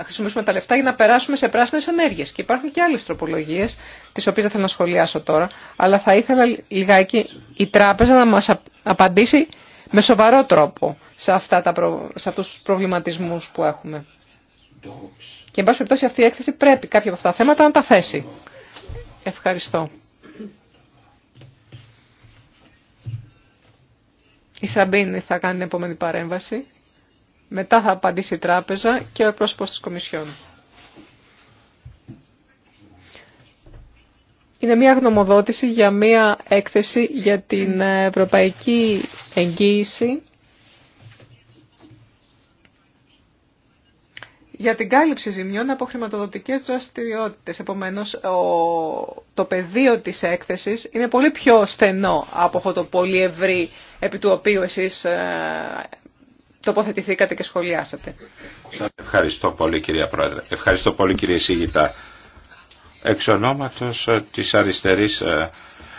χρησιμοποιήσουμε τα λεφτά για να περάσουμε σε πράσινες ενέργειες. Και υπάρχουν και άλλες τροπολογίες, τις οποίες δεν θέλω να σχολιάσω τώρα, αλλά θα ήθελα λιγάκι η τράπεζα να μας απαντήσει με σοβαρό τρόπο σε, αυτά τα προ... σε αυτούς τους προβληματισμούς που έχουμε. Και εν πάση περιπτώσει αυτή η έκθεση πρέπει κάποια από αυτά τα θέματα να τα θέσει. Ευχαριστώ. Η Σαμπίνη θα κάνει την επόμενη παρέμβαση. Μετά θα απαντήσει η τράπεζα και ο πρόσωπο της Κομισιόν. Είναι μια γνωμοδότηση για μια έκθεση για την ευρωπαϊκή εγγύηση για την κάλυψη ζημιών από χρηματοδοτικέ δραστηριότητε. Επομένως, το πεδίο της έκθεσης είναι πολύ πιο στενό από αυτό το πολύ ευρύ επί του οποίου εσεί ε, τοποθετηθήκατε και σχολιάσατε. Ευχαριστώ πολύ κυρία Πρόεδρε. Ευχαριστώ πολύ κύριε Σίγητα. Εξ ονόματο ε, της αριστερής ε,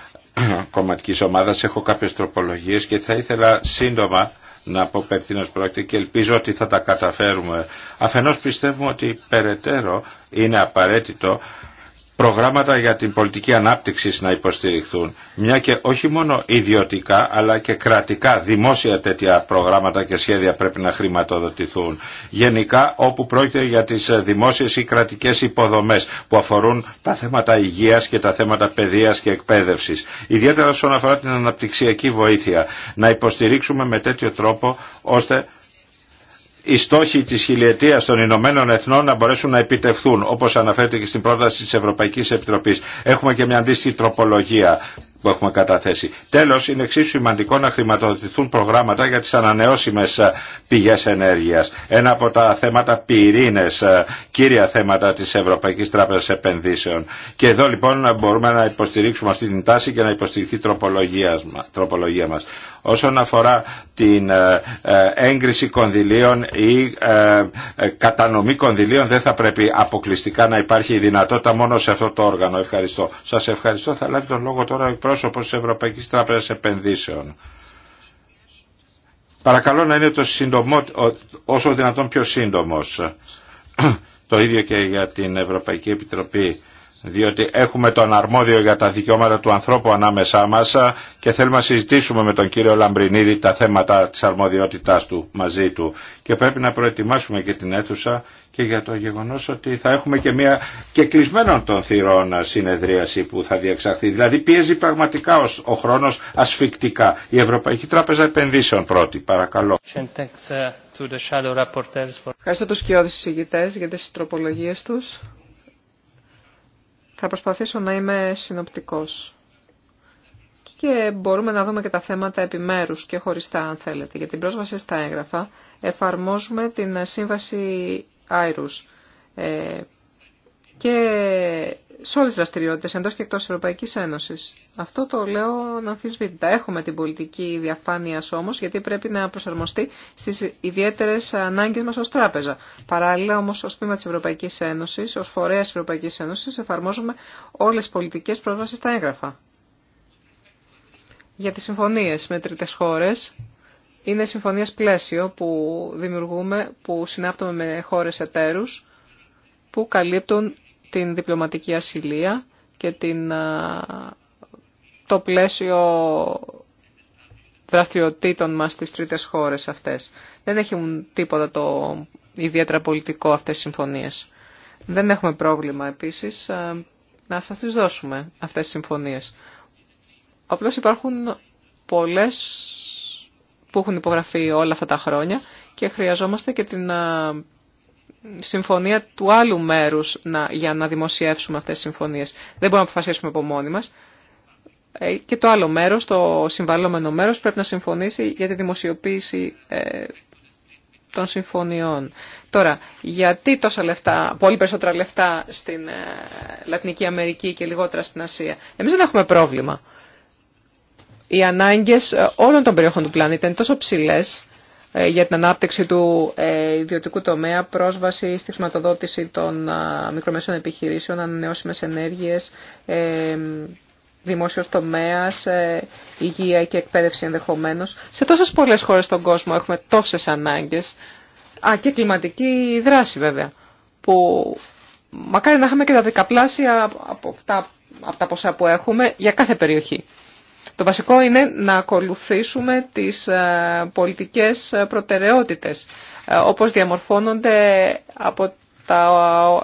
κομματικής ομάδας έχω κάποιε τροπολογίε και θα ήθελα σύντομα να πω περθύνως πρόκειται και ελπίζω ότι θα τα καταφέρουμε. Αφενός πιστεύουμε ότι περαιτέρω είναι απαραίτητο προγράμματα για την πολιτική ανάπτυξη να υποστηριχθούν. Μια και όχι μόνο ιδιωτικά αλλά και κρατικά δημόσια τέτοια προγράμματα και σχέδια πρέπει να χρηματοδοτηθούν. Γενικά όπου πρόκειται για τις δημόσιες ή κρατικές υποδομές που αφορούν τα θέματα υγείας και τα θέματα παιδείας και εκπαίδευσης. Ιδιαίτερα όσον αφορά την αναπτυξιακή βοήθεια. Να υποστηρίξουμε με τέτοιο τρόπο ώστε οι στόχοι της χιλιετίας των Ηνωμένων Εθνών να μπορέσουν να επιτευχθούν, όπως αναφέρεται και στην πρόταση της Ευρωπαϊκής Επιτροπής. Έχουμε και μια αντίστοιχη τροπολογία που έχουμε καταθέσει. Τέλος, είναι εξίσου σημαντικό να χρηματοδοτηθούν προγράμματα για τις ανανεώσιμες ε, πηγές ενέργειας. Ένα από τα θέματα πυρήνες, ε, κύρια θέματα της Ευρωπαϊκής Τράπεζας Επενδύσεων. Και εδώ λοιπόν μπορούμε να υποστηρίξουμε αυτή την τάση και να υποστηριχθεί τροπολογία μας όσον αφορά την ε, ε, έγκριση κονδυλίων ή ε, κατανομή κονδυλίων δεν θα πρέπει αποκλειστικά να υπάρχει η δυνατότητα μόνο σε αυτό το όργανο. Ευχαριστώ. Σας ευχαριστώ. Θα λάβει τον λόγο τώρα ο εκπρόσωπος της Ευρωπαϊκής Τράπεζας Επενδύσεων. Παρακαλώ να είναι το σύντομο, όσο δυνατόν πιο σύντομος. Το ίδιο και για την Ευρωπαϊκή Επιτροπή διότι έχουμε τον αρμόδιο για τα δικαιώματα του ανθρώπου ανάμεσά μας και θέλουμε να συζητήσουμε με τον κύριο Λαμπρινίδη τα θέματα της αρμοδιότητάς του μαζί του. Και πρέπει να προετοιμάσουμε και την αίθουσα και για το γεγονός ότι θα έχουμε και μια και κλεισμένων των θυρών συνεδρίαση που θα διεξαχθεί. Δηλαδή πιέζει πραγματικά ο χρόνος ασφικτικά. Η Ευρωπαϊκή Τράπεζα Επενδύσεων πρώτη, παρακαλώ. Uh, Ευχαριστώ τους κοιόδη συζητητές για τις τροπολογίες τους. Θα προσπαθήσω να είμαι συνοπτικός. Και μπορούμε να δούμε και τα θέματα επιμέρους και χωριστά, αν θέλετε. Για την πρόσβαση στα έγγραφα εφαρμόζουμε την σύμβαση IRUS, και σε όλες τις δραστηριότητες εντός και εκτός της Ευρωπαϊκής Ένωσης. Αυτό το λέω να αμφισβήτητα. Έχουμε την πολιτική διαφάνεια όμως γιατί πρέπει να προσαρμοστεί στις ιδιαίτερες ανάγκες μας ως τράπεζα. Παράλληλα όμως ως τμήμα της Ευρωπαϊκής Ένωσης, ως φορέα της Ευρωπαϊκής Ένωσης εφαρμόζουμε όλες τις πολιτικές πρόσβασεις στα έγγραφα. Για τις συμφωνίες με τρίτες χώρες, είναι συμφωνίε πλαίσιο που δημιουργούμε, που συνάπτουμε με χώρες εταίρους, που καλύπτουν την διπλωματική ασυλία και την, το πλαίσιο δραστηριοτήτων μας στις τρίτες χώρες αυτές. Δεν έχουν τίποτα το ιδιαίτερα πολιτικό αυτές οι συμφωνίες. Δεν έχουμε πρόβλημα επίσης να σας τις δώσουμε αυτές τις συμφωνίες. Απλώς υπάρχουν πολλές που έχουν υπογραφεί όλα αυτά τα χρόνια και χρειαζόμαστε και την συμφωνία του άλλου μέρους για να δημοσιεύσουμε αυτές τις συμφωνίες. Δεν μπορούμε να αποφασίσουμε από μόνοι μας. Ε, και το άλλο μέρος, το συμβαλλόμενο μέρος, πρέπει να συμφωνήσει για τη δημοσιοποίηση ε, των συμφωνιών. Τώρα, γιατί τόσα λεφτά, πολύ περισσότερα λεφτά στην ε, Λατινική Αμερική και λιγότερα στην Ασία. Εμείς δεν έχουμε πρόβλημα. Οι ανάγκες όλων των περιοχών του πλανήτη είναι τόσο ψηλές ε, για την ανάπτυξη του ε, ιδιωτικού τομέα, πρόσβαση στη χρηματοδότηση των μικρομεσαίων επιχειρήσεων, ανανεώσιμες ενέργειες, ε, δημόσιο τομέα, υγεία και εκπαίδευση ενδεχομένω. Σε τόσε πολλέ χώρε στον κόσμο έχουμε τόσε ανάγκε. Α, και κλιματική δράση βέβαια. Που μακάρι να είχαμε και τα δεκαπλάσια από, αυτά, από τα ποσά που έχουμε για κάθε περιοχή. Το βασικό είναι να ακολουθήσουμε τις ε, πολιτικές προτεραιότητες, ε, όπως διαμορφώνονται από τα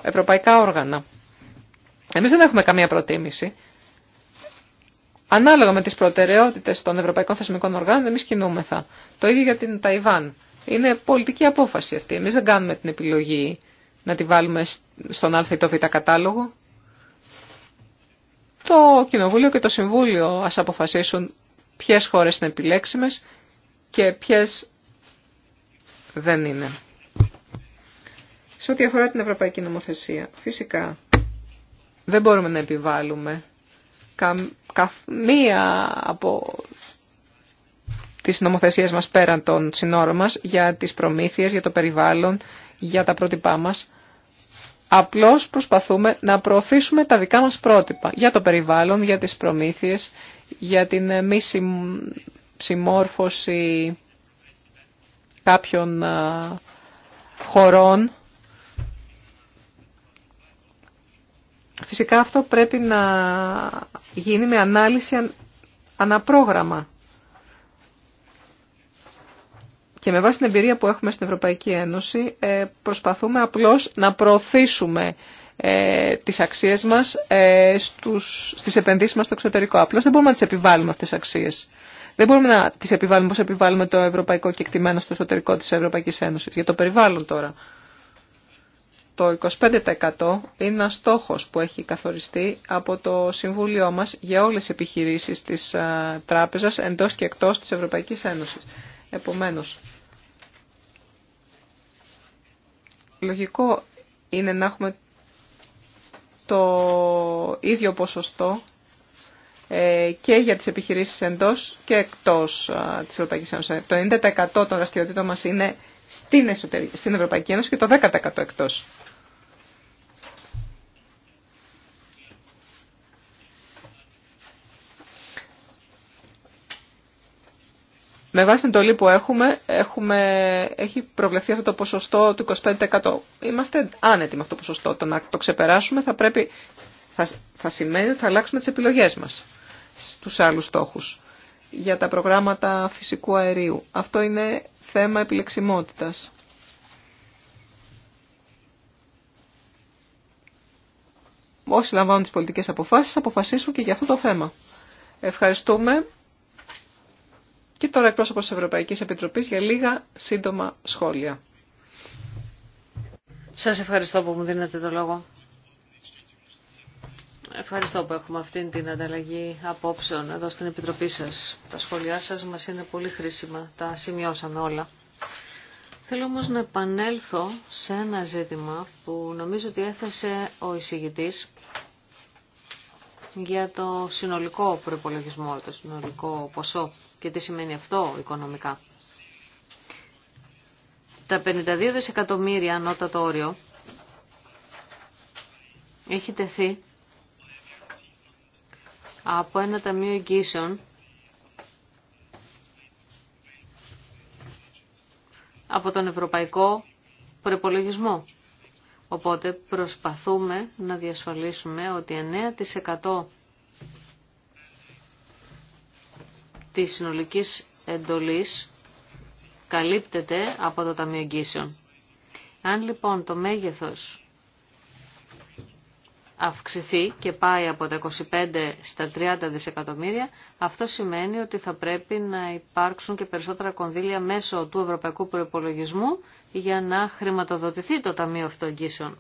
ευρωπαϊκά όργανα. Εμείς δεν έχουμε καμία προτίμηση. Ανάλογα με τις προτεραιότητες των ευρωπαϊκών θεσμικών οργάνων, εμείς κινούμεθα. Το ίδιο για την Ταϊβάν. Είναι πολιτική απόφαση αυτή. Εμείς δεν κάνουμε την επιλογή να τη βάλουμε στον α ή το β κατάλογο. Το Κοινοβούλιο και το Συμβούλιο ας αποφασίσουν ποιες χώρες είναι επιλέξιμες και ποιες δεν είναι. Σε ό,τι αφορά την Ευρωπαϊκή Νομοθεσία, φυσικά δεν μπορούμε να επιβάλλουμε καμία από τις νομοθεσίες μας πέραν των συνόρων μας για τις προμήθειες, για το περιβάλλον, για τα πρότυπά μας. Απλώς προσπαθούμε να προωθήσουμε τα δικά μας πρότυπα για το περιβάλλον, για τις προμήθειες, για την ε, μη συμμόρφωση κάποιων ε, χωρών. Φυσικά αυτό πρέπει να γίνει με ανάλυση αναπρόγραμμα. Και με βάση την εμπειρία που έχουμε στην Ευρωπαϊκή Ένωση ε, προσπαθούμε απλώς να προωθήσουμε ε, τις αξίες μας ε, στους, στις επενδύσεις μας στο εξωτερικό. Απλώς δεν μπορούμε να τις επιβάλλουμε αυτές τις αξίες. Δεν μπορούμε να τις επιβάλλουμε όπως επιβάλλουμε το ευρωπαϊκό κεκτημένο στο εσωτερικό της Ευρωπαϊκής Ένωσης. Για το περιβάλλον τώρα. Το 25% είναι ένα στόχος που έχει καθοριστεί από το Συμβούλιο μας για όλες τις επιχειρήσεις της τράπεζας εντός και εκτός της Ευρωπαϊκής Ένωσης. Επομένως, λογικό είναι να έχουμε το ίδιο ποσοστό ε, και για τις επιχειρήσεις εντός και εκτός της Ευρωπαϊκής Ένωσης. Ε, το 90% των δραστηριοτήτων μας είναι στην, Ευρωπαϊκή Ένωση και το 10% εκτός. Με βάση την εντολή που έχουμε, έχουμε, έχει προβλεφθεί αυτό το ποσοστό του 25%. Είμαστε άνετοι με αυτό το ποσοστό. Το να το ξεπεράσουμε θα, πρέπει, θα, θα σημαίνει ότι θα αλλάξουμε τις επιλογές μας στους άλλους στόχους. Για τα προγράμματα φυσικού αερίου. Αυτό είναι θέμα επιλεξιμότητας. Όσοι λαμβάνουν τις πολιτικές αποφάσεις, αποφασίσουν και για αυτό το θέμα. Ευχαριστούμε. Και τώρα εκπρόσωπο τη Ευρωπαϊκή Επιτροπή για λίγα σύντομα σχόλια. Σα ευχαριστώ που μου δίνετε το λόγο. Ευχαριστώ που έχουμε αυτή την ανταλλαγή απόψεων εδώ στην Επιτροπή σας. Τα σχόλιά σας μας είναι πολύ χρήσιμα, τα σημειώσαμε όλα. Θέλω όμως να επανέλθω σε ένα ζήτημα που νομίζω ότι έθεσε ο εισηγητής για το συνολικό προπολογισμό, το συνολικό ποσό και τι σημαίνει αυτό οικονομικά. Τα 52 δισεκατομμύρια ανώτατο όριο έχει τεθεί από ένα ταμείο εγγύσεων από τον Ευρωπαϊκό Προπολογισμό. Οπότε προσπαθούμε να διασφαλίσουμε ότι 9% της συνολικής εντολής καλύπτεται από το Ταμείο Εγγύσεων. Αν λοιπόν το μέγεθος αυξηθεί και πάει από τα 25 στα 30 δισεκατομμύρια, αυτό σημαίνει ότι θα πρέπει να υπάρξουν και περισσότερα κονδύλια μέσω του Ευρωπαϊκού Προϋπολογισμού για να χρηματοδοτηθεί το Ταμείο Αυτοεγγύσεων.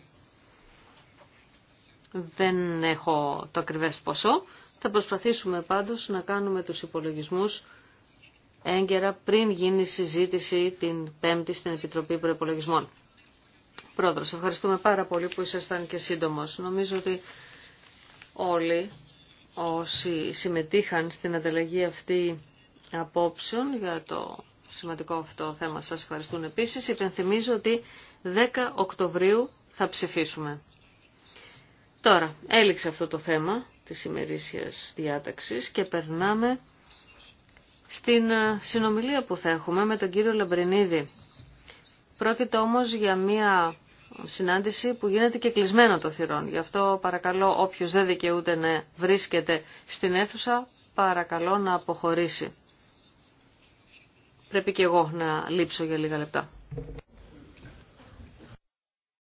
Δεν έχω το ακριβές ποσό, θα προσπαθήσουμε πάντως να κάνουμε τους υπολογισμούς έγκαιρα πριν γίνει συζήτηση την Πέμπτη στην Επιτροπή Προπολογισμών. Πρόεδρος, ευχαριστούμε πάρα πολύ που ήσασταν και σύντομος. Νομίζω ότι όλοι όσοι συμμετείχαν στην ανταλλαγή αυτή απόψεων για το σημαντικό αυτό θέμα σας ευχαριστούν επίσης. Υπενθυμίζω ότι 10 Οκτωβρίου θα ψηφίσουμε. Τώρα, έληξε αυτό το θέμα της ημερήσιας διάταξης και περνάμε στην ε, συνομιλία που θα έχουμε με τον κύριο Λεμπρινίδη. Πρόκειται όμως για μια συνάντηση που γίνεται και κλεισμένο το θυρών. Γι' αυτό παρακαλώ όποιος δεν δικαιούται να βρίσκεται στην αίθουσα, παρακαλώ να αποχωρήσει. Πρέπει και εγώ να λείψω για λίγα λεπτά.